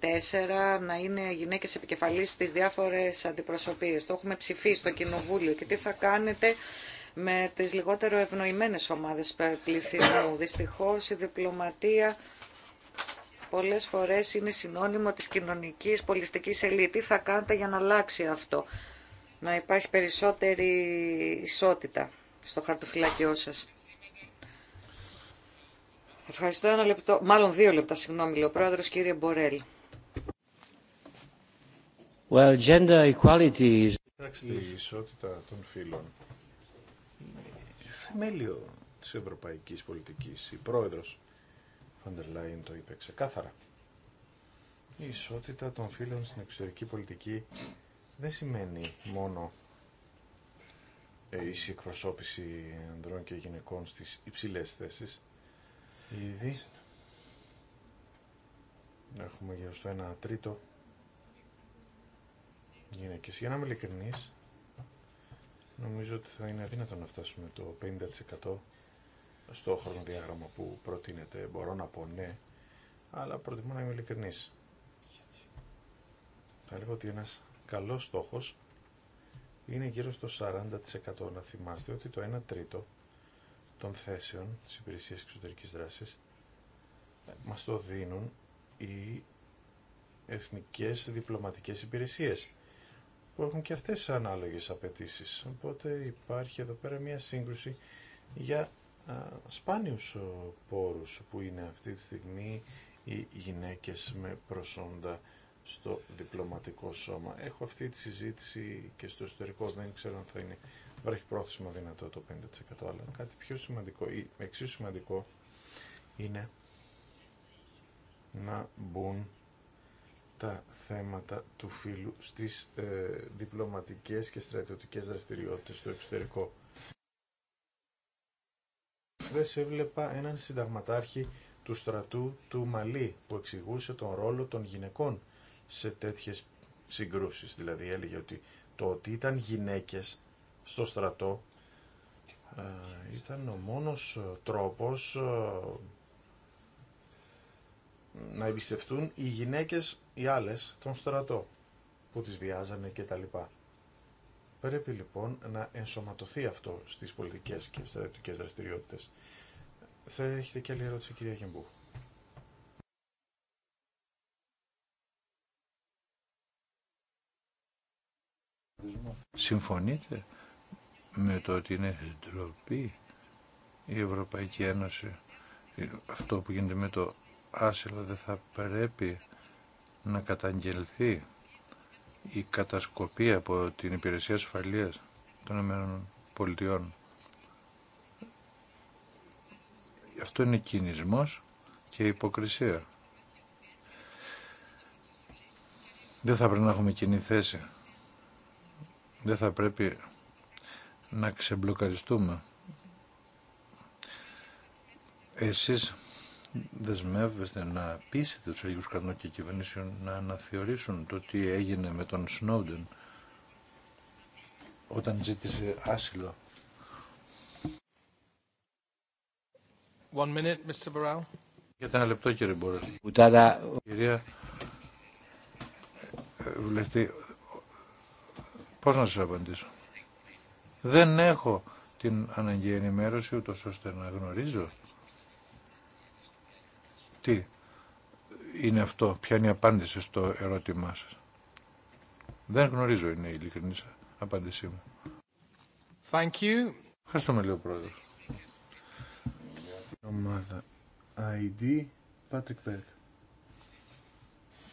2024 να είναι γυναίκες επικεφαλής στις διάφορες αντιπροσωπείες ψηφίσει στο Κοινοβούλιο και τι θα κάνετε με τις λιγότερο ευνοημένες ομάδες πληθυσμού. Δυστυχώς η διπλωματία πολλές φορές είναι συνώνυμο της κοινωνικής πολιτικής ελίτ. Τι θα κάνετε για να αλλάξει αυτό, να υπάρχει περισσότερη ισότητα στο χαρτοφυλάκιό σας. Ευχαριστώ ένα λεπτό, μάλλον δύο λεπτά, συγγνώμη, λέει ο πρόεδρος, κύριε Μπορέλ. gender equality is... Η ισότητα των φύλων θεμέλιο της ευρωπαϊκής πολιτικής. Η πρόεδρος Φαντερ Λάιν το είπε ξεκάθαρα. Η ισότητα των φίλων στην εξωτερική πολιτική δεν σημαίνει μόνο η εκπροσώπηση ανδρών και γυναικών στις υψηλές θέσεις. Ήδη έχουμε γύρω στο τρίτο γυναίκε. Για να είμαι ειλικρινή, νομίζω ότι θα είναι αδύνατο να φτάσουμε το 50% στο χρονοδιάγραμμα που προτείνεται. Μπορώ να πω ναι, αλλά προτιμώ να είμαι ειλικρινή. Θα λέγω ότι ένα καλός στόχος είναι γύρω στο 40% να θυμάστε ότι το 1 τρίτο των θέσεων της υπηρεσίας εξωτερικής δράσης ε, μας το δίνουν οι εθνικές διπλωματικές υπηρεσίες που έχουν και αυτές ανάλογες απαιτήσει. Οπότε υπάρχει εδώ πέρα μια σύγκρουση για α, σπάνιους πόρους που είναι αυτή τη στιγμή οι γυναίκες με προσόντα στο διπλωματικό σώμα. Έχω αυτή τη συζήτηση και στο εσωτερικό. δεν ξέρω αν θα είναι βραχυπρόθεσμα δυνατό το 50% αλλά κάτι πιο σημαντικό ή εξίσου σημαντικό είναι να μπουν τα θέματα του φίλου στις ε, διπλωματικές και στρατιωτικές δραστηριότητες στο εξωτερικό. Δεν έβλεπα έναν συνταγματάρχη του στρατού του Μαλή που εξηγούσε τον ρόλο των γυναικών σε τέτοιες συγκρούσεις. Δηλαδή έλεγε ότι το ότι ήταν γυναίκες στο στρατό ε, ήταν ο μόνος ε, τρόπος ε, να εμπιστευτούν οι γυναίκες οι άλλες τον στρατό που τις βιάζανε λοιπά. Πρέπει λοιπόν να ενσωματωθεί αυτό στις πολιτικές και στρατιωτικές δραστηριότητες. Θα έχετε και άλλη ερώτηση κυρία Γεμπού. Συμφωνείτε με το ότι είναι ντροπή η Ευρωπαϊκή Ένωση αυτό που γίνεται με το άσυλο δεν θα πρέπει να καταγγελθεί η κατασκοπή από την Υπηρεσία Ασφαλείας των Πολιτειών. Αυτό είναι κινησμός και υποκρισία. Δεν θα πρέπει να έχουμε κοινή θέση. Δεν θα πρέπει να ξεμπλοκαριστούμε. Εσείς δεσμεύεστε να πείσετε τους Αγίους Καρνό και Κυβερνήσεων να αναθεωρήσουν το τι έγινε με τον Σνόντεν όταν ζήτησε άσυλο. One Για ένα λεπτό, κύριε Μπορέλ. Κυρία ε, βουλευτή, πώς να σας απαντήσω. Δεν έχω την αναγκαία ενημέρωση, ούτως ώστε να γνωρίζω τι είναι αυτό, ποια είναι η απάντηση στο ερώτημά σας. Δεν γνωρίζω είναι η ειλικρινή απάντησή μου. Thank you. Ευχαριστούμε λίγο Πρόεδρο. Ομάδα ID Patrick Berg.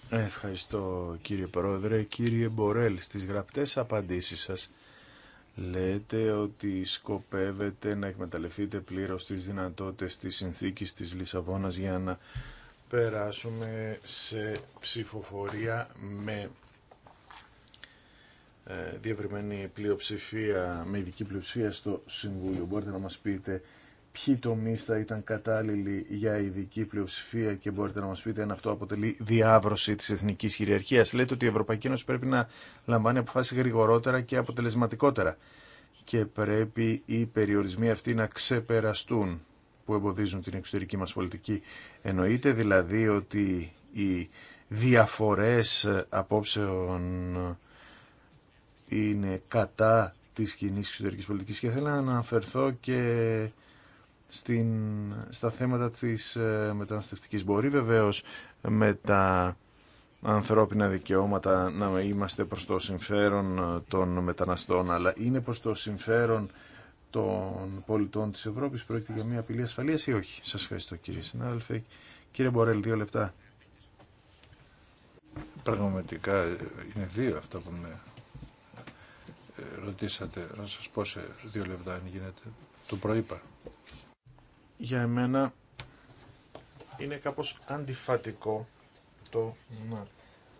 Ευχαριστώ κύριε Πρόεδρε. Κύριε Μπορέλ, στις γραπτές απαντήσεις σας λέτε ότι σκοπεύετε να εκμεταλλευτείτε πλήρως τις δυνατότητες της συνθήκης της Λισαβόνας για να περάσουμε σε ψηφοφορία με ε, διευρυμένη πλειοψηφία, με ειδική πλειοψηφία στο Συμβούλιο. Μπορείτε να μας πείτε ποιοι τομεί θα ήταν κατάλληλοι για ειδική πλειοψηφία και μπορείτε να μα πείτε αν αυτό αποτελεί διάβρωση τη εθνική κυριαρχία. Λέτε ότι η Ευρωπαϊκή Ένωση πρέπει να λαμβάνει αποφάσει γρηγορότερα και αποτελεσματικότερα. Και πρέπει οι περιορισμοί αυτοί να ξεπεραστούν που εμποδίζουν την εξωτερική μας πολιτική. Εννοείται δηλαδή ότι οι διαφορές απόψεων είναι κατά της κοινή εξωτερικής πολιτικής και θέλω να αναφερθώ και στην, στα θέματα της ε, μεταναστευτικής. Μπορεί βεβαίως με τα ανθρώπινα δικαιώματα να είμαστε προς το συμφέρον ε, των μεταναστών, αλλά είναι προς το συμφέρον των πολιτών της Ευρώπης. Πρόκειται για μια απειλή ασφαλείας ή όχι. Σας ευχαριστώ κύριε συνάδελφε. Κύριε Μπορέλ, δύο λεπτά. Πραγματικά ε, είναι δύο αυτά που με ρωτήσατε. Να σας πω σε δύο λεπτά αν γίνεται. Το προείπα για εμένα είναι κάπως αντιφατικό το να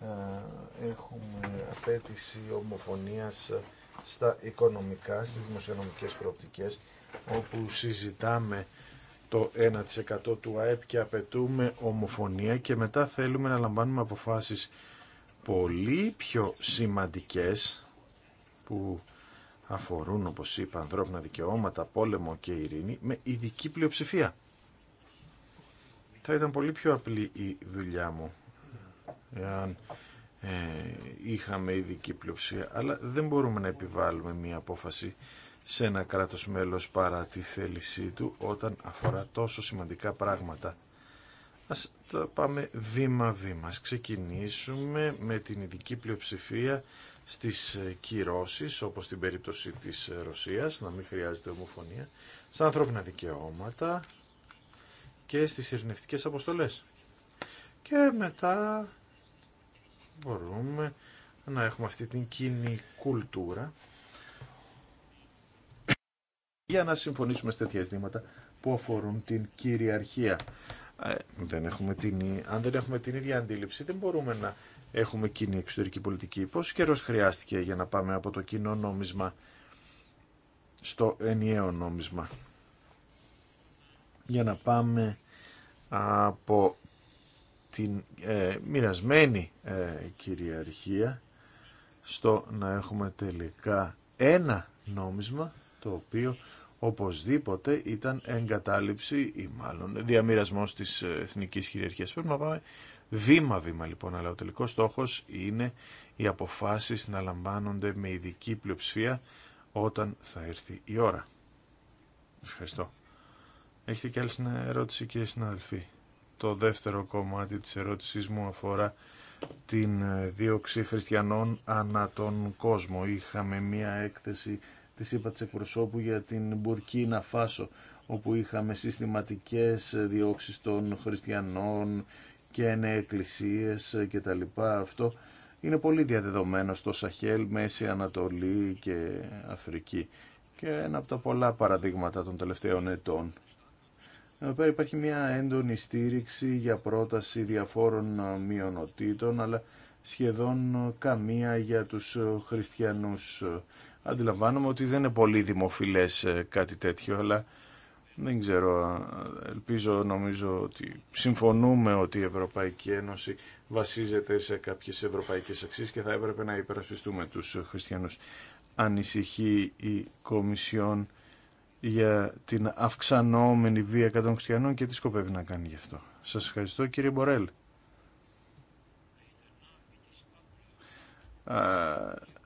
ε, έχουμε απέτηση ομοφωνίας στα οικονομικά, στις δημοσιονομικές προοπτικές, όπου συζητάμε το 1% του ΑΕΠ και απαιτούμε ομοφωνία και μετά θέλουμε να λαμβάνουμε αποφάσεις πολύ πιο σημαντικές που αφορούν, όπως είπα, ανθρώπινα δικαιώματα, πόλεμο και ειρήνη, με ειδική πλειοψηφία. Θα ήταν πολύ πιο απλή η δουλειά μου, εάν ε, είχαμε ειδική πλειοψηφία. Αλλά δεν μπορούμε να επιβάλλουμε μία απόφαση σε ένα κράτος μέλος παρά τη θέλησή του, όταν αφορά τόσο σημαντικά πράγματα. Ας τα πάμε βήμα-βήμα. Ας ξεκινήσουμε με την ειδική πλειοψηφία στις ε, κυρώσεις, όπως στην περίπτωση της ε, Ρωσίας, να μην χρειάζεται ομοφωνία, στα ανθρώπινα δικαιώματα και στις ειρηνευτικές αποστολές. Και μετά μπορούμε να έχουμε αυτή την κοινή κουλτούρα για να συμφωνήσουμε σε τέτοια ζητήματα που αφορούν την κυριαρχία. Ε, δεν έχουμε την... Αν δεν έχουμε την ίδια αντίληψη δεν μπορούμε να έχουμε κοινή εξωτερική πολιτική. Πόσο καιρός χρειάστηκε για να πάμε από το κοινό νόμισμα στο ενιαίο νόμισμα. Για να πάμε από την ε, μοιρασμένη ε, κυριαρχία στο να έχουμε τελικά ένα νόμισμα το οποίο οπωσδήποτε ήταν εγκατάλειψη ή μάλλον διαμοιρασμός της ε, εθνικής κυριαρχίας. Πρέπει να πάμε Βήμα-βήμα λοιπόν, αλλά ο τελικός στόχος είναι οι αποφάσεις να λαμβάνονται με ειδική πλειοψηφία όταν θα έρθει η ώρα. Ευχαριστώ. Έχετε κι άλλη ερώτηση κύριε συναδελφοί. Το δεύτερο κομμάτι της ερώτησής μου αφορά την ε, δίωξη χριστιανών ανά τον κόσμο. Είχαμε μία έκθεση της είπα της εκπροσώπου για την Μπουρκίνα Φάσο όπου είχαμε συστηματικές ε, διώξεις των χριστιανών και νέες εκκλησίες και τα λοιπά. Αυτό είναι πολύ διαδεδομένο στο Σαχέλ, Μέση Ανατολή και Αφρική. Και ένα από τα πολλά παραδείγματα των τελευταίων ετών. Εδώ υπάρχει μια έντονη στήριξη για πρόταση διαφόρων μειονοτήτων, αλλά σχεδόν καμία για τους χριστιανούς. Αντιλαμβάνομαι ότι δεν είναι πολύ δημοφιλές ε, κάτι τέτοιο, αλλά δεν ξέρω, ελπίζω, νομίζω ότι συμφωνούμε ότι η Ευρωπαϊκή Ένωση βασίζεται σε κάποιες ευρωπαϊκές αξίες και θα έπρεπε να υπερασπιστούμε τους χριστιανούς. Ανησυχεί η Κομισιόν για την αυξανόμενη βία κατά των χριστιανών και τι σκοπεύει να κάνει γι' αυτό. Σας ευχαριστώ κύριε Μπορέλ.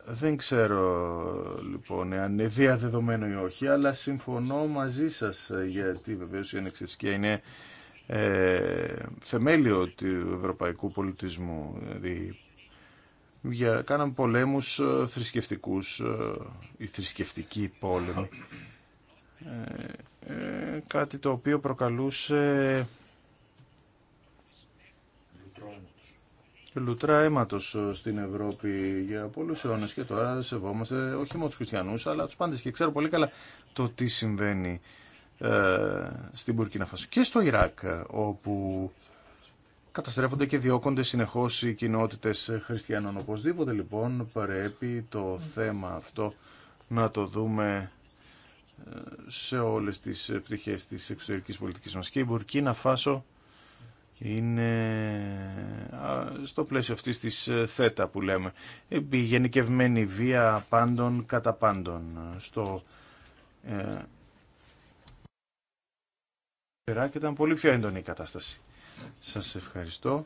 Δεν ξέρω λοιπόν αν είναι διαδεδομένο ή όχι, αλλά συμφωνώ μαζί σας ε, γιατί βεβαίως η ανεξαρτησία είναι ε, θεμέλιο του ευρωπαϊκού πολιτισμού. Δηλαδή, για, κάναμε πολέμους ε, θρησκευτικούς, η ανεξαρτησια ειναι ε θεμελιο του ευρωπαικου πολιτισμου πόλεμη, ε, κάτι το οποίο προκαλούσε λουτρά αίματο ε, στην Ευρώπη για πολλούς αιώνε και τώρα σεβόμαστε όχι μόνο του χριστιανούς αλλά τους πάντες και ξέρω πολύ καλά το τι συμβαίνει ε, στην Μπουρκίνα Φάσο και στο Ιράκ ε, όπου καταστρέφονται και διώκονται συνεχώς οι κοινότητες χριστιανών. Οπωσδήποτε λοιπόν πρέπει το θέμα αυτό να το δούμε ε, σε όλες τις πτυχές της εξωτερικής πολιτικής μας. Και η Μπουρκίνα Φάσο είναι στο πλαίσιο αυτής της ε, θέτα που λέμε. Ε, η γενικευμένη βία πάντων κατά πάντων στο ε, ήταν πολύ πιο έντονη η κατάσταση. Σας ευχαριστώ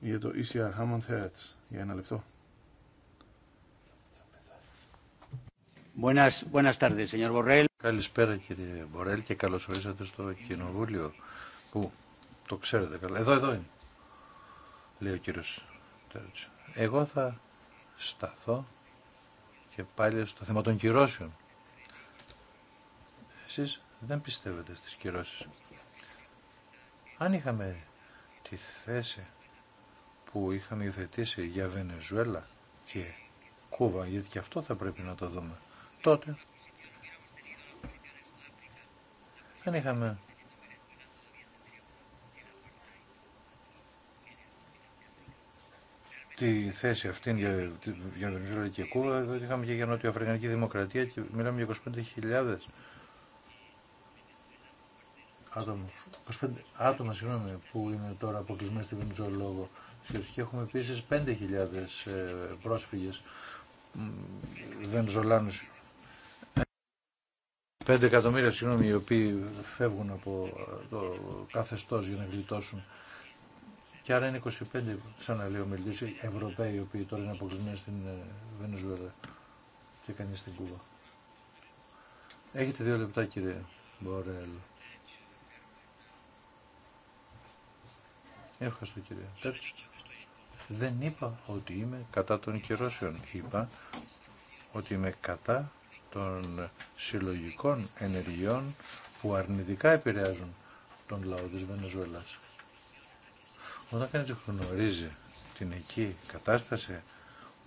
για το ECR Hammond Hertz. Για ένα λεπτό. Καλησπέρα κύριε Μπορέλ και καλώς ορίσατε στο Κοινοβούλιο που το ξέρετε καλά. Εδώ, εδώ είναι. Λέει ο κύριος Εγώ θα σταθώ και πάλι στο θέμα των κυρώσεων. Εσείς δεν πιστεύετε στις κυρώσεις. Αν είχαμε τη θέση που είχαμε υιοθετήσει για Βενεζουέλα και Κούβα, γιατί και αυτό θα πρέπει να το δούμε, τότε αν είχαμε τη θέση αυτή για, για Ισραήλ και Κούβα, εδώ είχαμε και για Νοτιοαφρικανική Δημοκρατία και μιλάμε για 25.000 άτομα, 25 άτομα συγγνώμη, που είναι τώρα αποκλεισμένοι στη Βενιζόλη λόγω και έχουμε επίση 5.000 ε, πρόσφυγες Βενζολάνους 5 εκατομμύρια συγγνώμη οι οποίοι φεύγουν από το καθεστώς για να γλιτώσουν και άρα είναι 25, ξαναλέω, μιλήσει Ευρωπαίοι, οι οποίοι τώρα είναι αποκλεισμένοι στην ε, Βενεζουέλα και κανεί στην Κούβα. Έχετε δύο λεπτά, κύριε Μπορέλ. Ευχαριστώ, κύριε Δεν είπα ότι είμαι κατά των κυρώσεων. Είπα ότι είμαι κατά των συλλογικών ενεργειών που αρνητικά επηρεάζουν τον λαό της Βενεζουέλας. Όταν κανείς γνωρίζει την εκεί κατάσταση,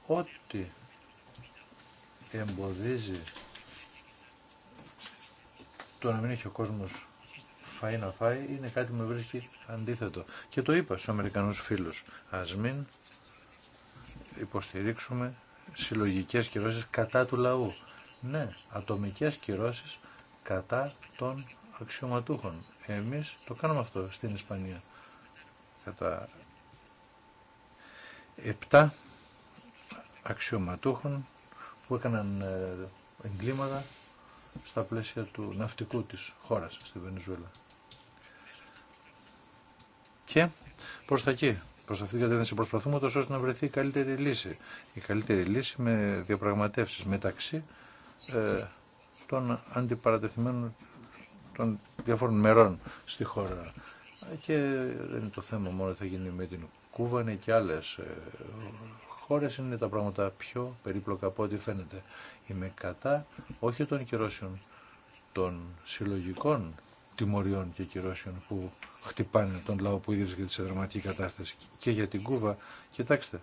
ό,τι εμποδίζει το να μην έχει ο κόσμος φάει να φάει είναι κάτι που με βρίσκει αντίθετο. Και το είπα στους Αμερικανούς φίλους, ας μην υποστηρίξουμε συλλογικές κυρώσεις κατά του λαού. Ναι, ατομικές κυρώσεις κατά των αξιωματούχων. Εμείς το κάνουμε αυτό στην Ισπανία κατά επτά αξιωματούχων που έκαναν ε, εγκλήματα στα πλαίσια του ναυτικού της χώρας στη Βενεζουέλα. Και προς τα εκεί, προς αυτή την κατεύθυνση προσπαθούμε τόσο ώστε να βρεθεί η καλύτερη λύση. Η καλύτερη λύση με διαπραγματεύσεις μεταξύ ε, των αντιπαρατεθειμένων των διαφόρων μερών στη χώρα και δεν είναι το θέμα μόνο θα γίνει με την Κούβα, είναι και άλλες ε, χώρες, είναι τα πράγματα πιο περίπλοκα από ό,τι φαίνεται. Είμαι κατά όχι των κυρώσεων, των συλλογικών τιμωριών και κυρώσεων που χτυπάνε τον λαό που ήδη και σε δραματική κατάσταση και για την Κούβα. Κοιτάξτε,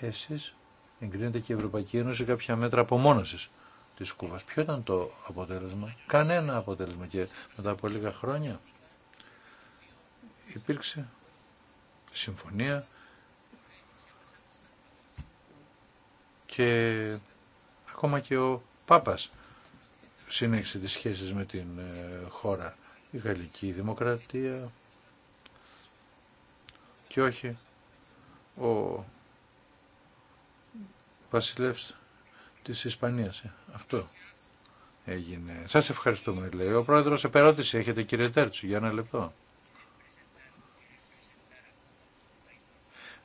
εσείς εγκρίνετε και η Ευρωπαϊκή Ένωση κάποια μέτρα απομόνωση της Κούβας. Ποιο ήταν το αποτέλεσμα. Κανένα αποτέλεσμα και μετά από λίγα χρόνια υπήρξε συμφωνία και ακόμα και ο Πάπας συνέχισε τις σχέσεις με την ε, χώρα. Η Γαλλική Δημοκρατία και όχι ο βασιλεύς της Ισπανίας. Ε, αυτό έγινε. Σας ευχαριστούμε, λέει. Ο πρόεδρος επερώτηση. Έχετε κύριε Τέρτσου, για ένα λεπτό.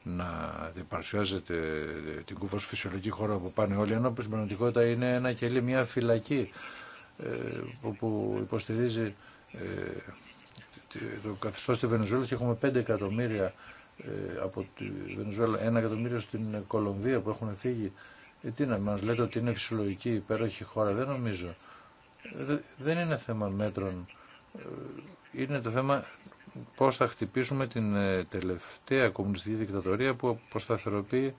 να παρουσιάζετε ε, την κούφα φυσιολογική χώρα που πάνε όλοι, ενώ που πραγματικότητα είναι ένα κελί, μια φυλακή ε, που υποστηρίζει το καθεστώ στη Βενεζουέλα και έχουμε 5 εκατομμύρια από τη Βενεζουέλα, 1 εκατομμύριο στην Κολομβία που έχουν φύγει ε, τι να μας λέτε ότι είναι φυσιολογική υπέροχη χώρα, δεν νομίζω. Ε, δεν είναι θέμα μέτρων. Ε, είναι το θέμα πώς θα χτυπήσουμε την τελευταία κομμουνιστική δικτατορία που αποσταθεροποιεί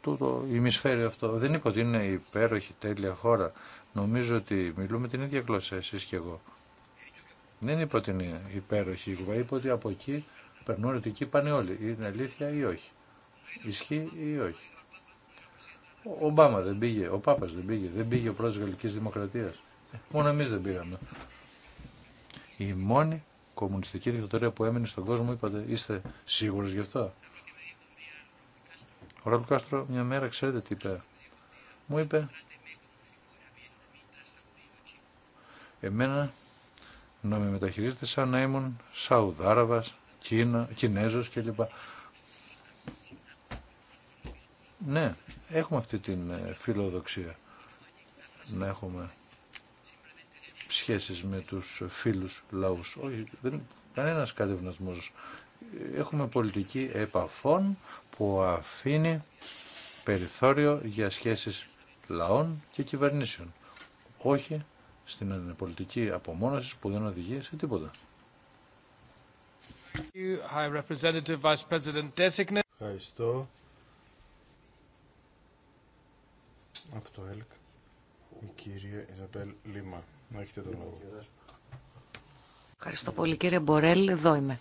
το, το ημισφαίριο αυτό. Δεν είπα ότι είναι υπέροχη τέλεια χώρα. Νομίζω ότι μιλούμε την ίδια γλώσσα εσείς και εγώ. Δεν είπα ότι είναι υπέροχη η Κουβά, είπα ότι από εκεί περνούν ότι εκεί πάνε όλοι. Είναι αλήθεια ή όχι. Ισχύει ή όχι. Ο Ομπάμα δεν πήγε, ο Πάπα δεν πήγε, δεν πήγε ο πρόεδρος Γαλλική Δημοκρατία. Μόνο εμεί δεν πήγαμε. Η μόνη κομμουνιστική δικτατορία που έμεινε στον κόσμο, είπατε, είστε σίγουροι γι' αυτό. Ο Ραλου Κάστρο μια μέρα ξέρετε τι είπε. Μου είπε, εμένα να με μεταχειρίζετε σαν να ήμουν Σαουδάραβας, Κίνα, Κινέζος κλπ. Ναι, έχουμε αυτή την ε, φιλοδοξία να έχουμε σχέσεις με τους φίλους λαούς. Όχι, δεν κανένας κατευνασμός. Έχουμε πολιτική επαφών που αφήνει περιθώριο για σχέσεις λαών και κυβερνήσεων. Όχι στην πολιτική απομόνωση που δεν οδηγεί σε τίποτα. Ευχαριστώ. Από το ΕΛΚ, η κυρία Ιζαμπέλ Λίμα. Να έχετε τον λόγο. Ευχαριστώ πολύ κύριε Μπορέλ, εδώ είμαι.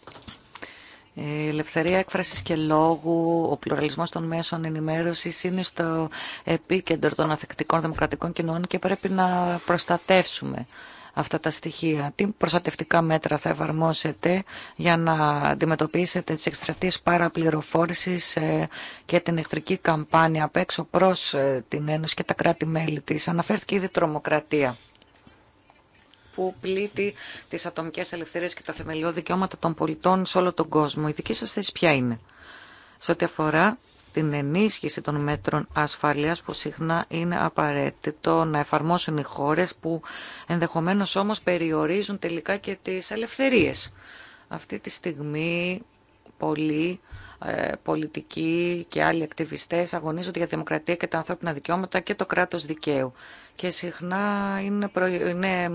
Η ε, ελευθερία έκφραση και λόγου, ο πλουραλισμό των μέσων ενημέρωση είναι στο επίκεντρο των αθεκτικών δημοκρατικών κοινών και πρέπει να προστατεύσουμε αυτά τα στοιχεία. Τι προστατευτικά μέτρα θα εφαρμόσετε για να αντιμετωπίσετε τις εκστρατείες παραπληροφόρησης ε, και την εχθρική καμπάνια απ' έξω προς ε, την Ένωση και τα κράτη-μέλη της. Αναφέρθηκε ήδη τρομοκρατία που πλήττει τις ατομικές ελευθερίες και τα θεμελιώδη δικαιώματα των πολιτών σε όλο τον κόσμο. Η δική σας θέση ποια είναι σε ό,τι αφορά την ενίσχυση των μέτρων ασφαλείας που συχνά είναι απαραίτητο να εφαρμόσουν οι χώρες που ενδεχομένως όμως περιορίζουν τελικά και τις ελευθερίες. Αυτή τη στιγμή πολλοί ε, πολιτικοί και άλλοι ακτιβιστές αγωνίζονται για τη δημοκρατία και τα ανθρώπινα δικαιώματα και το κράτος δικαίου. Και συχνά είναι, προ... Ε,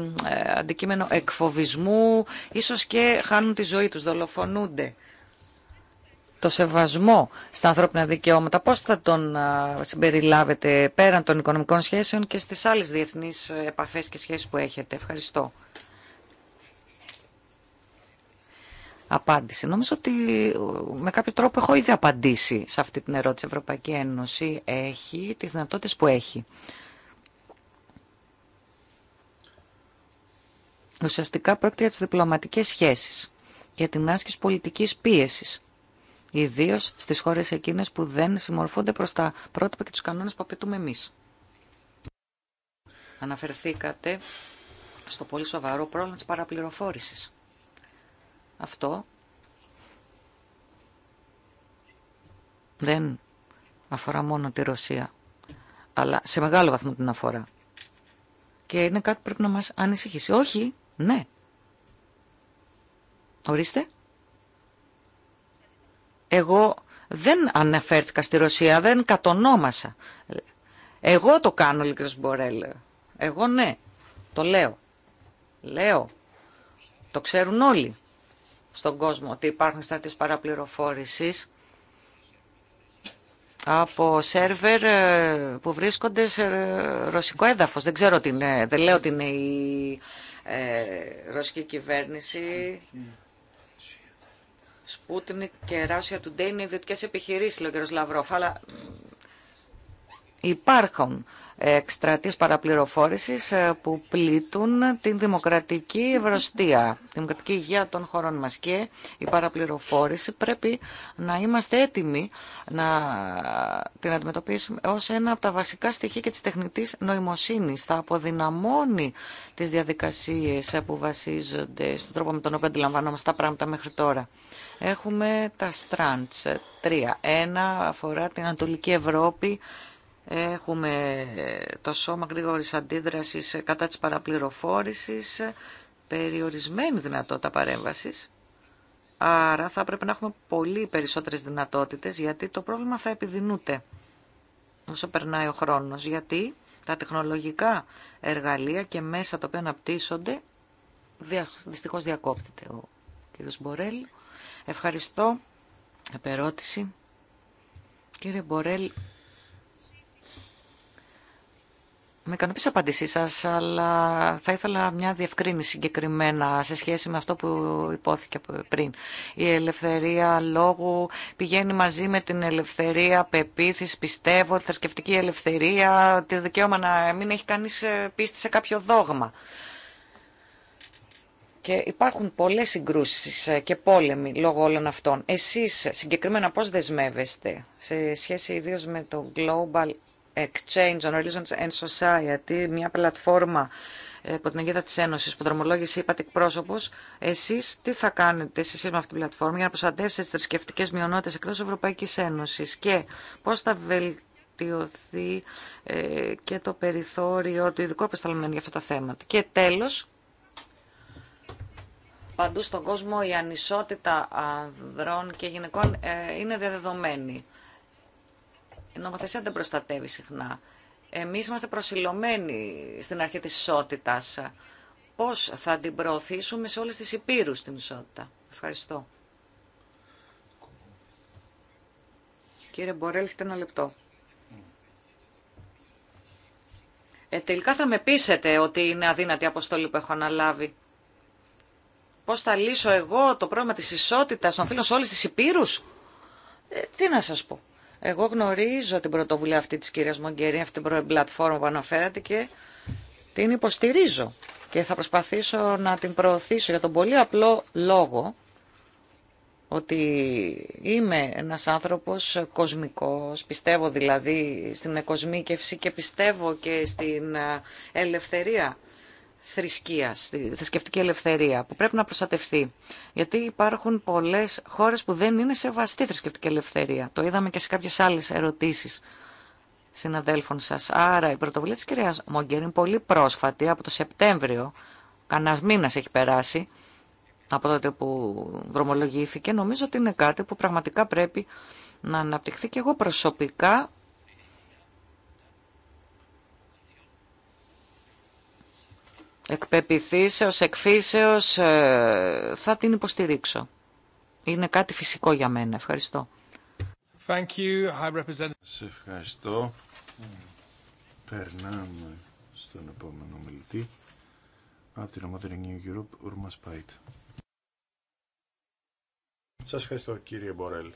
αντικείμενο εκφοβισμού, ίσως και χάνουν τη ζωή τους, δολοφονούνται το σεβασμό στα ανθρώπινα δικαιώματα, πώς θα τον συμπεριλάβετε πέραν των οικονομικών σχέσεων και στις άλλες διεθνείς επαφές και σχέσεις που έχετε. Ευχαριστώ. Απάντηση. Νομίζω ότι με κάποιο τρόπο έχω ήδη απαντήσει σε αυτή την ερώτηση. Η Ευρωπαϊκή Ένωση έχει τις δυνατότητες που έχει. Ουσιαστικά πρόκειται για τις διπλωματικές σχέσεις και την άσκηση πολιτικής πίεσης Ιδίω στις χώρες εκείνες που δεν συμμορφούνται προς τα πρότυπα και τους κανόνες που απαιτούμε εμείς. Αναφερθήκατε στο πολύ σοβαρό πρόβλημα τη παραπληροφόρησης. Αυτό δεν αφορά μόνο τη Ρωσία, αλλά σε μεγάλο βαθμό την αφορά. Και είναι κάτι που πρέπει να μας ανησυχήσει. Όχι, ναι. Ορίστε. Εγώ δεν αναφέρθηκα στη Ρωσία, δεν κατονόμασα. Εγώ το κάνω, Λίκρος Μπορέλ. Εγώ ναι, το λέω. Λέω. Το ξέρουν όλοι στον κόσμο ότι υπάρχουν στρατές παραπληροφόρησης από σερβερ ε, που βρίσκονται σε ε, ρωσικό έδαφος. Δεν ξέρω τι δεν λέω ότι είναι η ε, ρωσική κυβέρνηση. Sputnik και Ράσια του Ντέιν είναι ιδιωτικέ επιχειρήσει, λέει ο κ. Λαυρόφ, αλλά υπάρχουν εκστρατείες παραπληροφόρησης ε, που πλήττουν την δημοκρατική ευρωστία, την δημοκρατική υγεία των χωρών μας και η παραπληροφόρηση πρέπει να είμαστε έτοιμοι να την αντιμετωπίσουμε ως ένα από τα βασικά στοιχεία και της τεχνητής νοημοσύνης. Θα αποδυναμώνει τις διαδικασίες που βασίζονται στον τρόπο με τον οποίο αντιλαμβανόμαστε τα πράγματα μέχρι τώρα. Έχουμε τα στραντς. τρία. Ένα αφορά την Ανατολική Ευρώπη, Έχουμε το σώμα γρήγορης αντίδρασης κατά της παραπληροφόρησης, περιορισμένη δυνατότητα παρέμβασης. Άρα θα πρέπει να έχουμε πολύ περισσότερες δυνατότητες γιατί το πρόβλημα θα επιδεινούται όσο περνάει ο χρόνος. Γιατί τα τεχνολογικά εργαλεία και μέσα τα οποία αναπτύσσονται δυστυχώς διακόπτεται ο κύριος Μπορέλ. Ευχαριστώ. Επερώτηση. Κύριε Μπορέλ, Με ικανοποίησε απάντησή σα, αλλά θα ήθελα μια διευκρίνηση συγκεκριμένα σε σχέση με αυτό που υπόθηκε πριν. Η ελευθερία λόγου πηγαίνει μαζί με την ελευθερία πεποίθηση, πιστεύω, τη θρησκευτική ελευθερία, τη δικαίωμα να μην έχει κανείς ε, πίστη σε κάποιο δόγμα. Και υπάρχουν πολλές συγκρούσεις ε, και πόλεμοι λόγω όλων αυτών. Εσείς συγκεκριμένα πώς δεσμεύεστε σε σχέση ιδίως με το Global Exchange on Religions and Society, μια πλατφόρμα από ε, την αγίδα της Ένωσης που δρομολόγησε είπατε εκπρόσωπος, εσείς τι θα κάνετε σε σχέση με αυτή την πλατφόρμα για να προστατεύσετε τις θρησκευτικές μειονότητες εκτός Ευρωπαϊκής Ένωσης και πώς θα βελτιωθεί ε, και το περιθώριο του ειδικού απεσταλμένου για αυτά τα θέματα. Και τέλος, παντού στον κόσμο η ανισότητα ανδρών και γυναικών ε, είναι διαδεδομένη. Η νομοθεσία δεν προστατεύει συχνά. Εμείς είμαστε προσιλωμένοι στην αρχή της ισότητας. Πώς θα την προωθήσουμε σε όλες τις υπήρους την ισότητα. Ευχαριστώ. Κύριε Μπορέλ, έχετε ένα λεπτό. Ε, τελικά θα με πείσετε ότι είναι αδύνατη η αποστολή που έχω αναλάβει. Πώς θα λύσω εγώ το πρόβλημα της ισότητας των φίλων σε όλες τις υπήρους. Ε, τι να σας πω. Εγώ γνωρίζω την πρωτοβουλία αυτή της κυρίας Μογκερή, αυτή την πλατφόρμα που αναφέρατε και την υποστηρίζω και θα προσπαθήσω να την προωθήσω για τον πολύ απλό λόγο ότι είμαι ένας άνθρωπος κοσμικός, πιστεύω δηλαδή στην κοσμίκευση και πιστεύω και στην ε, ελευθερία θρησκεία, θρησκευτική ελευθερία που πρέπει να προστατευτεί. Γιατί υπάρχουν πολλέ χώρε που δεν είναι σεβαστή θρησκευτική ελευθερία. Το είδαμε και σε κάποιε άλλε ερωτήσει συναδέλφων σα. Άρα η πρωτοβουλία τη κυρία Μόγκερ είναι πολύ πρόσφατη, από το Σεπτέμβριο, κανένα μήνα έχει περάσει, από τότε που δρομολογήθηκε, νομίζω ότι είναι κάτι που πραγματικά πρέπει να αναπτυχθεί και εγώ προσωπικά εκπεπιθήσεως, εκφύσεως, ε, θα την υποστηρίξω. Είναι κάτι φυσικό για μένα. Ευχαριστώ. Thank you, ευχαριστώ. Περνάμε στον επόμενο μιλητή. Από την ομάδα New Europe, Urmas Σας ευχαριστώ κύριε Μπορέλ.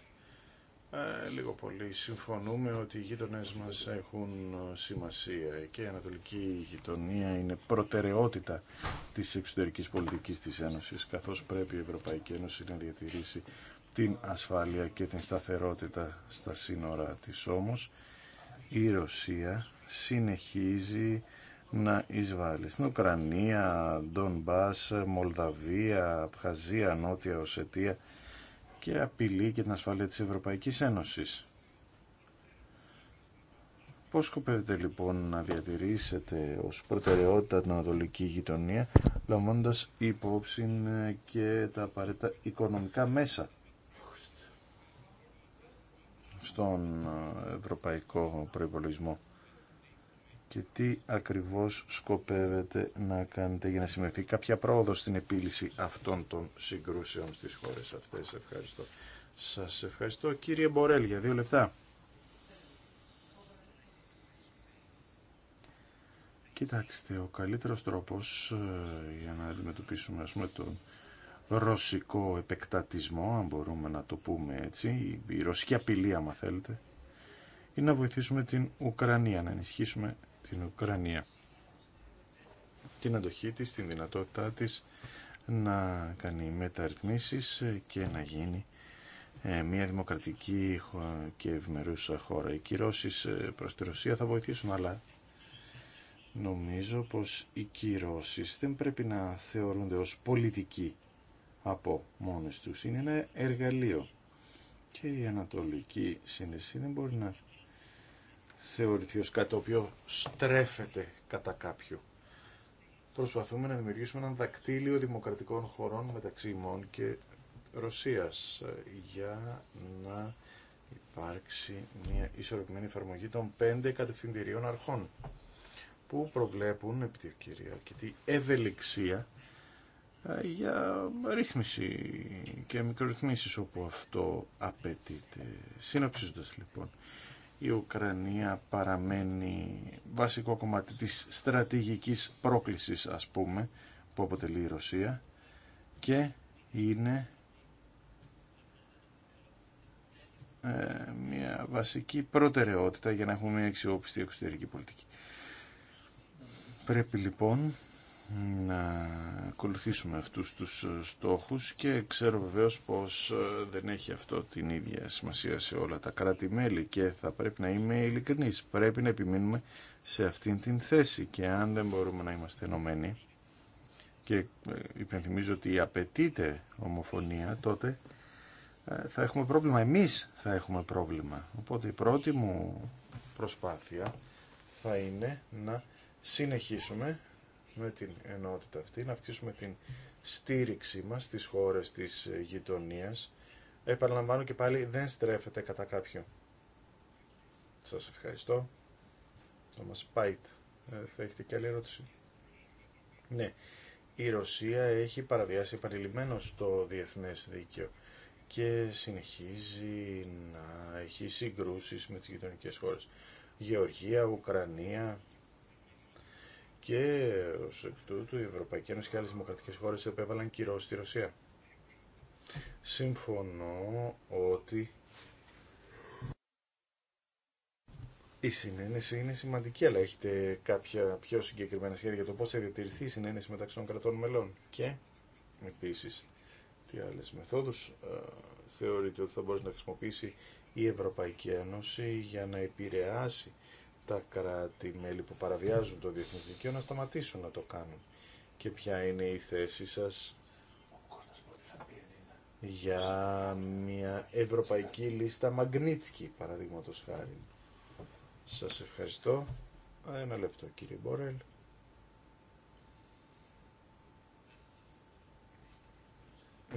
Ε, λίγο πολύ συμφωνούμε ότι οι γείτονε μας έχουν ε, σημασία και η ανατολική γειτονία είναι προτεραιότητα της εξωτερικής πολιτικής της Ένωσης καθώς πρέπει η Ευρωπαϊκή Ένωση να διατηρήσει την ασφάλεια και την σταθερότητα στα σύνορα της όμως η Ρωσία συνεχίζει να εισβάλλει στην Ουκρανία, Ντον Μπάς, Μολδαβία, Απχαζία, Νότια Οσετία και απειλεί και την ασφάλεια της Ευρωπαϊκής Ένωσης. Πώς σκοπεύετε λοιπόν να διατηρήσετε ως προτεραιότητα την ανατολική γειτονία, λαμβάνοντας υπόψη ε, και τα απαραίτητα οικονομικά μέσα στον ε, ευρωπαϊκό προϋπολογισμό και τι ακριβώς σκοπεύετε να κάνετε για να συμμεθεί κάποια πρόοδο στην επίλυση αυτών των συγκρούσεων στις χώρες αυτές. Ευχαριστώ. Σας ευχαριστώ. Κύριε Μπορέλ, για δύο λεπτά. Κοιτάξτε, ο καλύτερος τρόπος ε, για να αντιμετωπίσουμε ας πούμε, τον ρωσικό επεκτατισμό, αν μπορούμε να το πούμε έτσι, η ρωσική απειλή, άμα θέλετε, είναι να βοηθήσουμε την Ουκρανία, να ενισχύσουμε την Ουκρανία. Την αντοχή της, την δυνατότητά της να κάνει μεταρρυθμίσεις και να γίνει ε, μια δημοκρατική και ευμερούσα χώρα. Οι κυρώσεις ε, προς τη Ρωσία θα βοηθήσουν, αλλά νομίζω πως οι κυρώσεις δεν πρέπει να θεωρούνται ως πολιτική από μόνες τους. Είναι ένα εργαλείο και η Ανατολική Σύνδεση δεν μπορεί να θεωρηθεί ως κάτι το οποίο στρέφεται κατά κάποιο. Προσπαθούμε να δημιουργήσουμε έναν δακτύλιο δημοκρατικών χωρών μεταξύ ημών και Ρωσίας ε, για να υπάρξει μια ισορροπημένη εφαρμογή των πέντε κατευθυντηρίων αρχών που προβλέπουν επί τη κυρία ευελιξία ε, για ρύθμιση και μικρορυθμίσεις όπου αυτό απαιτείται. Συνοψίζοντας λοιπόν, η Ουκρανία παραμένει βασικό κομμάτι της στρατηγικής πρόκλησης ας πούμε που αποτελεί η Ρωσία και είναι ε, μια βασική προτεραιότητα για να έχουμε μια αξιόπιστη εξωτερική πολιτική. Πρέπει λοιπόν να ακολουθήσουμε αυτούς τους ε, στόχους και ξέρω βεβαίως πως ε, δεν έχει αυτό την ίδια σημασία σε όλα τα κράτη-μέλη και θα πρέπει να είμαι ειλικρινής. Πρέπει να επιμείνουμε σε αυτήν την θέση και αν δεν μπορούμε να είμαστε ενωμένοι και ε, υπενθυμίζω ότι απαιτείται ομοφωνία τότε θα έχουμε πρόβλημα. Εμείς θα έχουμε πρόβλημα. Οπότε η πρώτη μου προσπάθεια θα είναι να συνεχίσουμε με την ενότητα αυτή, να αυξήσουμε την στήριξή μας στις χώρες της ε, γειτονίας. Επαναλαμβάνω και πάλι δεν στρέφεται κατά κάποιον. Σας ευχαριστώ. Θα μας πάει. Θα έχετε και άλλη ερώτηση. Ναι. Η Ρωσία έχει παραβιάσει επανειλημμένο το διεθνές δίκαιο και συνεχίζει να έχει συγκρούσεις με τις γειτονικές χώρες. Γεωργία, Ουκρανία, και ω εκ τούτου η Ευρωπαϊκή Ένωση και άλλες δημοκρατικέ χώρε επέβαλαν κυρώσει στη Ρωσία. Συμφωνώ ότι η συνένεση είναι σημαντική, αλλά έχετε κάποια πιο συγκεκριμένα σχέδια για το πώ θα διατηρηθεί η συνένεση μεταξύ των κρατών μελών. Και επίση τι άλλες μεθόδους ε, θεωρείτε ότι θα μπορούσε να χρησιμοποιήσει η Ευρωπαϊκή Ένωση για να επηρεάσει τα κράτη-μέλη που παραβιάζουν το διεθνές δικαίωμα να σταματήσουν να το κάνουν και ποια είναι η θέση σας για μια ευρωπαϊκή λίστα Μαγνίτσκι, παραδείγματο χάρη. Σας ευχαριστώ. Ένα λεπτό κύριε Μπορέλ.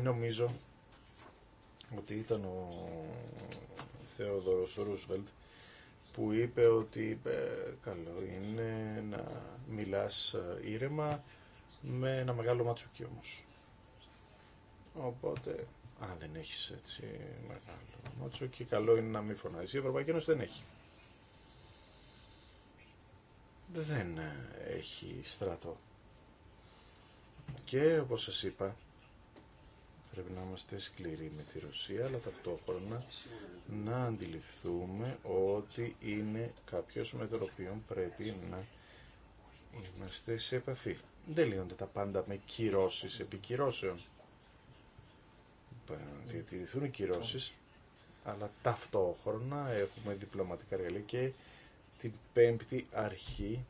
Νομίζω ότι ήταν ο Θεόδωρος Ρούσβελτ που είπε ότι ε, καλό είναι να μιλάς ε, ήρεμα με ένα μεγάλο ματσούκι όμως. Οπότε, αν δεν έχεις έτσι μεγάλο ματσούκι, καλό είναι να μην φωνάζεις. Η Ευρωπαϊκή Ένωση δεν έχει. Δεν ε, έχει στρατό. Και όπως σας είπα, Πρέπει να είμαστε σκληροί με τη Ρωσία, αλλά ταυτόχρονα να αντιληφθούμε ότι είναι κάποιος με τον οποίο πρέπει να είμαστε σε επαφή. Δεν λύνονται τα πάντα με κυρώσεις επικυρώσεων. Διατηρηθούν οι κυρώσεις, αλλά ταυτόχρονα έχουμε διπλωματικά εργαλεία και την πέμπτη αρχή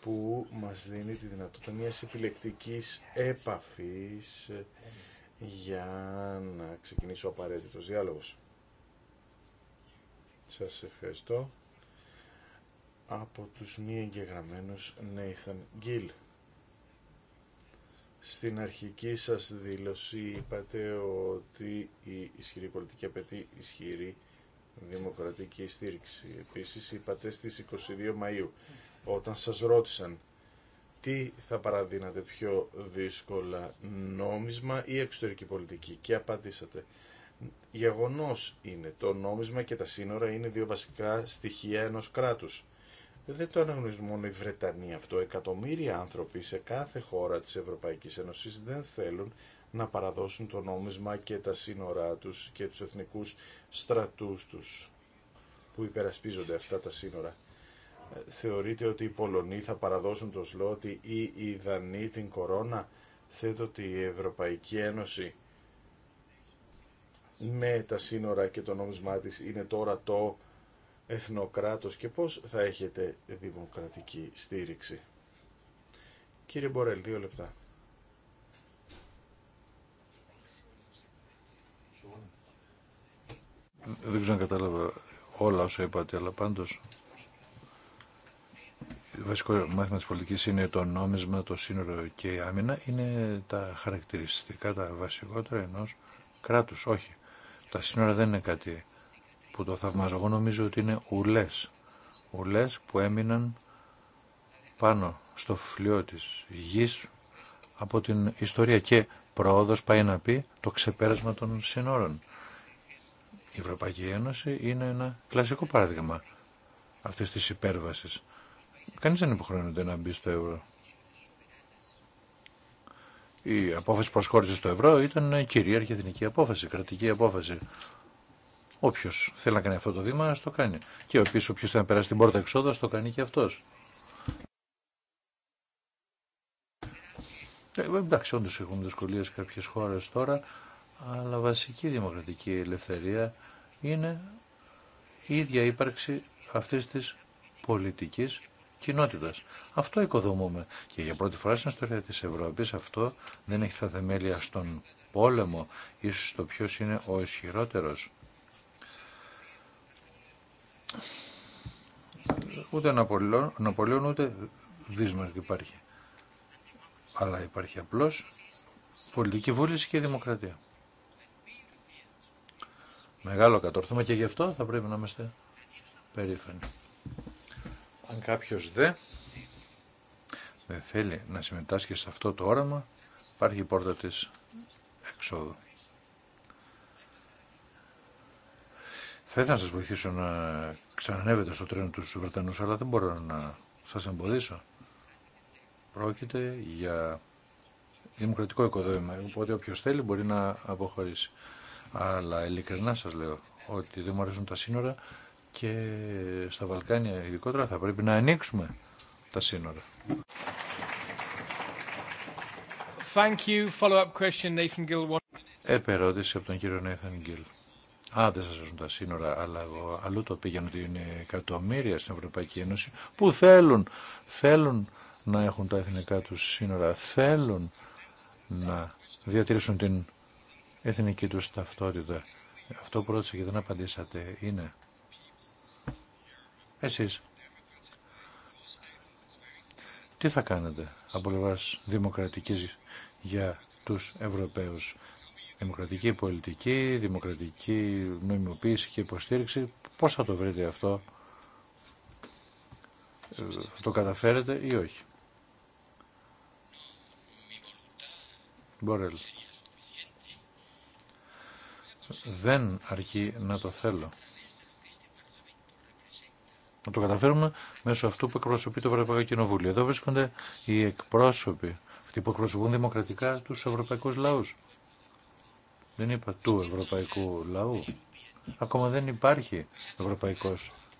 που μας δίνει τη δυνατότητα μιας επιλεκτικής επαφής για να ξεκινήσω ο απαραίτητος διάλογος. Σας ευχαριστώ. Από τους μη εγγεγραμμένους Nathan Gill. Στην αρχική σας δήλωση είπατε ότι η ισχυρή πολιτική απαιτεί ισχυρή δημοκρατική στήριξη. Επίσης είπατε στις 22 Μαΐου όταν σας ρώτησαν τι θα παραδίνατε πιο δύσκολα, νόμισμα ή εξωτερική πολιτική και απαντήσατε. Γεγονός είναι, το νόμισμα και τα σύνορα είναι δύο βασικά στοιχεία ενός κράτους. Δεν το αναγνωρίζουν μόνο οι Βρετανοί αυτό. Εκατομμύρια άνθρωποι σε κάθε χώρα της Ευρωπαϊκής Ένωσης δεν θέλουν να παραδώσουν το νόμισμα και τα σύνορά τους και τους εθνικούς στρατούς τους που υπερασπίζονται αυτά τα σύνορα. Θεωρείτε ότι οι Πολωνοί θα παραδώσουν το σλότι ή οι Δανείοι την κορώνα. Θέτω ότι η Ευρωπαϊκή Ένωση με τα σύνορα και το νόμισμά της είναι τώρα το εθνοκράτος και πώς θα έχετε δημοκρατική στήριξη. Κύριε Μπορέλ, δύο λεπτά. Δεν ξέρω αν κατάλαβα όλα όσα είπατε, αλλά πάντως βασικό μάθημα της πολιτικής είναι το νόμισμα, το σύνορο και η άμυνα. Είναι τα χαρακτηριστικά, τα βασικότερα ενός κράτους. Όχι. Τα σύνορα δεν είναι κάτι που το θαυμάζω. Εγώ νομίζω ότι είναι ουλές. Ουλές που έμειναν πάνω στο φλοιό της γης από την ιστορία και πρόοδος πάει να πει το ξεπέρασμα των σύνορων. Η Ευρωπαϊκή Ένωση είναι ένα κλασικό παράδειγμα αυτής της υπέρβασης. Κανεί δεν υποχρεώνεται να μπει στο ευρώ. Η απόφαση προσχώρηση στο ευρώ ήταν κυρίαρχη εθνική απόφαση, κρατική απόφαση. Όποιο θέλει να κάνει αυτό το βήμα, το κάνει. Και ο οποίο θέλει να περάσει την πόρτα εξόδου, το κάνει και αυτό. Ε, εντάξει, όντω έχουν δυσκολίε κάποιε χώρε τώρα, αλλά βασική δημοκρατική ελευθερία είναι η ίδια ύπαρξη αυτή τη πολιτική κοινότητας. Αυτό οικοδομούμε. Και για πρώτη φορά στην ιστορία τη Ευρώπης αυτό δεν έχει τα θεμέλια στον πόλεμο, ίσως το ποιο είναι ο ισχυρότερο. Ούτε Ναπολεόν, Ναπολεόν ούτε Βίσμαρκ υπάρχει. Αλλά υπάρχει απλώς πολιτική βούληση και δημοκρατία. Μεγάλο κατόρθωμα και γι' αυτό θα πρέπει να είμαστε περήφανοι. Αν κάποιος δε δεν θέλει να συμμετάσχει σε αυτό το όραμα, υπάρχει η πόρτα της εξόδου. Θα ήθελα να σας βοηθήσω να ξανανεύετε στο τρένο τους Βρετανούς, αλλά δεν μπορώ να σας εμποδίσω. Πρόκειται για δημοκρατικό οικοδόμημα, οπότε όποιος θέλει μπορεί να αποχωρήσει. Αλλά ειλικρινά σας λέω ότι δεν μου αρέσουν τα σύνορα και στα Βαλκάνια ειδικότερα θα πρέπει να ανοίξουμε τα σύνορα. Thank you. Follow-up question, Nathan Gill. Επερώτηση από τον κύριο Nathan Gill. Α, δεν σας αρέσουν τα σύνορα, αλλά εγώ, αλλού το πήγαινε ότι είναι εκατομμύρια στην Ευρωπαϊκή Ένωση που θέλουν, θέλουν να έχουν τα εθνικά τους σύνορα, θέλουν να διατηρήσουν την εθνική τους ταυτότητα. Αυτό που ρώτησα και δεν απαντήσατε είναι εσείς. Τι θα κάνετε από λεβάς δημοκρατικής για τους Ευρωπαίους. Δημοκρατική πολιτική, δημοκρατική νομιμοποίηση και υποστήριξη. Πώς θα το βρείτε αυτό. Ε, το καταφέρετε ή όχι. Μπορέλ. Δεν αρκεί να το θέλω να το καταφέρουμε μέσω αυτού που εκπροσωπεί το Ευρωπαϊκό Κοινοβούλιο. Εδώ βρίσκονται οι εκπρόσωποι, αυτοί που εκπροσωπούν δημοκρατικά τους Ευρωπαϊκού λαούς. Δεν είπα του ευρωπαϊκού λαού. Ακόμα δεν υπάρχει ευρωπαϊκό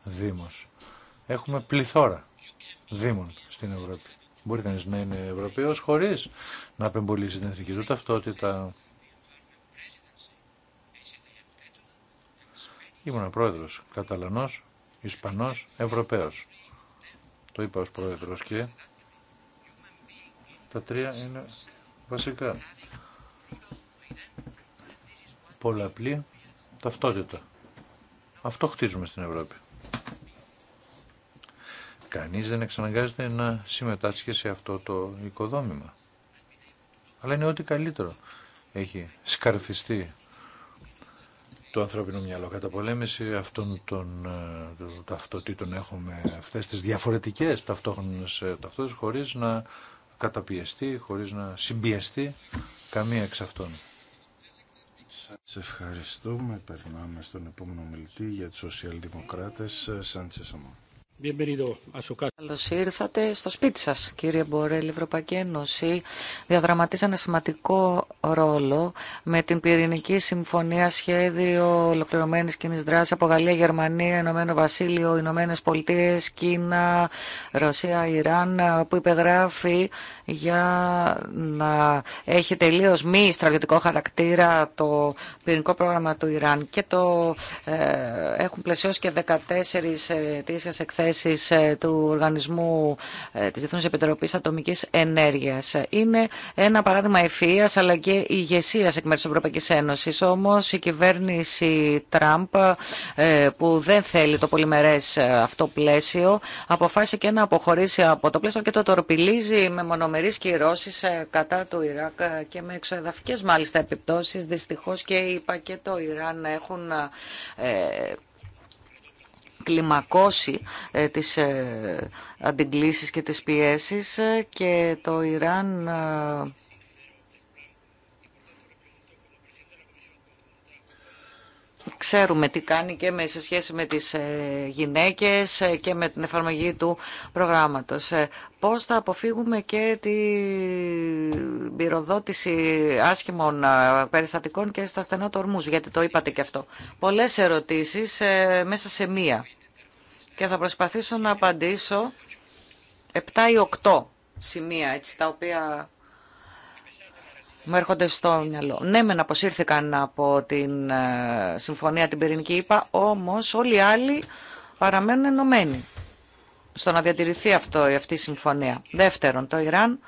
Δήμο. Έχουμε πληθώρα δήμων στην Ευρώπη. Μπορεί κανεί να είναι Ευρωπαίο χωρί να απεμπολίσει την εθνική του ταυτότητα. Ήμουν πρόεδρο Καταλανός Ισπανός Ευρωπαίος. Το είπα ως πρόεδρος και τα τρία είναι βασικά. Πολλαπλή ταυτότητα. Αυτό χτίζουμε στην Ευρώπη. Κανείς δεν εξαναγκάζεται να συμμετάσχει σε αυτό το οικοδόμημα. Αλλά είναι ό,τι καλύτερο έχει σκαρφιστεί το ανθρώπινο μυαλό. Κατά πολέμηση αυτών ε, των ταυτοτήτων έχουμε αυτές τις διαφορετικές ταυτόχρονες ε, ταυτότητες χωρίς να καταπιεστεί, χωρίς να συμπιεστεί καμία εξ αυτών. Σας ευχαριστούμε. Περνάμε στον επόμενο μιλητή για τους σοσιαλδημοκράτες, ε, Σάντσες Αμόν. Καλώ ήρθατε στο σπίτι σα, κύριε Μπορέλ. Η Ευρωπαϊκή Ένωση διαδραματίζει ένα σημαντικό ρόλο με την πυρηνική συμφωνία, σχέδιο ολοκληρωμένη κοινή δράση από Γαλλία, Γερμανία, Ηνωμένο Βασίλειο, Ηνωμένε Πολιτείε, Κίνα, Ρωσία, Ιράν, που υπεγράφει για να έχει τελείω μη στρατιωτικό χαρακτήρα το πυρηνικό πρόγραμμα του Ιράν. Και το ε, έχουν πλαισιώσει και 14 ετήσια εκθέσει ε, του Οργανισμού ε, τη Διεθνού Επιτροπή Ατομική Ενέργεια. Είναι ένα παράδειγμα ευφυία αλλά και ηγεσία εκ μέρου τη Ευρωπαϊκή Ένωση. Όμως η κυβέρνηση Τραμπ ε, που δεν θέλει το πολυμερέ αυτό πλαίσιο αποφάσισε και να αποχωρήσει από το πλαίσιο και το τορπιλίζει με μονομερεί κυρώσει κατά του Ιράκ και με εξοδαφικέ μάλιστα επιπτώσει, δυστυχώ και η και Ιράν έχουν κλιμακώσει ε, τις ε, αντιγκλήσεις και τις πιέσεις ε, και το Ιράν ξέρουμε τι κάνει και σε σχέση με τις ε, γυναίκες ε, και με την εφαρμογή του προγράμματος. Ε, πώς θα αποφύγουμε και την πυροδότηση άσχημων περιστατικών και στα στενά του γιατί το είπατε και αυτό. Πολλές ερωτήσεις μέσα σε μία και θα προσπαθήσω να απαντήσω 7 ή 8 σημεία, έτσι, τα οποία μου έρχονται στο μυαλό. Ναι, μεν αποσύρθηκαν από την ε, συμφωνία την πυρηνική είπα, όμως όλοι οι άλλοι παραμένουν ενωμένοι στο να διατηρηθεί αυτό, αυτή η συμφωνία. Δεύτερον, το Ιράν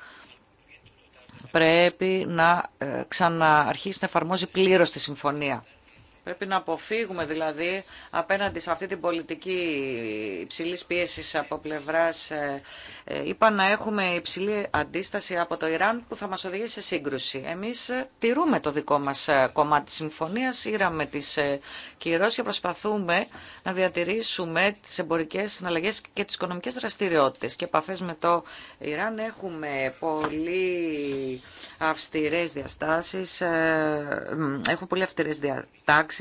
πρέπει να ε, ξαναρχίσει να εφαρμόζει πλήρως τη συμφωνία Πρέπει να αποφύγουμε δηλαδή απέναντι σε αυτή την πολιτική υψηλή πίεση από πλευρά. Ε, ε, είπα να έχουμε υψηλή αντίσταση από το Ιράν που θα μα οδηγήσει σε σύγκρουση. Εμεί ε, τηρούμε το δικό μα κομμάτι τη συμφωνία, ήραμε τι κυρώσει και προσπαθούμε να διατηρήσουμε τι εμπορικέ συναλλαγέ και τι οικονομικέ δραστηριότητε. Και επαφέ με το Ιράν έχουμε πολύ αυστηρέ διαστάσει, έχουμε πολύ αυστηρέ διατάξει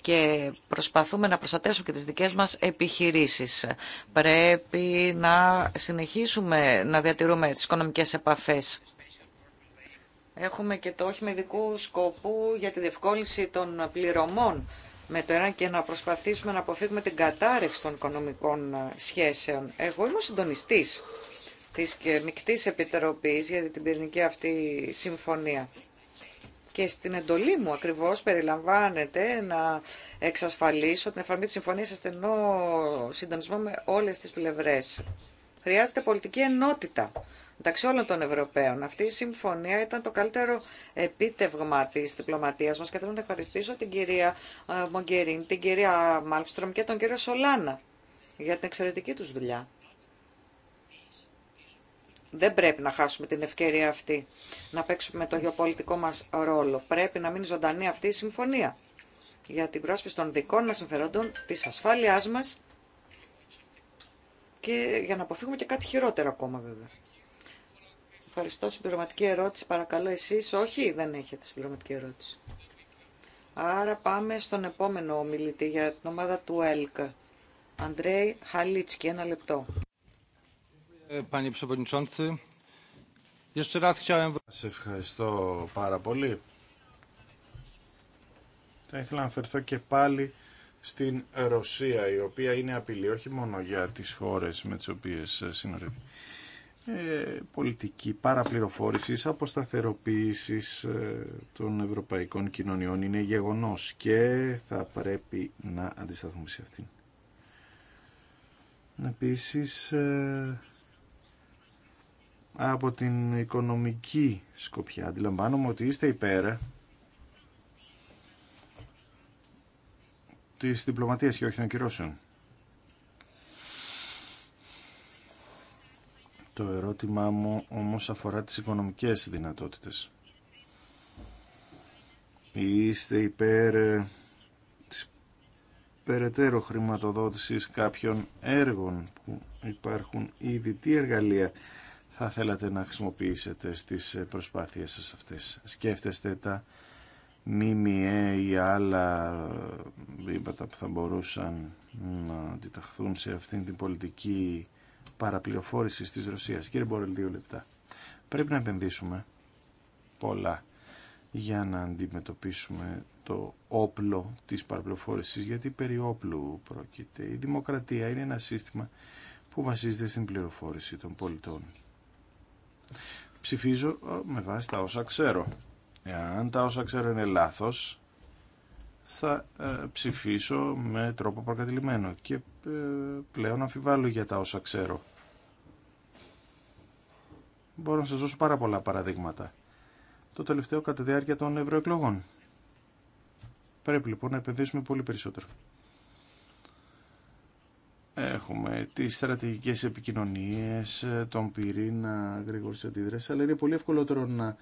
και προσπαθούμε να προστατεύσουμε και τις δικές μας επιχειρήσεις. Πρέπει να συνεχίσουμε να διατηρούμε τις οικονομικές επαφές. Έχουμε και το όχι με ειδικού σκοπού για τη διευκόλυνση των πληρωμών με το ΕΡΑΝ και να προσπαθήσουμε να αποφύγουμε την κατάρρευση των οικονομικών σχέσεων. Εγώ είμαι ο συντονιστής της Μικτής Επιτροπής για την πυρηνική αυτή συμφωνία και στην εντολή μου ακριβώς περιλαμβάνεται να εξασφαλίσω την εφαρμογή της συμφωνίας σε στενό συντονισμό με όλες τις πλευρές. Χρειάζεται πολιτική ενότητα μεταξύ όλων των Ευρωπαίων. Αυτή η συμφωνία ήταν το καλύτερο επίτευγμα τη διπλωματία μα και θέλω να ευχαριστήσω την κυρία ε, Μογκερίν, την κυρία Μάλπστρομ και τον κύριο Σολάνα για την εξαιρετική του δουλειά δεν πρέπει να χάσουμε την ευκαιρία αυτή να παίξουμε το γεωπολιτικό μας ρόλο. Πρέπει να μείνει ζωντανή αυτή η συμφωνία για την πρόσπιση των δικών μας συμφερόντων, της ασφάλειάς μας και για να αποφύγουμε και κάτι χειρότερο ακόμα βέβαια. Ευχαριστώ. Συμπληρωματική ερώτηση, παρακαλώ εσείς. Όχι, δεν έχετε συμπληρωματική ερώτηση. Άρα πάμε στον επόμενο ομιλητή για την ομάδα του ΕΛΚ. Αντρέι Χαλίτσκι, ένα λεπτό. Σας ευχαριστώ πάρα πολύ. Θα ήθελα να φερθώ και πάλι στην Ρωσία, η οποία είναι απειλή όχι μόνο για τις χώρες με τις οποίες συνορεύει. Ε, πολιτική παραπληροφόρηση, αποσταθεροποίησης ε, των ευρωπαϊκών κοινωνιών είναι γεγονός και θα πρέπει να αντισταθούμε σε αυτήν. Επίσης, ε, από την οικονομική σκοπιά. Αντιλαμβάνομαι ότι είστε υπέρ της διπλωματίας και όχι των κυρώσεων. Το ερώτημά μου όμως αφορά τις οικονομικές δυνατότητες. Είστε υπέρ της περαιτέρω χρηματοδότησης κάποιων έργων που υπάρχουν ήδη. Τι εργαλεία θα θέλατε να χρησιμοποιήσετε στις προσπάθειες σας αυτές. Σκέφτεστε τα ΜΜΕ ή άλλα βήματα που θα μπορούσαν να αντιταχθούν σε αυτήν την πολιτική παραπληροφόρηση της Ρωσίας. Κύριε Μπορελ, δύο λεπτά. Πρέπει να επενδύσουμε πολλά για να αντιμετωπίσουμε το όπλο της παραπληροφόρησης, γιατί περί όπλου πρόκειται. Η δημοκρατία είναι ένα σύστημα που βασίζεται στην πληροφόρηση των πολιτών. Ψηφίζω με βάση τα όσα ξέρω. Εάν τα όσα ξέρω είναι λάθος, θα ε, ψηφίσω με τρόπο προκατηλημένο και ε, πλέον αμφιβάλλω για τα όσα ξέρω. Μπορώ να σας δώσω πάρα πολλά παραδείγματα. Το τελευταίο κατά τη διάρκεια των ευρωεκλογών. Πρέπει λοιπόν να επενδύσουμε πολύ περισσότερο. Έχουμε τις στρατηγικές επικοινωνίες, τον πυρήνα, γρήγορη αντίδραση, αλλά είναι πολύ ευκολότερο να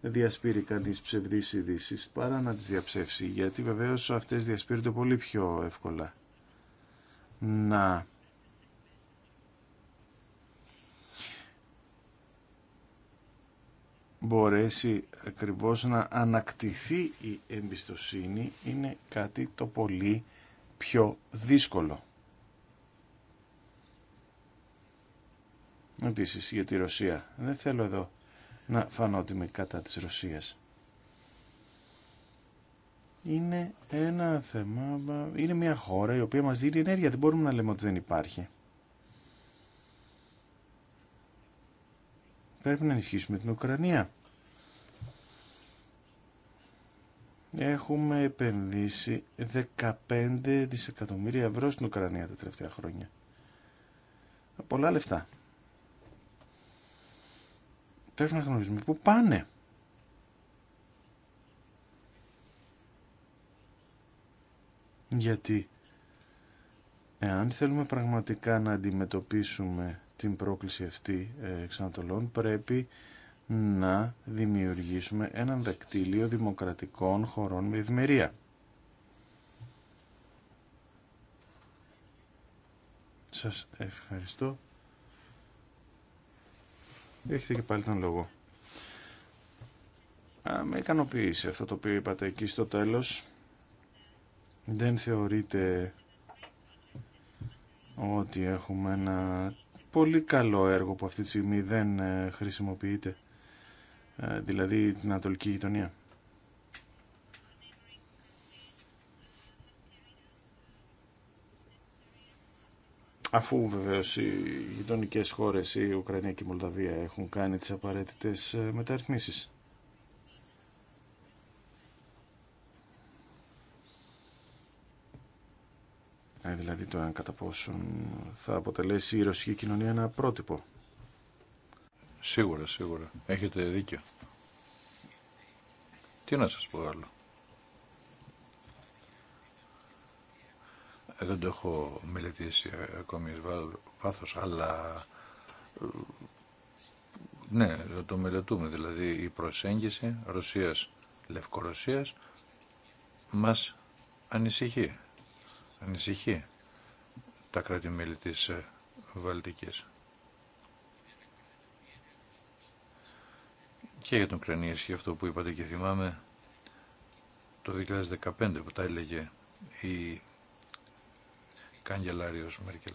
διασπείρει κανεί ψευδεί ειδήσει παρά να τι διαψεύσει, γιατί βεβαίω αυτές διασπείρονται πολύ πιο εύκολα. Να μπορέσει ακριβώς να ανακτηθεί η εμπιστοσύνη είναι κάτι το πολύ πιο δύσκολο. Επίση, για τη Ρωσία. Δεν θέλω εδώ να φανώ ότι είμαι κατά της Ρωσίας. Είναι ένα θέμα, είναι μια χώρα η οποία μας δίνει ενέργεια, δεν μπορούμε να λέμε ότι δεν υπάρχει. Πρέπει να ενισχύσουμε την Ουκρανία. Έχουμε επενδύσει 15 δισεκατομμύρια ευρώ στην Ουκρανία τα τελευταία χρόνια. Πολλά λεφτά. Πρέπει να γνωρίζουμε πού πάνε. Γιατί εάν θέλουμε πραγματικά να αντιμετωπίσουμε την πρόκληση αυτή ε, ξανατολών πρέπει να δημιουργήσουμε έναν δακτύλιο δημοκρατικών χωρών με ευημερία. Σας ευχαριστώ Έχετε και πάλι τον λόγο. Α, με ικανοποίησε αυτό το οποίο είπατε εκεί στο τέλος. Δεν θεωρείτε ότι έχουμε ένα πολύ καλό έργο που αυτή τη στιγμή δεν ε, χρησιμοποιείται. Ε, δηλαδή την Ανατολική Γειτονία. αφού βεβαίω οι γειτονικέ χώρες, η Ουκρανία και η Μολδαβία έχουν κάνει τις απαραίτητες ε, μεταρρυθμίσεις. Ε, δηλαδή το αν κατά πόσον θα αποτελέσει η ρωσική κοινωνία ένα πρότυπο. Σίγουρα, σίγουρα. Έχετε δίκιο. Τι να σας πω άλλο. Ε, δεν το έχω μελετήσει ε, ακόμη βάθος, αλλά ε, ναι, το μελετούμε. Δηλαδή η προσέγγιση Ρωσίας, Λευκορωσίας μας ανησυχεί. Ανησυχεί τα κράτη-μέλη της Βαλτικής. Και για τον Κρανία ισχύει αυτό που είπατε και θυμάμαι το 2015 που τα έλεγε η καγκελάριος Μέρκελ.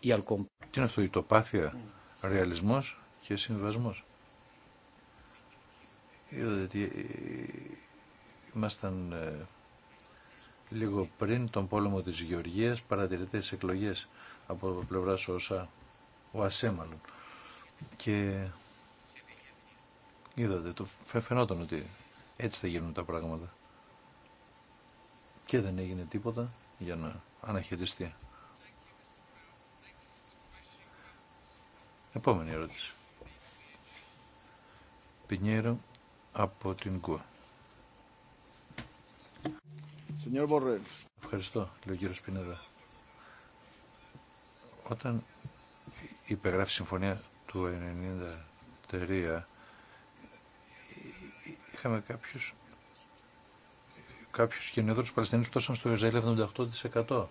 Τι είναι αυτό, η τοπάθεια, ρεαλισμό και συμβασμό. Είδατε ότι ε, ήμασταν ε, λίγο πριν τον πόλεμο της Γεωργίας, παρατηρητές τις εκλογές από πλευρά όσα ο ΑΣΕ Και είδατε, το φαινόταν ότι έτσι θα γίνουν τα πράγματα και δεν έγινε τίποτα για να αναχαιριστεί. Επόμενη ερώτηση. Πινιέρο από την ΚΟΑ. Ευχαριστώ, λέει ο κύριο Πινέδα. Όταν υπεγράφει η συμφωνία του 1993, είχαμε κάποιους κάποιου του Παλαιστινίου πτώσαν στο Ισραήλ 78%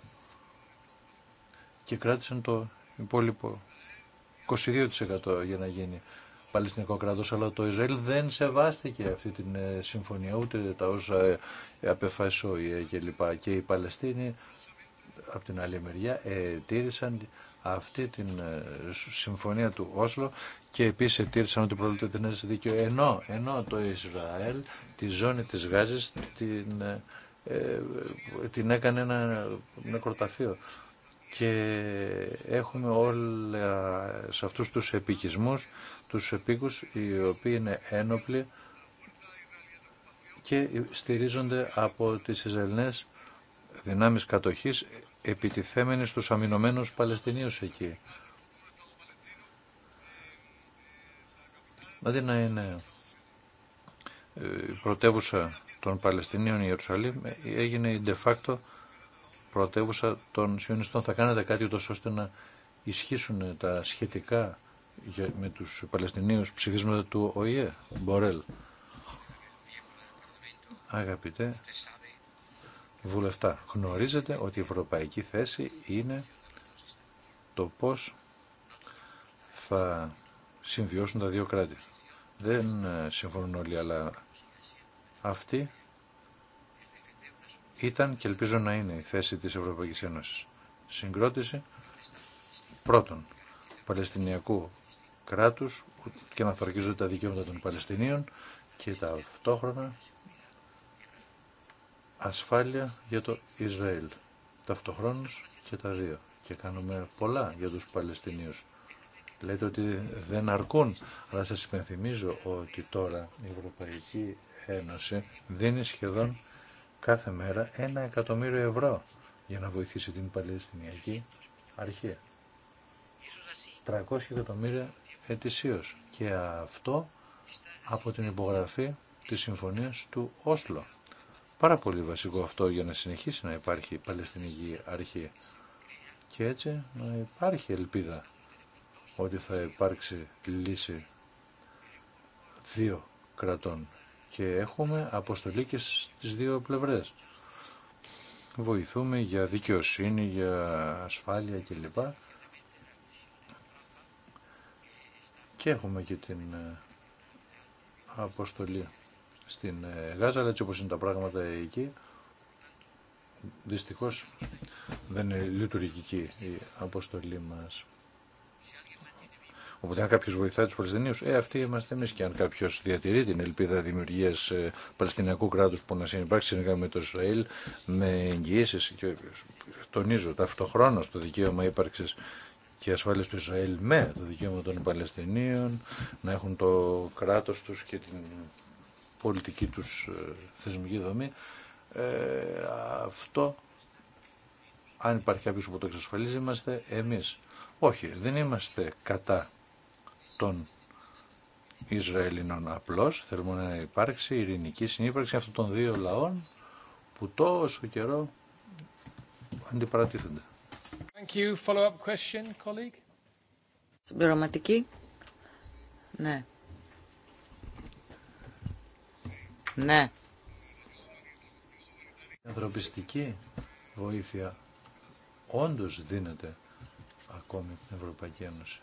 και κράτησαν το υπόλοιπο 22% για να γίνει Παλαιστινικό κράτο, αλλά το Ισραήλ δεν σεβάστηκε αυτή την ε, συμφωνία, ούτε τα όσα ε, απεφάσισε ο ΙΕ και λοιπά. Και οι Παλαιστίνοι από την άλλη μεριά ε, τήρησαν αυτή την ε, συμφωνία του Όσλο και επίσης τήρησαν ότι προβλήθηκε το δίκαιο ενώ, ενώ το Ισραήλ τη ζώνη της Γάζης την, ε, την έκανε ένα νεκροταφείο και έχουμε όλα σε αυτούς τους επικισμούς, τους επίκους οι οποίοι είναι ένοπλοι και στηρίζονται από τις Ισραηλινές δυνάμεις κατοχής επιτιθέμενοι στους αμυνωμένους Παλαιστινίους εκεί. Δηλαδή να είναι ε, η πρωτεύουσα των Παλαιστινίων η Ιερουσαλήμ ε, έγινε de facto πρωτεύουσα των Σιωνιστών. Θα κάνετε κάτι ούτως ώστε να ισχύσουν τα σχετικά με τους Παλαιστινίους ψηφίσματα του ΟΗΕ, Μπορέλ. Αγαπητέ βουλευτά. Γνωρίζετε ότι η ευρωπαϊκή θέση είναι το πώς θα συμβιώσουν τα δύο κράτη. Δεν ε, συμφωνούν όλοι, αλλά αυτή ήταν και ελπίζω να είναι η θέση της Ευρωπαϊκής Ένωσης. Συγκρότηση πρώτων Παλαιστινιακού κράτους και να θωρακίζονται τα δικαιώματα των Παλαιστινίων και ταυτόχρονα ασφάλεια για το Ισραήλ. Ταυτοχρόνως και τα δύο. Και κάνουμε πολλά για τους Παλαιστινίους. Λέτε ότι δεν αρκούν, αλλά σας υπενθυμίζω ότι τώρα η Ευρωπαϊκή Ένωση δίνει σχεδόν κάθε μέρα ένα εκατομμύριο ευρώ για να βοηθήσει την Παλαιστινιακή Αρχή. 300 εκατομμύρια ετησίως. Και αυτό από την υπογραφή της Συμφωνίας του Όσλο. Πάρα πολύ βασικό αυτό για να συνεχίσει να υπάρχει η Παλαιστινική Αρχή. Και έτσι να υπάρχει ελπίδα ότι θα υπάρξει λύση δύο κρατών. Και έχουμε αποστολή και στις δύο πλευρές. Βοηθούμε για δικαιοσύνη, για ασφάλεια κλπ. Και έχουμε και την αποστολή στην ε, Γάζα, αλλά έτσι όπως είναι τα πράγματα εκεί, δυστυχώς δεν είναι λειτουργική η αποστολή μας. Οπότε αν κάποιος βοηθάει τους Παλαιστινίους, ε, αυτοί είμαστε εμείς και αν κάποιος διατηρεί την ελπίδα δημιουργίας ε, Παλαιστινιακού κράτους που να συνεπάρξει συνεργά με το Ισραήλ, με εγγυήσεις και τονίζω ταυτοχρόνω το δικαίωμα ύπαρξης και ασφάλεια του Ισραήλ με το δικαίωμα των Παλαιστινίων να έχουν το κράτος τους και την πολιτική τους ε, θεσμική δομή. Ε, αυτό, αν υπάρχει κάποιος που το εξασφαλίζει, είμαστε εμείς. Όχι, δεν είμαστε κατά των Ισραηλινών απλώς. Θέλουμε να υπάρξει ειρηνική συνύπαρξη αυτών των δύο λαών που τόσο καιρό αντιπαρατίθενται. Συμπληρωματική. Ναι. Ναι. Η ανθρωπιστική βοήθεια όντως δίνεται ακόμη στην την Ευρωπαϊκή Ένωση.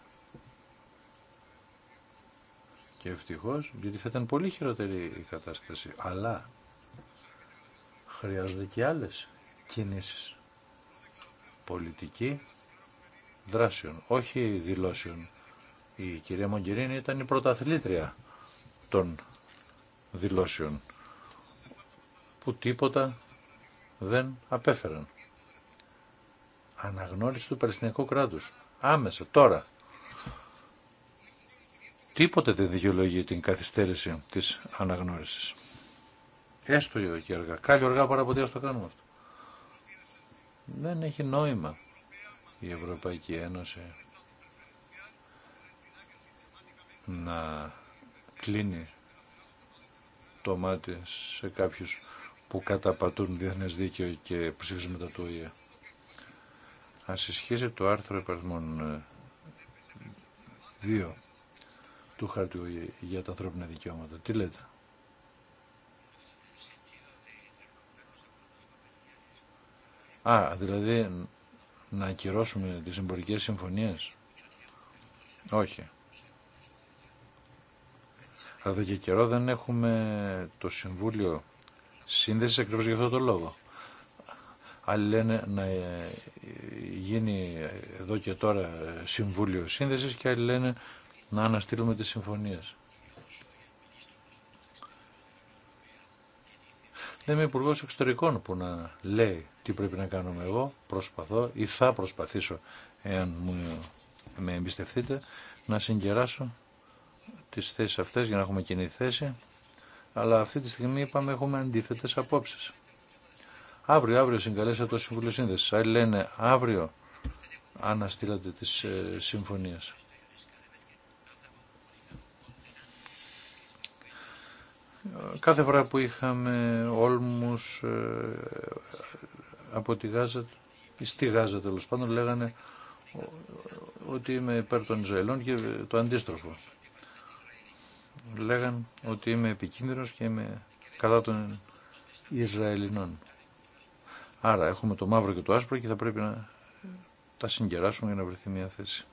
Και ευτυχώς, γιατί θα ήταν πολύ χειροτερή η κατάσταση. Αλλά χρειάζονται και άλλες κινήσεις. Πολιτική δράσεων, όχι δηλώσεων. Η κυρία Μογκυρίνη ήταν η πρωταθλήτρια των δηλώσεων που τίποτα δεν απέφεραν. Αναγνώριση του Παλαιστινιακού κράτους. Άμεσα, τώρα. Τίποτε δεν δικαιολογεί την καθυστέρηση της αναγνώρισης. Έστω και αργά. Κάλλιο αργά παρά ποτέ το κάνουμε αυτό. Δεν έχει νόημα η Ευρωπαϊκή Ένωση να κλείνει το μάτι σε κάποιους που καταπατούν διεθνές δίκαιο και ψηφίσματα ε, του ΟΗΕ. Ας ισχύσει το άρθρο υπαρθμών 2 του χαρτιού για τα ανθρώπινα δικαιώματα. Τι λέτε. Α, δηλαδή να ακυρώσουμε τις εμπορικές συμφωνίες. Όχι. Εδώ και καιρό δεν έχουμε το Συμβούλιο σύνδεση ακριβώ για αυτό το λόγο. Άλλοι λένε να ε, γίνει εδώ και τώρα Συμβούλιο Σύνδεσης και άλλοι λένε να αναστείλουμε τις συμφωνίες. Δεν είμαι υπουργό εξωτερικών που να λέει τι πρέπει να κάνουμε εγώ. Προσπαθώ ή θα προσπαθήσω, εάν μου, με εμπιστευτείτε, να συγκεράσω τις θέσεις αυτές για να έχουμε κοινή θέση, αλλά αυτή τη στιγμή είπαμε έχουμε αντίθετες απόψεις. Αύριο, αύριο συγκαλέσατε το Συμβούλιο Σύνδεσης. Άλλοι λένε αύριο αναστήλατε τις ε, συμφωνίες. Κάθε φορά που είχαμε όλμους ε, από τη Γάζα, ή στη Γάζα τέλο πάντων, λέγανε ότι είμαι υπέρ των Ισραηλών και το αντίστροφο λέγαν ότι είμαι επικίνδυνος και είμαι κατά των Ισραηλινών. Άρα έχουμε το μαύρο και το άσπρο και θα πρέπει να τα συγκεράσουμε για να βρεθεί μια θέση.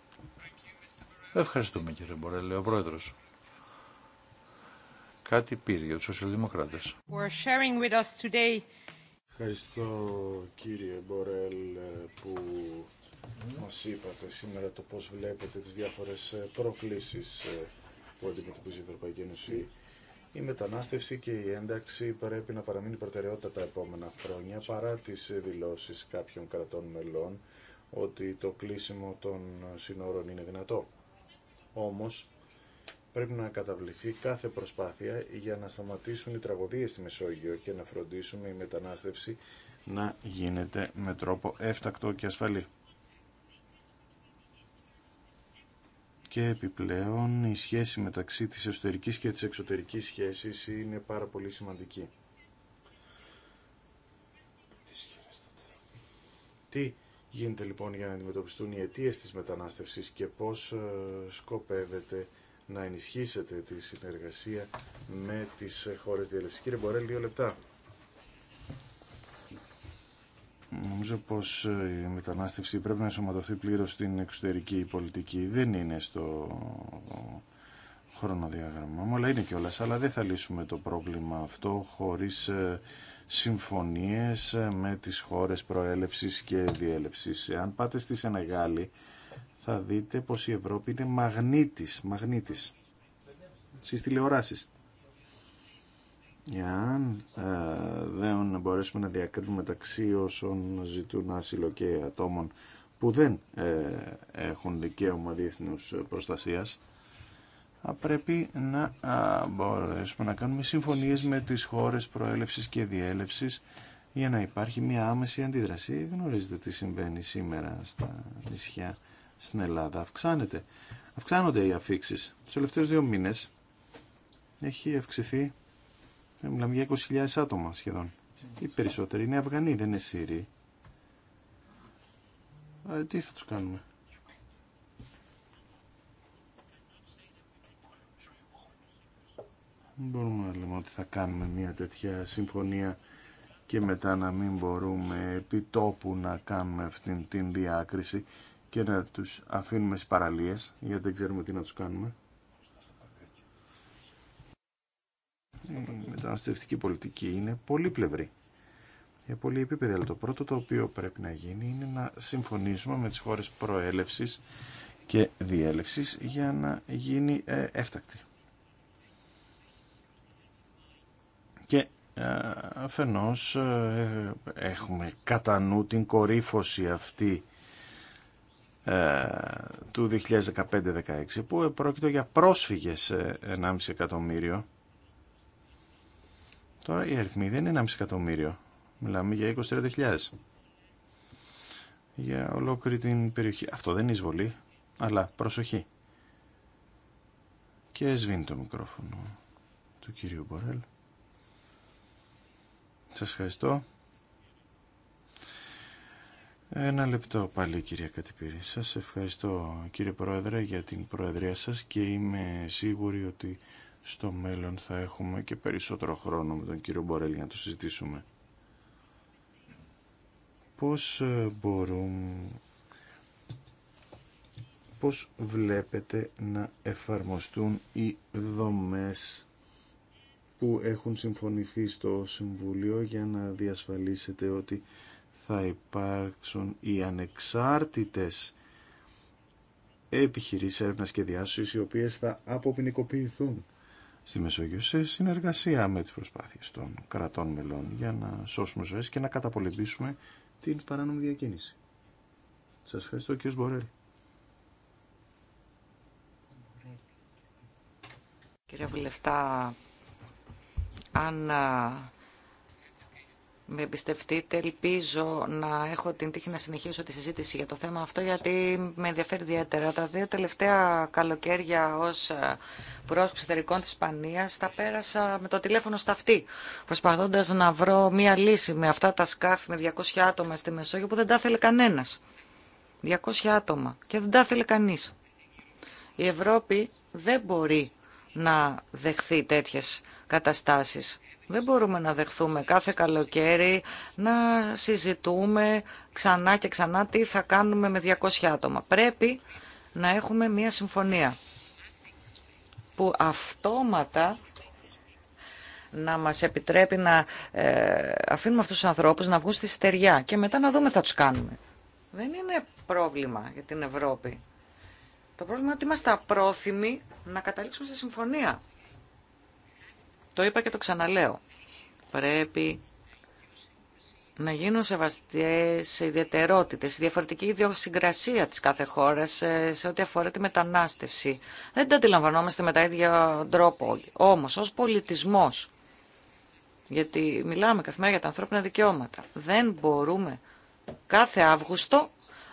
Ευχαριστούμε κύριε Μπορέλ, ο πρόεδρος. Κάτι πήρε για τους σοσιαλδημοκράτες. Ευχαριστώ κύριε Μπορέλ που μας είπατε σήμερα το πώς βλέπετε τις διάφορες προκλήσεις ε, που αντιμετωπίζει η Ευρωπαϊκή Ένωση. Η μετανάστευση και η ένταξη πρέπει να παραμείνει προτεραιότητα τα επόμενα χρόνια παρά τις δηλώσεις κάποιων κρατών μελών ότι το κλείσιμο των συνόρων είναι δυνατό. Όμως, πρέπει να καταβληθεί κάθε προσπάθεια για να σταματήσουν οι τραγωδίες στη Μεσόγειο και να φροντίσουμε η μετανάστευση να γίνεται με τρόπο έφτακτο και ασφαλή. και επιπλέον η σχέση μεταξύ της εσωτερικής και της εξωτερικής σχέσης είναι πάρα πολύ σημαντική. Τι γίνεται λοιπόν για να αντιμετωπιστούν οι αιτίες της μετανάστευσης και πώς ε, σκοπεύετε να ενισχύσετε τη συνεργασία με τις ε, χώρες διελευσής. Κύριε Μπορέλ, δύο λεπτά. Νομίζω πως ε, η μετανάστευση πρέπει να ενσωματωθεί πλήρω στην εξωτερική πολιτική. Δεν είναι στο χρονοδιαγραμμά μου, αλλά είναι κιόλα. Αλλά δεν θα λύσουμε το πρόβλημα αυτό χωρίς ε, συμφωνίες ε, με τις χώρες προέλευση και διέλευση. Αν πάτε στη Σενεγάλη θα δείτε πως η Ευρώπη είναι μαγνήτης, μαγνήτης στις Εάν ε, δεν μπορέσουμε να διακρίνουμε μεταξύ όσων ζητούν άσυλο και ατόμων που δεν ε, έχουν δικαίωμα διεθνούς προστασίας, πρέπει να μπορέσουμε να κάνουμε συμφωνίες με τις χώρες προέλευσης και διέλευσης για να υπάρχει μια άμεση αντίδραση. Γνωρίζετε τι συμβαίνει σήμερα στα νησιά στην Ελλάδα. Αυξάνεται. Αυξάνονται οι αφήξεις. Τους τελευταίους δύο μήνες έχει αυξηθεί ε, μιλάμε για 20.000 άτομα σχεδόν. Οι περισσότεροι είναι Αυγανοί, δεν είναι Σύριοι. Ε, τι θα τους κάνουμε. Δεν μπορούμε να λέμε ότι θα κάνουμε μια τέτοια συμφωνία και μετά να μην μπορούμε επί τόπου να κάνουμε αυτήν την διάκριση και να τους αφήνουμε στις παραλίες γιατί δεν ξέρουμε τι να τους κάνουμε. η μεταναστευτική πολιτική είναι πολύπλευρη. Για πολύ επίπεδη. αλλά το πρώτο το οποίο πρέπει να γίνει είναι να συμφωνήσουμε με τις χώρες προέλευσης και διέλευσης για να γίνει ε, έφτακτη. Και ε, αφενός ε, έχουμε κατά νου την κορύφωση αυτή του 2015-16 που πρόκειται για πρόσφυγες 1,5 εκατομμύριο Τώρα οι αριθμοί δεν είναι 1,5 εκατομμύριο. Μιλάμε για 20-30 Για ολόκληρη την περιοχή. Αυτό δεν είναι εισβολή, αλλά προσοχή. Και σβήνει το μικρόφωνο του κυρίου Μπορέλ. Σας ευχαριστώ. Ένα λεπτό πάλι κυρία Κατυπήρη. Σας ευχαριστώ κύριε Πρόεδρε για την Προεδρία σας και είμαι σίγουρη ότι στο μέλλον θα έχουμε και περισσότερο χρόνο με τον κύριο Μπορέλ για να το συζητήσουμε. Πώς ε, μπορούν, Πώς βλέπετε να εφαρμοστούν οι δομές που έχουν συμφωνηθεί στο Συμβουλίο για να διασφαλίσετε ότι θα υπάρξουν οι ανεξάρτητες επιχειρήσεις έρευνας και διάσωσης οι οποίες θα αποποινικοποιηθούν στη Μεσόγειο σε συνεργασία με τις προσπάθειες των κρατών μελών για να σώσουμε ζωές και να καταπολεμήσουμε την παράνομη διακίνηση. Σας ευχαριστώ κύριος Μπορέλ. Κύριε Βουλευτά, αν με εμπιστευτείτε. Ελπίζω να έχω την τύχη να συνεχίσω τη συζήτηση για το θέμα αυτό, γιατί με ενδιαφέρει ιδιαίτερα. Τα δύο τελευταία καλοκαίρια ω ε, πρόεδρο εξωτερικών τη Ισπανία τα πέρασα με το τηλέφωνο στα αυτή, προσπαθώντα να βρω μία λύση με αυτά τα σκάφη με 200 άτομα στη Μεσόγειο που δεν τα ήθελε κανένα. 200 άτομα και δεν τα ήθελε κανεί. Η Ευρώπη δεν μπορεί να δεχθεί τέτοιες καταστάσεις. Δεν μπορούμε να δεχθούμε κάθε καλοκαίρι να συζητούμε ξανά και ξανά τι θα κάνουμε με 200 άτομα. Πρέπει να έχουμε μια συμφωνία που αυτόματα να μας επιτρέπει να ε, αφήνουμε αυτούς τους ανθρώπους να βγουν στη στεριά και μετά να δούμε τι θα τους κάνουμε. Δεν είναι πρόβλημα για την Ευρώπη. Το πρόβλημα είναι ότι είμαστε απρόθυμοι να καταλήξουμε σε συμφωνία. Το είπα και το ξαναλέω. Πρέπει να γίνουν σεβαστές ιδιαιτερότητες, διαφορετική ιδιοσυγκρασία της κάθε χώρας ε, σε ό,τι αφορά τη μετανάστευση. Δεν τα αντιλαμβανόμαστε με τα ίδια τρόπο. Όμως, ως πολιτισμός, γιατί μιλάμε καθημερινά για τα ανθρώπινα δικαιώματα, δεν μπορούμε κάθε Αύγουστο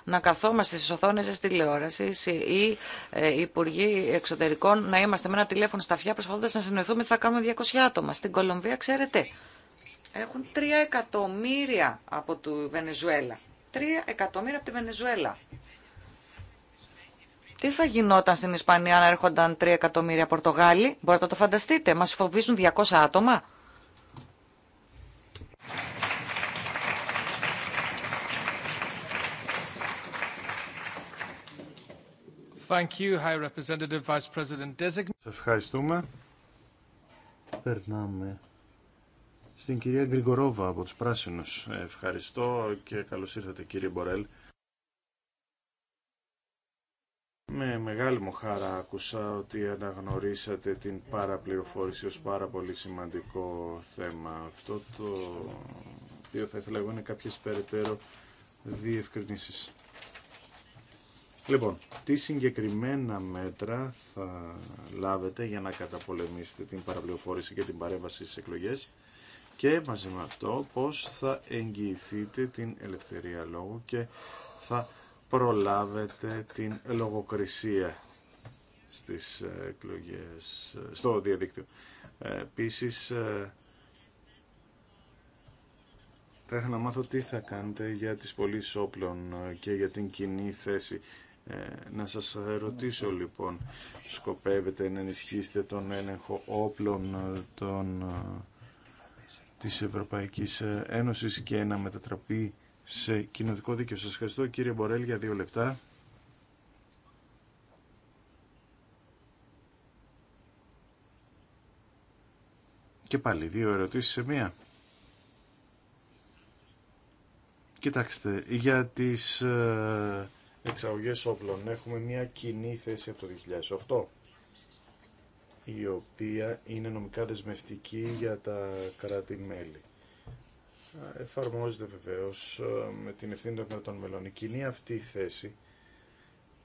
να καθόμαστε στι οθόνε τη τηλεόραση ή ε, υπουργοί εξωτερικών να είμαστε με ένα τηλέφωνο στα αυτιά προσπαθώντα να συνοηθούμε ότι θα κάνουμε 200 άτομα. Στην Κολομβία, ξέρετε, έχουν 3 εκατομμύρια από τη Βενεζουέλα. 3 εκατομμύρια από τη Βενεζουέλα. Τι θα γινόταν στην Ισπανία αν έρχονταν 3 εκατομμύρια Πορτογάλοι, μπορείτε να το φανταστείτε, μας φοβίζουν 200 άτομα. Ευχαριστούμε. Περνάμε στην κυρία Γκριγορόβα από τους Πράσινους. Ευχαριστώ και καλώς ήρθατε κύριε Μπορέλ. Με μεγάλη μου χαρά άκουσα ότι αναγνωρίσατε την παραπληροφόρηση ως πάρα πολύ σημαντικό θέμα. Αυτό το οποίο θα ήθελα εγώ είναι κάποιες περαιτέρω διευκρινήσεις. Λοιπόν, τι συγκεκριμένα μέτρα θα λάβετε για να καταπολεμήσετε την παραπληροφόρηση και την παρέμβαση στις εκλογές και μαζί με αυτό πώς θα εγγυηθείτε την ελευθερία λόγου και θα προλάβετε την λογοκρισία στις εκλογές, στο διαδίκτυο. Ε, επίσης, ε, θα ήθελα να μάθω τι θα κάνετε για τις πωλήσει όπλων και για την κοινή θέση ε, να σας ρωτήσω λοιπόν, σκοπεύετε να ενισχύσετε τον έλεγχο όπλων ε, των, ε, της Ευρωπαϊκής Ένωσης και να μετατραπεί σε κοινωτικό δίκαιο. Σας ευχαριστώ κύριε Μπορέλ για δύο λεπτά. Και πάλι δύο ερωτήσεις σε μία. Κοιτάξτε, για τις εξαγωγές όπλων. Έχουμε μια κοινή θέση από το 2008, η οποία είναι νομικά δεσμευτική για τα κράτη-μέλη. Εφαρμόζεται βεβαίως ε, με την ευθύνη των κρατών μελών. Η κοινή αυτή θέση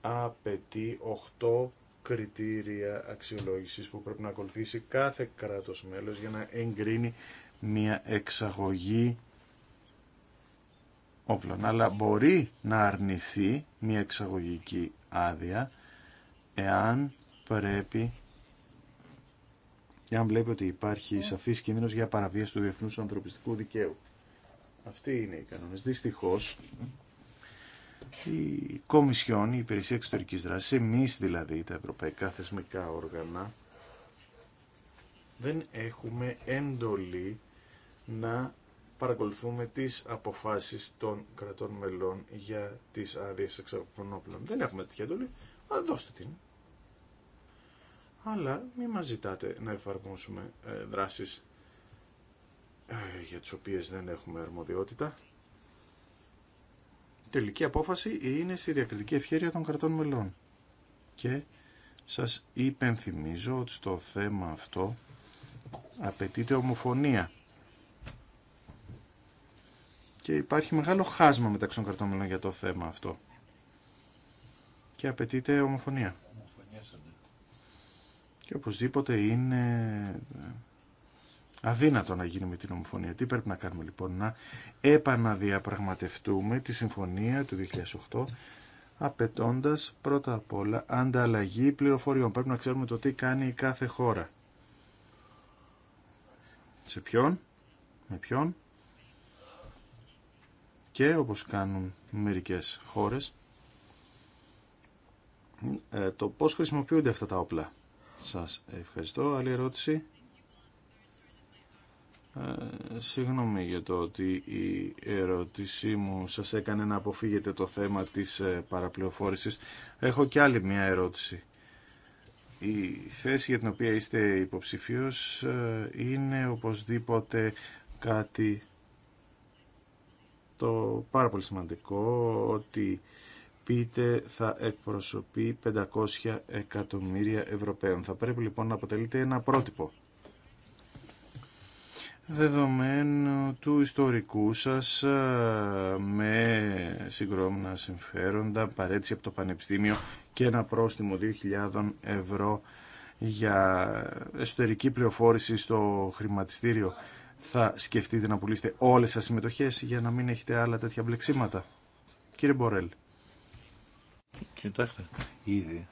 απαιτεί 8 κριτήρια αξιολόγησης που πρέπει να ακολουθήσει κάθε κράτος μέλος για να εγκρίνει μια εξαγωγή όπλων, αλλά μπορεί να αρνηθεί μια εξαγωγική άδεια εάν πρέπει εάν βλέπει ότι υπάρχει σαφής κίνδυνος για παραβίαση του διεθνούς ανθρωπιστικού δικαίου. αυτή είναι οι κανόνες. Δυστυχώς, η Κομισιόν, η Υπηρεσία Εξωτερικής Δράσης, εμείς δηλαδή τα ευρωπαϊκά θεσμικά όργανα, δεν έχουμε έντολη να παρακολουθούμε τις αποφάσεις των κρατών μελών για τις άδειες όπλων. Δεν έχουμε τέτοια εντολή, αλλά δώστε την. Αλλά μην μας ζητάτε να εφαρμόσουμε ε, δράσεις ε, για τις οποίες δεν έχουμε αρμοδιότητα. Τελική απόφαση είναι στη διακριτική ευχέρεια των κρατών μελών. Και σας υπενθυμίζω ότι στο θέμα αυτό απαιτείται ομοφωνία και υπάρχει μεγάλο χάσμα μεταξύ των κρατών για το θέμα αυτό. Και απαιτείται ομοφωνία. Και οπωσδήποτε είναι ε, αδύνατο να γίνει με την ομοφωνία. Τι πρέπει να κάνουμε λοιπόν, να επαναδιαπραγματευτούμε τη συμφωνία του 2008 απαιτώντας πρώτα απ' όλα ανταλλαγή πληροφοριών. Πρέπει να ξέρουμε το τι κάνει κάθε χώρα. Σε ποιον, με ποιον και όπως κάνουν μερικές χώρες ε, το πώς χρησιμοποιούνται αυτά τα όπλα. Σας ευχαριστώ. Άλλη ερώτηση. Ε, συγγνώμη για το ότι η ερώτησή μου σας έκανε να αποφύγετε το θέμα της ε, παραπληροφόρησης. Έχω και άλλη μια ερώτηση. Η θέση για την οποία είστε υποψηφίος ε, είναι οπωσδήποτε κάτι το πάρα πολύ σημαντικό ότι πείτε θα εκπροσωπεί 500 εκατομμύρια Ευρωπαίων. Θα πρέπει λοιπόν να αποτελείται ένα πρότυπο. Δεδομένου του ιστορικού σας με συγκρόμνα συμφέροντα, παρέτηση από το Πανεπιστήμιο και ένα πρόστιμο 2.000 ευρώ για εσωτερική πληροφόρηση στο χρηματιστήριο θα σκεφτείτε να πουλήσετε όλες σας συμμετοχές για να μην έχετε άλλα τέτοια μπλεξίματα. Κύριε Μπορέλ. Κοιτάξτε, ήδη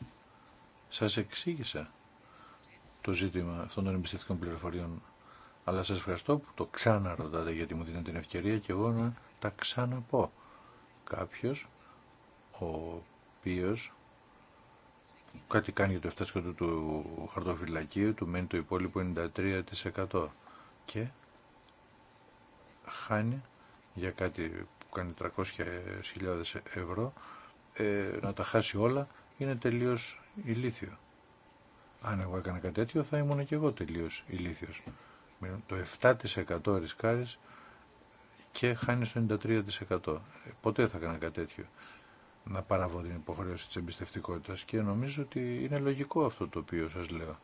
σας εξήγησα το ζήτημα αυτών των εμπιστευτικών πληροφοριών αλλά σας ευχαριστώ που το ξαναρωτάτε γιατί μου δίνετε την ευκαιρία και εγώ να τα ξαναπώ. Κάποιος ο οποίος κάτι κάνει για το 7% του χαρτοφυλακίου του μένει το υπόλοιπο 93% και χάνει για κάτι που κάνει 300.000 ευρώ, ε, να τα χάσει όλα, είναι τελείως ηλίθιο. Αν εγώ έκανα κάτι τέτοιο θα ήμουν και εγώ τελείως ηλίθιος. Το 7% ρισκάρεις και χάνει το 93%. Ποτέ θα έκανα κάτι τέτοιο να παραβώ την υποχρέωση της εμπιστευτικότητας και νομίζω ότι είναι λογικό αυτό το οποίο σας λέω.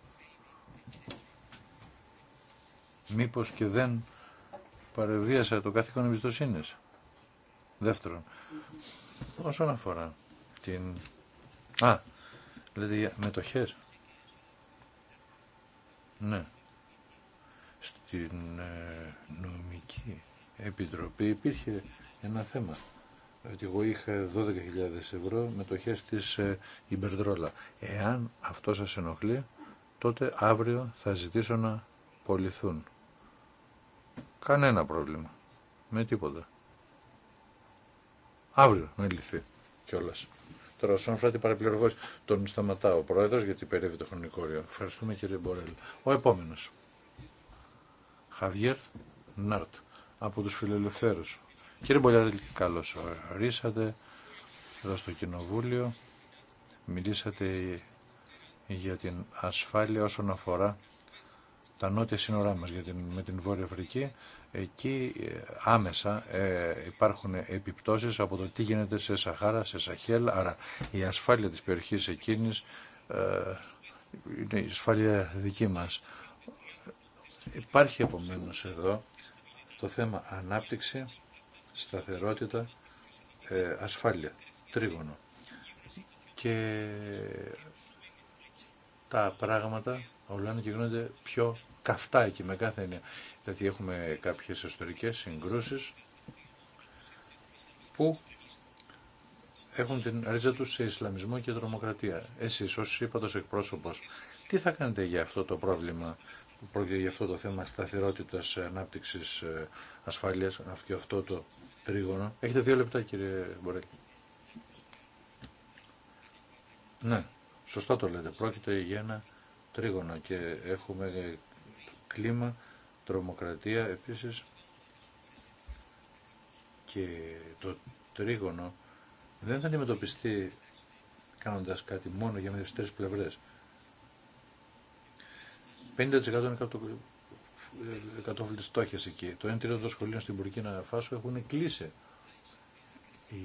Μήπως και δεν παρευρίασα το καθήκον εμπιστοσύνη. Δεύτερον, όσον αφορά την... Α, λέτε για μετοχές. Ναι. Στην ε, νομική επιτροπή υπήρχε ένα θέμα. Ότι εγώ είχα 12.000 ευρώ μετοχές της ε, Ιμπερδρόλα. Εάν αυτό σα ενοχλεί, τότε αύριο θα ζητήσω να πολιθούν. Κανένα πρόβλημα. Με τίποτα. Αύριο να λυθεί κιόλα. Τώρα, όσον αφορά την παραπληροφόρηση, τον σταματά ο πρόεδρο γιατί περίβει το χρονικό όριο. Ευχαριστούμε κύριε Μπορέλ. Ο επόμενο. Χαβιέρ Νάρτ από του Φιλελευθέρου. Κύριε Μπορέλ, καλώ ορίσατε εδώ στο Κοινοβούλιο. Μιλήσατε για την ασφάλεια όσον αφορά τα νότια σύνορά μας για την, με την Βόρεια Αφρική. Εκεί ε, άμεσα ε, υπάρχουν επιπτώσεις από το τι γίνεται σε Σαχάρα, σε Σαχέλ, άρα η ασφάλεια της περιοχής εκείνης ε, είναι η ασφάλεια δική μας. Υπάρχει επομένως εδώ το θέμα ανάπτυξη, σταθερότητα, ασφάλεια, τρίγωνο. Και τα πράγματα Ολλάνδοι και γίνονται πιο καυτά εκεί με κάθε έννοια. Δηλαδή έχουμε κάποιες ιστορικές συγκρούσεις που έχουν την ρίζα τους σε Ισλαμισμό και τρομοκρατία. Εσείς ως είπατος εκπρόσωπος, τι θα κάνετε για αυτό το πρόβλημα που πρόκειται για αυτό το θέμα σταθερότητας, ανάπτυξης, ε, ασφάλειας και αυτό το τρίγωνο. Έχετε δύο λεπτά κύριε Μπορέκη. Ναι, σωστά το λέτε. Πρόκειται για ένα τρίγωνο και έχουμε κλίμα, τρομοκρατία επίσης και το τρίγωνο δεν θα αντιμετωπιστεί κάνοντας κάτι μόνο για με πλευρές. 50% είναι κάτω κατόφλητες στόχες εκεί. Το 1 τρίτο των σχολείων στην Πουρκίνα Φάσο έχουν κλείσει η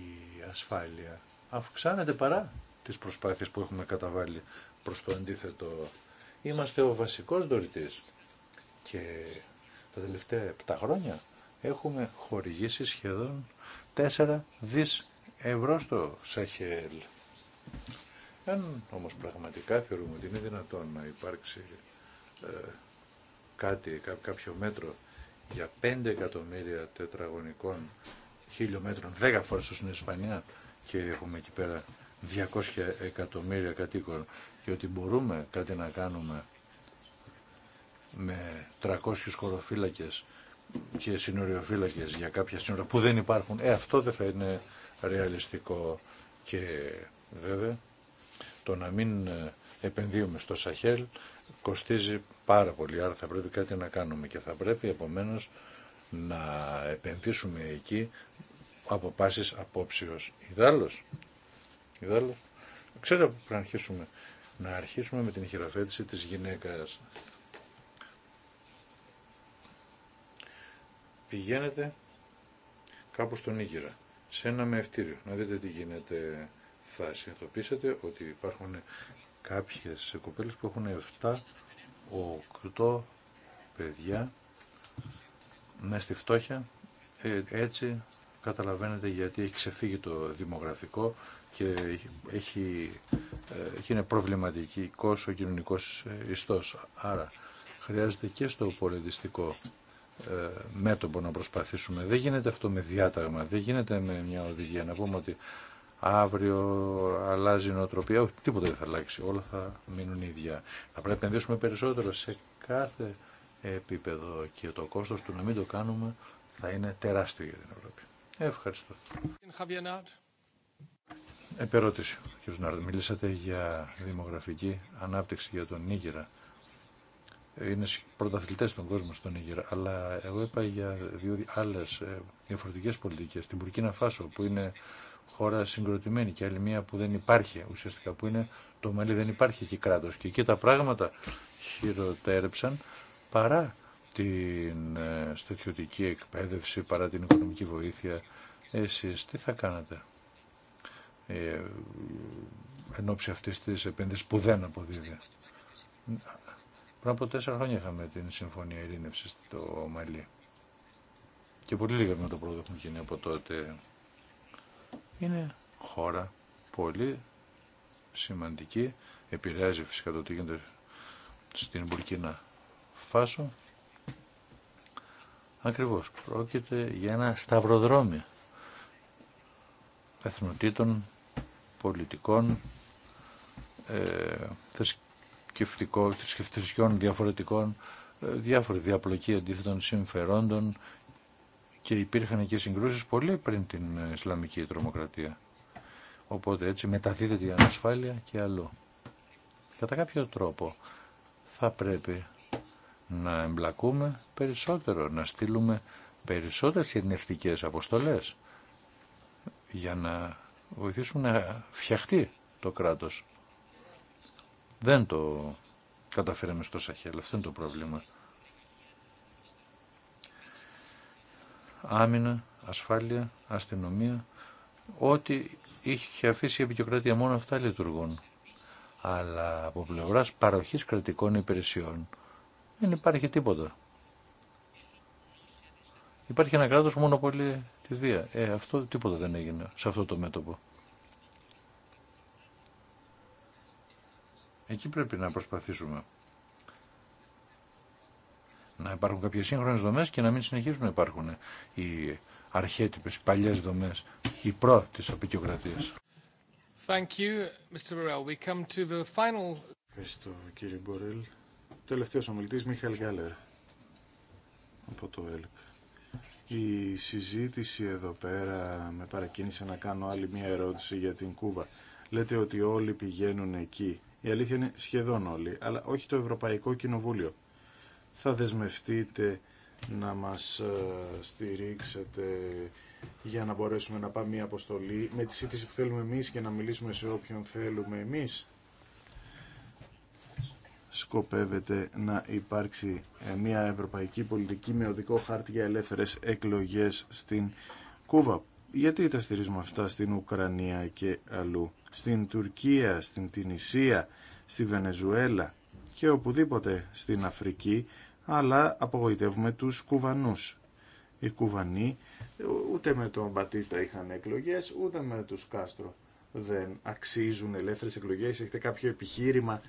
ασφάλεια. Αυξάνεται παρά τις προσπάθειες που έχουμε καταβάλει προς το αντίθετο είμαστε ο βασικός δωρητής. Και τα τελευταία 7 χρόνια έχουμε χορηγήσει σχεδόν 4 δις ευρώ στο Σαχέλ. Αν όμως πραγματικά θεωρούμε ότι είναι δυνατόν να υπάρξει ε, κάτι, κάποιο μέτρο για 5 εκατομμύρια τετραγωνικών χιλιόμετρων, 10 φορές όσο στην Ισπανία και έχουμε εκεί πέρα 200 εκατομμύρια κατοίκων και ότι μπορούμε κάτι να κάνουμε με 300 χωροφύλακες και συνοριοφύλακες για κάποια σύνορα που δεν υπάρχουν, ε, αυτό δεν θα είναι ρεαλιστικό και βέβαια το να μην ε, επενδύουμε στο Σαχέλ κοστίζει πάρα πολύ, άρα θα πρέπει κάτι να κάνουμε και θα πρέπει επομένως να επενδύσουμε εκεί από πάσης απόψεως. Ιδάλλως, Ιδάλλως. ξέρετε που πρέπει να αρχίσουμε να αρχίσουμε με την χειραφέτηση της γυναίκας. Πηγαίνετε κάπου στον Ήγηρα, σε ένα μευτήριο, να δείτε τι γίνεται. Θα συνειδητοποιήσετε ότι υπάρχουν κάποιες κοπέλες που έχουν 7-8 παιδιά με στη φτώχεια. Ε, έτσι καταλαβαίνετε γιατί έχει ξεφύγει το δημογραφικό και έχει, ε, είναι προβληματική ο κοινωνικός ε, ιστός. Άρα χρειάζεται και στο πολιτιστικό ε, μέτωπο να προσπαθήσουμε. Δεν γίνεται αυτό με διάταγμα, δεν γίνεται με μια οδηγία. Να πούμε ότι αύριο αλλάζει η νοοτροπία. τίποτα δεν θα αλλάξει. Όλα θα μείνουν ίδια. Θα πρέπει να επενδύσουμε περισσότερο σε κάθε επίπεδο και το κόστος του να μην το κάνουμε θα είναι τεράστιο για την Ευρώπη. Ευχαριστώ. Επερώτηση, κ. Σνάρντ, Μιλήσατε για δημογραφική ανάπτυξη για τον Νίγηρα. Είναι πρωταθλητέ στον κόσμο στον Νίγηρα. Αλλά εγώ είπα για δύο άλλε διαφορετικέ πολιτικέ. Την Πουρκίνα Φάσο, που είναι χώρα συγκροτημένη και άλλη μία που δεν υπάρχει ουσιαστικά, που είναι το Μαλί, δεν υπάρχει εκεί κράτο. Και εκεί τα πράγματα χειροτέρεψαν παρά την ε, στρατιωτική εκπαίδευση, παρά την οικονομική βοήθεια. Εσείς τι θα κάνατε. Ε, εν ώψη αυτής της επένδυσης που δεν αποδίδει. Πριν από τέσσερα χρόνια είχαμε την Συμφωνία Ειρήνευση στο Μαλί. Και πολύ λίγα με το πρώτο έχουν γίνει από τότε. Είναι χώρα πολύ σημαντική. Επηρεάζει φυσικά το τι γίνεται στην Μπουρκίνα Φάσο. Ακριβώς. Πρόκειται για ένα σταυροδρόμι εθνοτήτων, πολιτικών, ε, θρησκευτικών διαφορετικών, ε, διάφορη διαπλοκή αντίθετων συμφερόντων και υπήρχαν και συγκρούσεις πολύ πριν την Ισλαμική τρομοκρατία. Οπότε έτσι μεταδίδεται η ανασφάλεια και αλλού. Κατά κάποιο τρόπο θα πρέπει να εμπλακούμε περισσότερο, να στείλουμε περισσότερες ειρνευτικές αποστολές για να Βοηθήσουν να φτιαχτεί το κράτος. Δεν το καταφέραμε στο Σαχέλ, αυτό είναι το πρόβλημα. Άμυνα, ασφάλεια, αστυνομία, ό,τι είχε αφήσει η επικοινωνία μόνο αυτά λειτουργούν. Αλλά από πλευράς παροχής κρατικών υπηρεσιών δεν υπάρχει τίποτα. Υπάρχει ένα κράτος πολύ τη βία. Ε, αυτό τίποτα δεν έγινε σε αυτό το μέτωπο. Εκεί πρέπει να προσπαθήσουμε. Να υπάρχουν κάποιες σύγχρονες δομές και να μην συνεχίζουν να υπάρχουν οι αρχέτυπες, οι παλιές δομές, οι προ της απεικιοκρατίας. Thank you, Mr. Borel. We come to the final... Ευχαριστώ, κύριε Μπορέλ. Τελευταίος ομιλητής, Μίχαλ Γκάλερ, από το ΕΛΚ. Η συζήτηση εδώ πέρα με παρακίνησε να κάνω άλλη μία ερώτηση για την Κούβα. Λέτε ότι όλοι πηγαίνουν εκεί. Η αλήθεια είναι σχεδόν όλοι, αλλά όχι το Ευρωπαϊκό Κοινοβούλιο. Θα δεσμευτείτε να μας ε, στηρίξετε για να μπορέσουμε να πάμε μια αποστολή με τη σύντηση που θέλουμε εμείς και να μιλήσουμε σε όποιον θέλουμε εμείς σκοπεύεται να υπάρξει ε, μια ευρωπαϊκή πολιτική με οδικό χάρτη για ελεύθερες εκλογές στην Κούβα. Γιατί τα στηρίζουμε αυτά στην Ουκρανία και αλλού, στην Τουρκία, στην Τινησία, στη Βενεζουέλα και οπουδήποτε στην Αφρική, αλλά απογοητεύουμε τους Κουβανούς. Οι Κουβανοί ούτε με τον Μπατίστα είχαν εκλογές, ούτε με τους Κάστρο δεν αξίζουν ελεύθερες εκλογές. Έχετε κάποιο επιχείρημα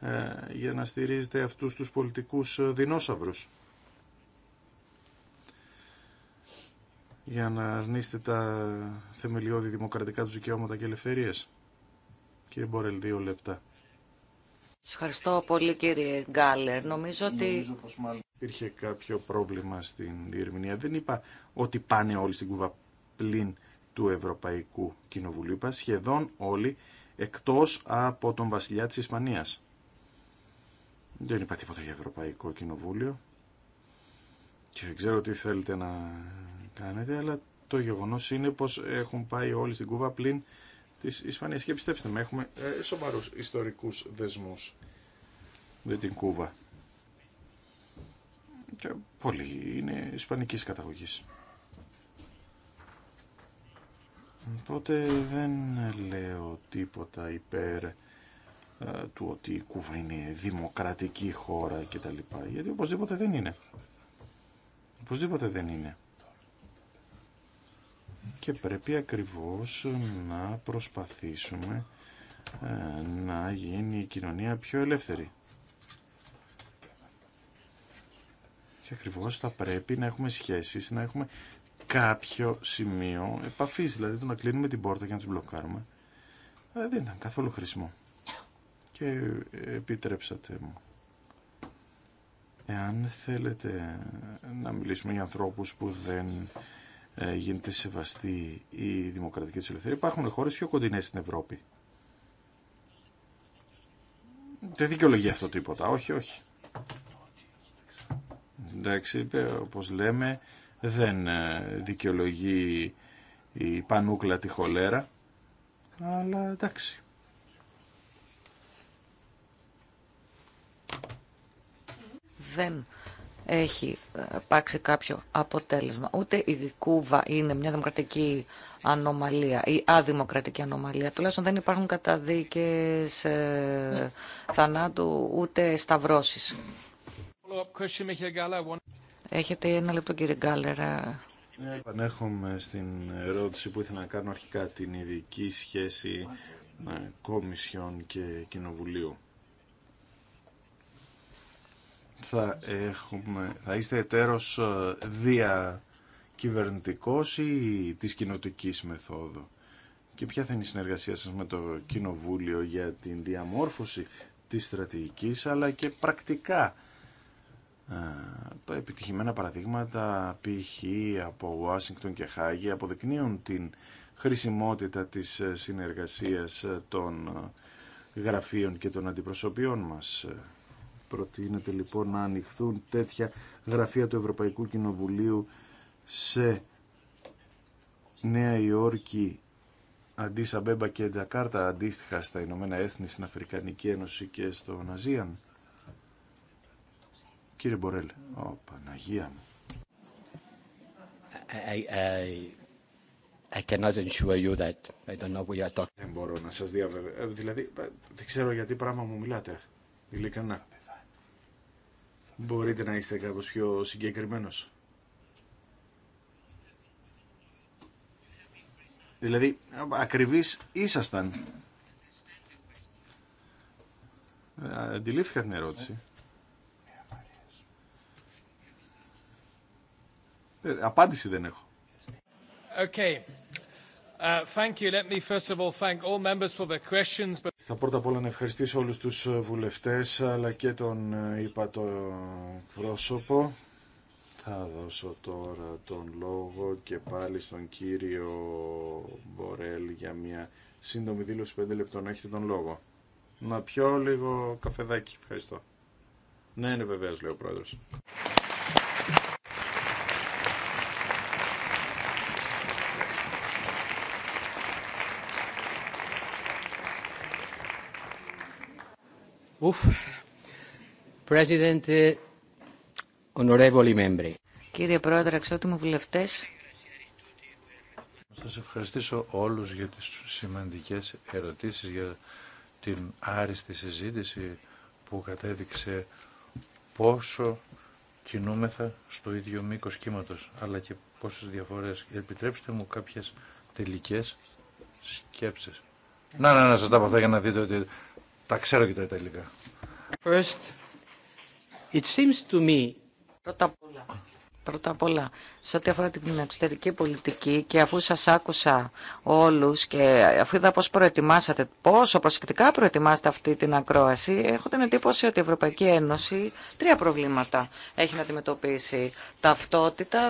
ε, για να στηρίζετε αυτούς τους πολιτικούς ε, δεινόσαυρους. για να αρνείστε τα θεμελιώδη δημοκρατικά του δικαιώματα και ελευθερίες. Κύριε Μπορελ, δύο λεπτά. Σας ευχαριστώ πολύ κύριε Γκάλερ. Νομίζω ότι... Νομίζω πως μάλλον υπήρχε κάποιο πρόβλημα στην διερμηνία. Δεν είπα ότι πάνε όλοι στην Κούβα πλην του Ευρωπαϊκού Κοινοβουλίου. Είπα σχεδόν όλοι εκτός από τον βασιλιά της Ισπανίας. Δεν είπα τίποτα για Ευρωπαϊκό Κοινοβούλιο και δεν ξέρω τι θέλετε να κάνετε, αλλά το γεγονός είναι πως έχουν πάει όλοι στην Κούβα πλην τη Ισπανίας. Και πιστέψτε με, έχουμε ε, σοβαρούς ιστορικούς δεσμούς με την Κούβα. Και πολλοί είναι ισπανική καταγωγής. Οπότε δεν λέω τίποτα υπέρ ε, του ότι η Κούβα είναι δημοκρατική χώρα λοιπά, Γιατί οπωσδήποτε δεν είναι. Οπωσδήποτε δεν είναι. Και πρέπει ακριβώς να προσπαθήσουμε ε, να γίνει η κοινωνία πιο ελεύθερη. Και ακριβώς θα πρέπει να έχουμε σχέσεις, να έχουμε κάποιο σημείο επαφής. Δηλαδή το να κλείνουμε την πόρτα και να τους μπλοκάρουμε ε, δεν ήταν καθόλου χρήσιμο και επιτρέψατε μου. Εάν θέλετε να μιλήσουμε για ανθρώπους που δεν ε, γίνεται σεβαστή η δημοκρατική της ελευθερία, υπάρχουν χώρες πιο κοντινές στην Ευρώπη. Δεν δικαιολογεί αυτό τίποτα. Όχι, όχι. Εντάξει, ε, όπως λέμε, δεν ε, δικαιολογεί η πανούκλα τη χολέρα, αλλά εντάξει. δεν έχει ε, υπάρξει κάποιο αποτέλεσμα. Ούτε η Κούβα είναι μια δημοκρατική ανομαλία ή αδημοκρατική ανομαλία. Τουλάχιστον δεν υπάρχουν καταδίκες ε, θανάτου ούτε σταυρώσεις. Έχετε ένα λεπτό κύριε Γκάλερα. Ναι, επανέρχομαι στην ερώτηση που ήθελα να κάνω αρχικά την ειδική σχέση ε, κομισιών και Κοινοβουλίου θα, έχουμε, θα είστε εταίρος ε, διακυβερνητικός ή της κοινοτικής μεθόδου. Και ποια θα είναι η συνεργασία σας με το Κοινοβούλιο για την διαμόρφωση της στρατηγικής αλλά και πρακτικά ε, τα επιτυχημένα παραδείγματα π.χ. από Ουάσιγκτον και Χάγη αποδεικνύουν την χρησιμότητα της ε, συνεργασίας των γραφείων και των αντιπροσωπιών μας. Προτείνεται λοιπόν να ανοιχθούν τέτοια γραφεία του Ευρωπαϊκού Κοινοβουλίου σε Νέα Υόρκη, Αντίσα Μπέμπα και Τζακάρτα, αντίστοιχα στα Ηνωμένα Έθνη, στην Αφρικανική Ένωση και στο Ναζίαν. Κύριε Μπορέλ, ο Παναγία μου. I, cannot ensure you that. I don't know what you are talking. Δεν μπορώ να σας διαβεβαιώσω. Ε, δηλαδή, δεν ξέρω γιατί πράγμα μου μιλάτε. Ειλικρινά. Μπορείτε να είστε κάπως πιο συγκεκριμένος. Δηλαδή, ακριβείς ήσασταν. Ε, αντιλήφθηκα την ερώτηση. Ε, απάντηση δεν έχω. Okay. Θα πρώτα απ' όλα να ευχαριστήσω όλους τους ε, βουλευτές αλλά και τον ε, είπα το πρόσωπο. Θα δώσω τώρα τον λόγο και πάλι στον κύριο Μπορέλ για μια σύντομη δήλωση 5 λεπτών. Έχετε τον λόγο. Να πιω λίγο καφεδάκι. Ευχαριστώ. Ναι, είναι βεβαίως λέει ο πρόεδρος. Κύριε Πρόεδρε, αξιότιμοι Θα Σα ευχαριστήσω όλους για τις σημαντικές ερωτήσεις, για την άριστη συζήτηση που κατέδειξε πόσο κινούμεθα στο ίδιο μήκος κύματος, αλλά και πόσες διαφορές. Επιτρέψτε μου κάποιες τελικές σκέψεις. Να, να, να σας τα πω αυτά για να δείτε ότι τα ξέρω και τα Ιταλικά. First, it seems to me... Πρώτα απ' όλα, πρώτα σε ό,τι αφορά την εξωτερική πολιτική και αφού σας άκουσα όλους και αφού είδα πώς προετοιμάσατε, πόσο προσεκτικά προετοιμάσατε αυτή την ακρόαση, έχω την εντύπωση ότι η Ευρωπαϊκή Ένωση τρία προβλήματα έχει να αντιμετωπίσει. Ταυτότητα,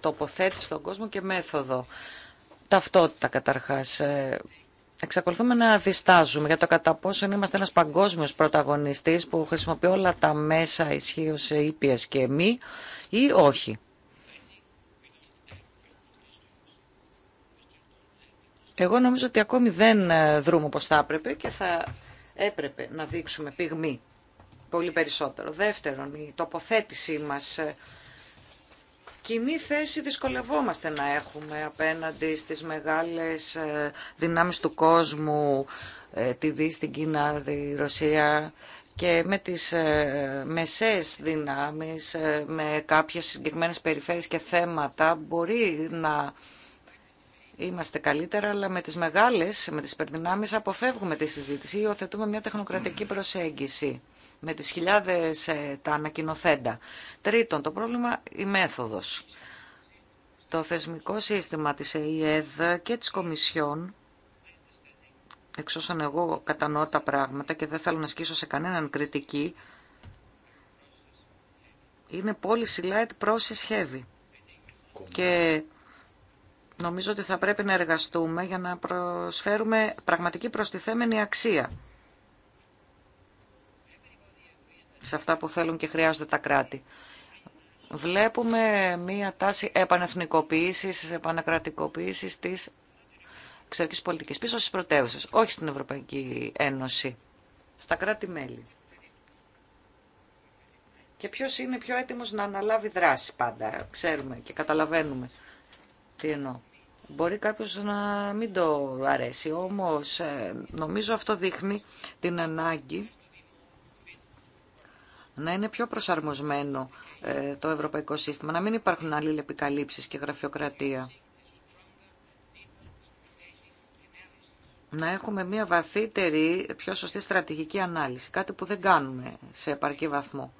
τοποθέτηση στον κόσμο και μέθοδο. Ταυτότητα καταρχάς. Ε, εξακολουθούμε να διστάζουμε για το κατά πόσο είμαστε ένας παγκόσμιος πρωταγωνιστής που χρησιμοποιεί όλα τα μέσα ισχύω ήπια και μη ή όχι. Εγώ νομίζω ότι ακόμη δεν ε, δρούμε όπως θα έπρεπε και θα έπρεπε να δείξουμε πυγμή πολύ περισσότερο. Δεύτερον, η τοποθέτησή μας ε, κοινή θέση δυσκολευόμαστε να έχουμε απέναντι στις μεγάλες ε, δυνάμεις του κόσμου, ε, τη Δύση, στην Κίνα, τη Ρωσία και με τις ε, μεσές δυνάμεις, με κάποιες συγκεκριμένες περιφέρειες και θέματα μπορεί να είμαστε καλύτερα, αλλά με τις μεγάλες, με τις υπερδυνάμεις αποφεύγουμε τη συζήτηση ή οθετούμε μια τεχνοκρατική προσέγγιση με τις χιλιάδες ε, τα ανακοινοθέντα. Τρίτον, το πρόβλημα η μέθοδος. Το θεσμικό σύστημα της ΕΕΔ και της Κομισιόν εξ όσων εγώ κατανοώ τα πράγματα και δεν θέλω να σκίσω σε κανέναν κριτική, είναι policy light process heavy. Και νομίζω ότι θα πρέπει να εργαστούμε για να προσφέρουμε πραγματική προστιθέμενη αξία σε αυτά που θέλουν και χρειάζονται τα κράτη. Βλέπουμε μία τάση επανεθνικοποίησης, επανακρατικοποίησης της εξωτερικής πολιτικής πίσω στις πρωτεύουσες, όχι στην Ευρωπαϊκή Ένωση, στα κράτη-μέλη. Και ποιος είναι πιο έτοιμος να αναλάβει δράση πάντα, ξέρουμε και καταλαβαίνουμε τι εννοώ. Μπορεί κάποιος να μην το αρέσει, όμως ε, νομίζω αυτό δείχνει την ανάγκη να είναι πιο προσαρμοσμένο ε, το ευρωπαϊκό σύστημα, να μην υπάρχουν αλληλεπικαλύψεις και γραφειοκρατία. Να έχουμε μια βαθύτερη, πιο σωστή στρατηγική ανάλυση, κάτι που δεν κάνουμε σε επαρκή βαθμό.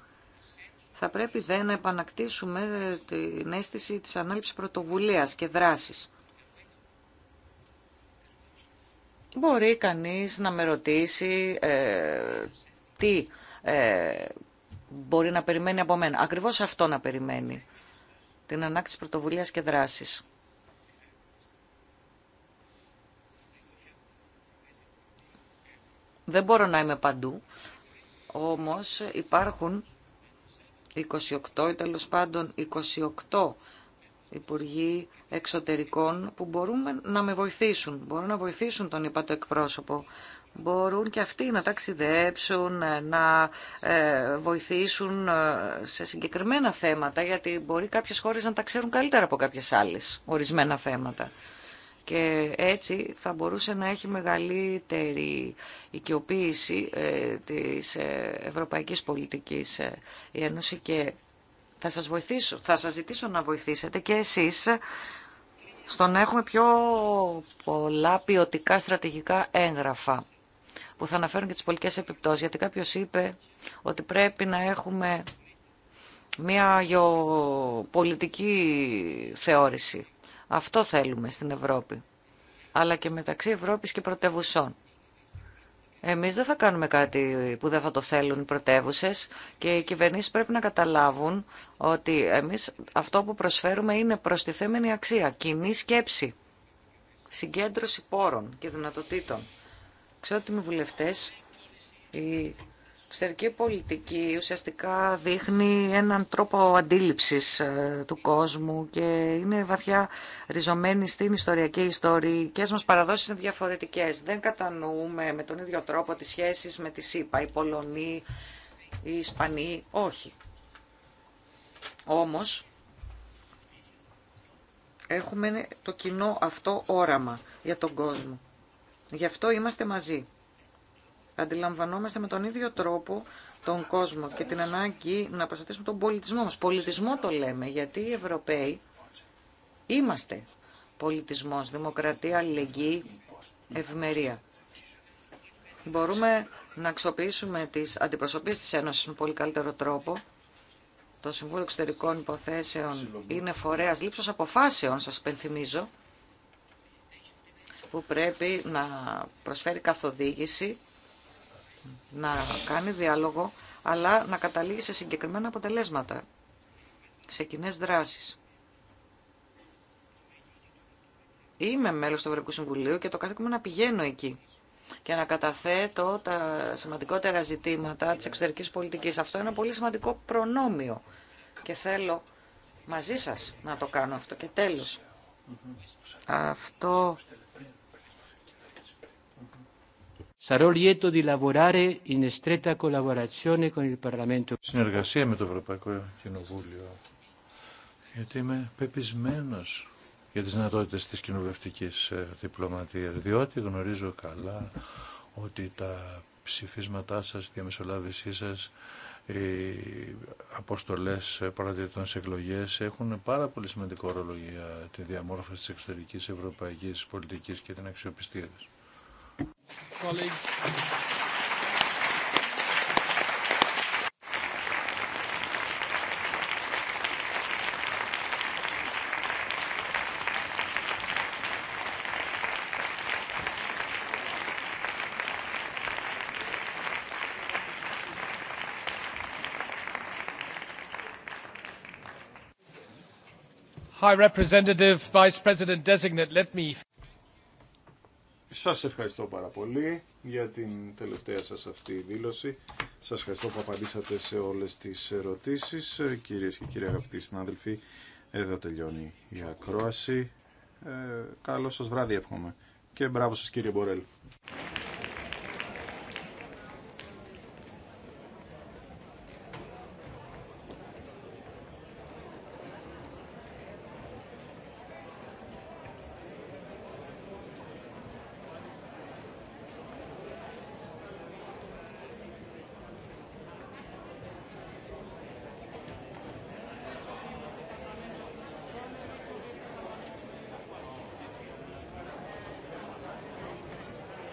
Θα πρέπει δε να επανακτήσουμε την αίσθηση της ανάληψης πρωτοβουλίας και δράσης. Μπορεί κανείς να με ρωτήσει ε, τι ε, μπορεί να περιμένει από μένα. Ακριβώς αυτό να περιμένει. Την ανάκτηση πρωτοβουλίας και δράσης. Δεν μπορώ να είμαι παντού, όμως υπάρχουν 28 ή τέλο πάντων 28 Υπουργοί Εξωτερικών που μπορούν να με βοηθήσουν. Μπορούν να βοηθήσουν τον υπατοεκπρόσωπο μπορούν και αυτοί να ταξιδέψουν, να ε, βοηθήσουν ε, σε συγκεκριμένα θέματα, γιατί μπορεί κάποιες χώρες να τα ξέρουν καλύτερα από κάποιες άλλες ορισμένα θέματα. Και έτσι θα μπορούσε να έχει μεγαλύτερη οικειοποίηση ε, της ευρωπαϊκής πολιτικής η Ένωση και θα σας, βοηθήσω, θα σας ζητήσω να βοηθήσετε και εσείς στο να έχουμε πιο πολλά ποιοτικά στρατηγικά έγγραφα που θα αναφέρουν και τις πολιτικές επιπτώσεις. Γιατί κάποιος είπε ότι πρέπει να έχουμε μια πολιτική θεώρηση. Αυτό θέλουμε στην Ευρώπη, αλλά και μεταξύ Ευρώπης και πρωτεύουσών. Εμείς δεν θα κάνουμε κάτι που δεν θα το θέλουν οι πρωτεύουσε και οι κυβερνήσεις πρέπει να καταλάβουν ότι εμείς αυτό που προσφέρουμε είναι προστιθέμενη αξία, κοινή σκέψη, συγκέντρωση πόρων και δυνατοτήτων. Ξέρω με βουλευτές, η εξωτερική πολιτική ουσιαστικά δείχνει έναν τρόπο αντίληψης ε, του κόσμου και είναι βαθιά ριζωμένη στην ιστορία και οι μας παραδόσεις είναι διαφορετικές. Δεν κατανοούμε με τον ίδιο τρόπο τις σχέσεις με τη ΣΥΠΑ, οι Πολωνοί, οι Ισπανοί, όχι. Όμως, έχουμε το κοινό αυτό όραμα για τον κόσμο. Γι' αυτό είμαστε μαζί. Αντιλαμβανόμαστε με τον ίδιο τρόπο τον κόσμο και την ανάγκη να προστατεύσουμε τον πολιτισμό μας. Πολιτισμό το λέμε, γιατί οι Ευρωπαίοι είμαστε πολιτισμός, δημοκρατία, αλληλεγγύη, ευημερία. Μπορούμε να αξιοποιήσουμε τις αντιπροσωπείες της Ένωσης με πολύ καλύτερο τρόπο. Το Συμβούλιο Εξωτερικών Υποθέσεων είναι φορέας λήψος αποφάσεων, σας πενθυμίζω, που πρέπει να προσφέρει καθοδήγηση, να κάνει διάλογο, αλλά να καταλήγει σε συγκεκριμένα αποτελέσματα, σε κοινέ δράσεις. Είμαι μέλος του Ευρωπαϊκού Συμβουλίου και το κάθε να πηγαίνω εκεί και να καταθέτω τα σημαντικότερα ζητήματα της εξωτερικής πολιτικής. Αυτό είναι ένα πολύ σημαντικό προνόμιο και θέλω μαζί σας να το κάνω αυτό. Και τέλος, αυτό Sarò lieto di lavorare in stretta collaborazione con il Parlamento. Συνεργασία με το Ευρωπαϊκό Κοινοβούλιο. Γιατί είμαι πεπισμένο για τι δυνατότητε τη κοινοβουλευτική ε, διπλωματία. διότι γνωρίζω καλά ότι τα ψηφίσματά σα, η διαμεσολάβησή σα, οι αποστολέ ε, παρατηρητών σε εκλογέ έχουν πάρα πολύ σημαντικό ρόλο για τη διαμόρφωση τη εξωτερική Ευρωπαϊκή Πολιτική και την αξιοπιστία της. High Representative Vice President Designate, let me σας ευχαριστώ πάρα πολύ για την τελευταία σας αυτή δήλωση. Σας ευχαριστώ που απαντήσατε σε όλες τις ερωτήσεις. Κυρίες και κύριοι αγαπητοί συνάδελφοι, εδώ τελειώνει η ακρόαση. Ε, καλό σας βράδυ εύχομαι και μπράβο σας κύριε Μπορέλ.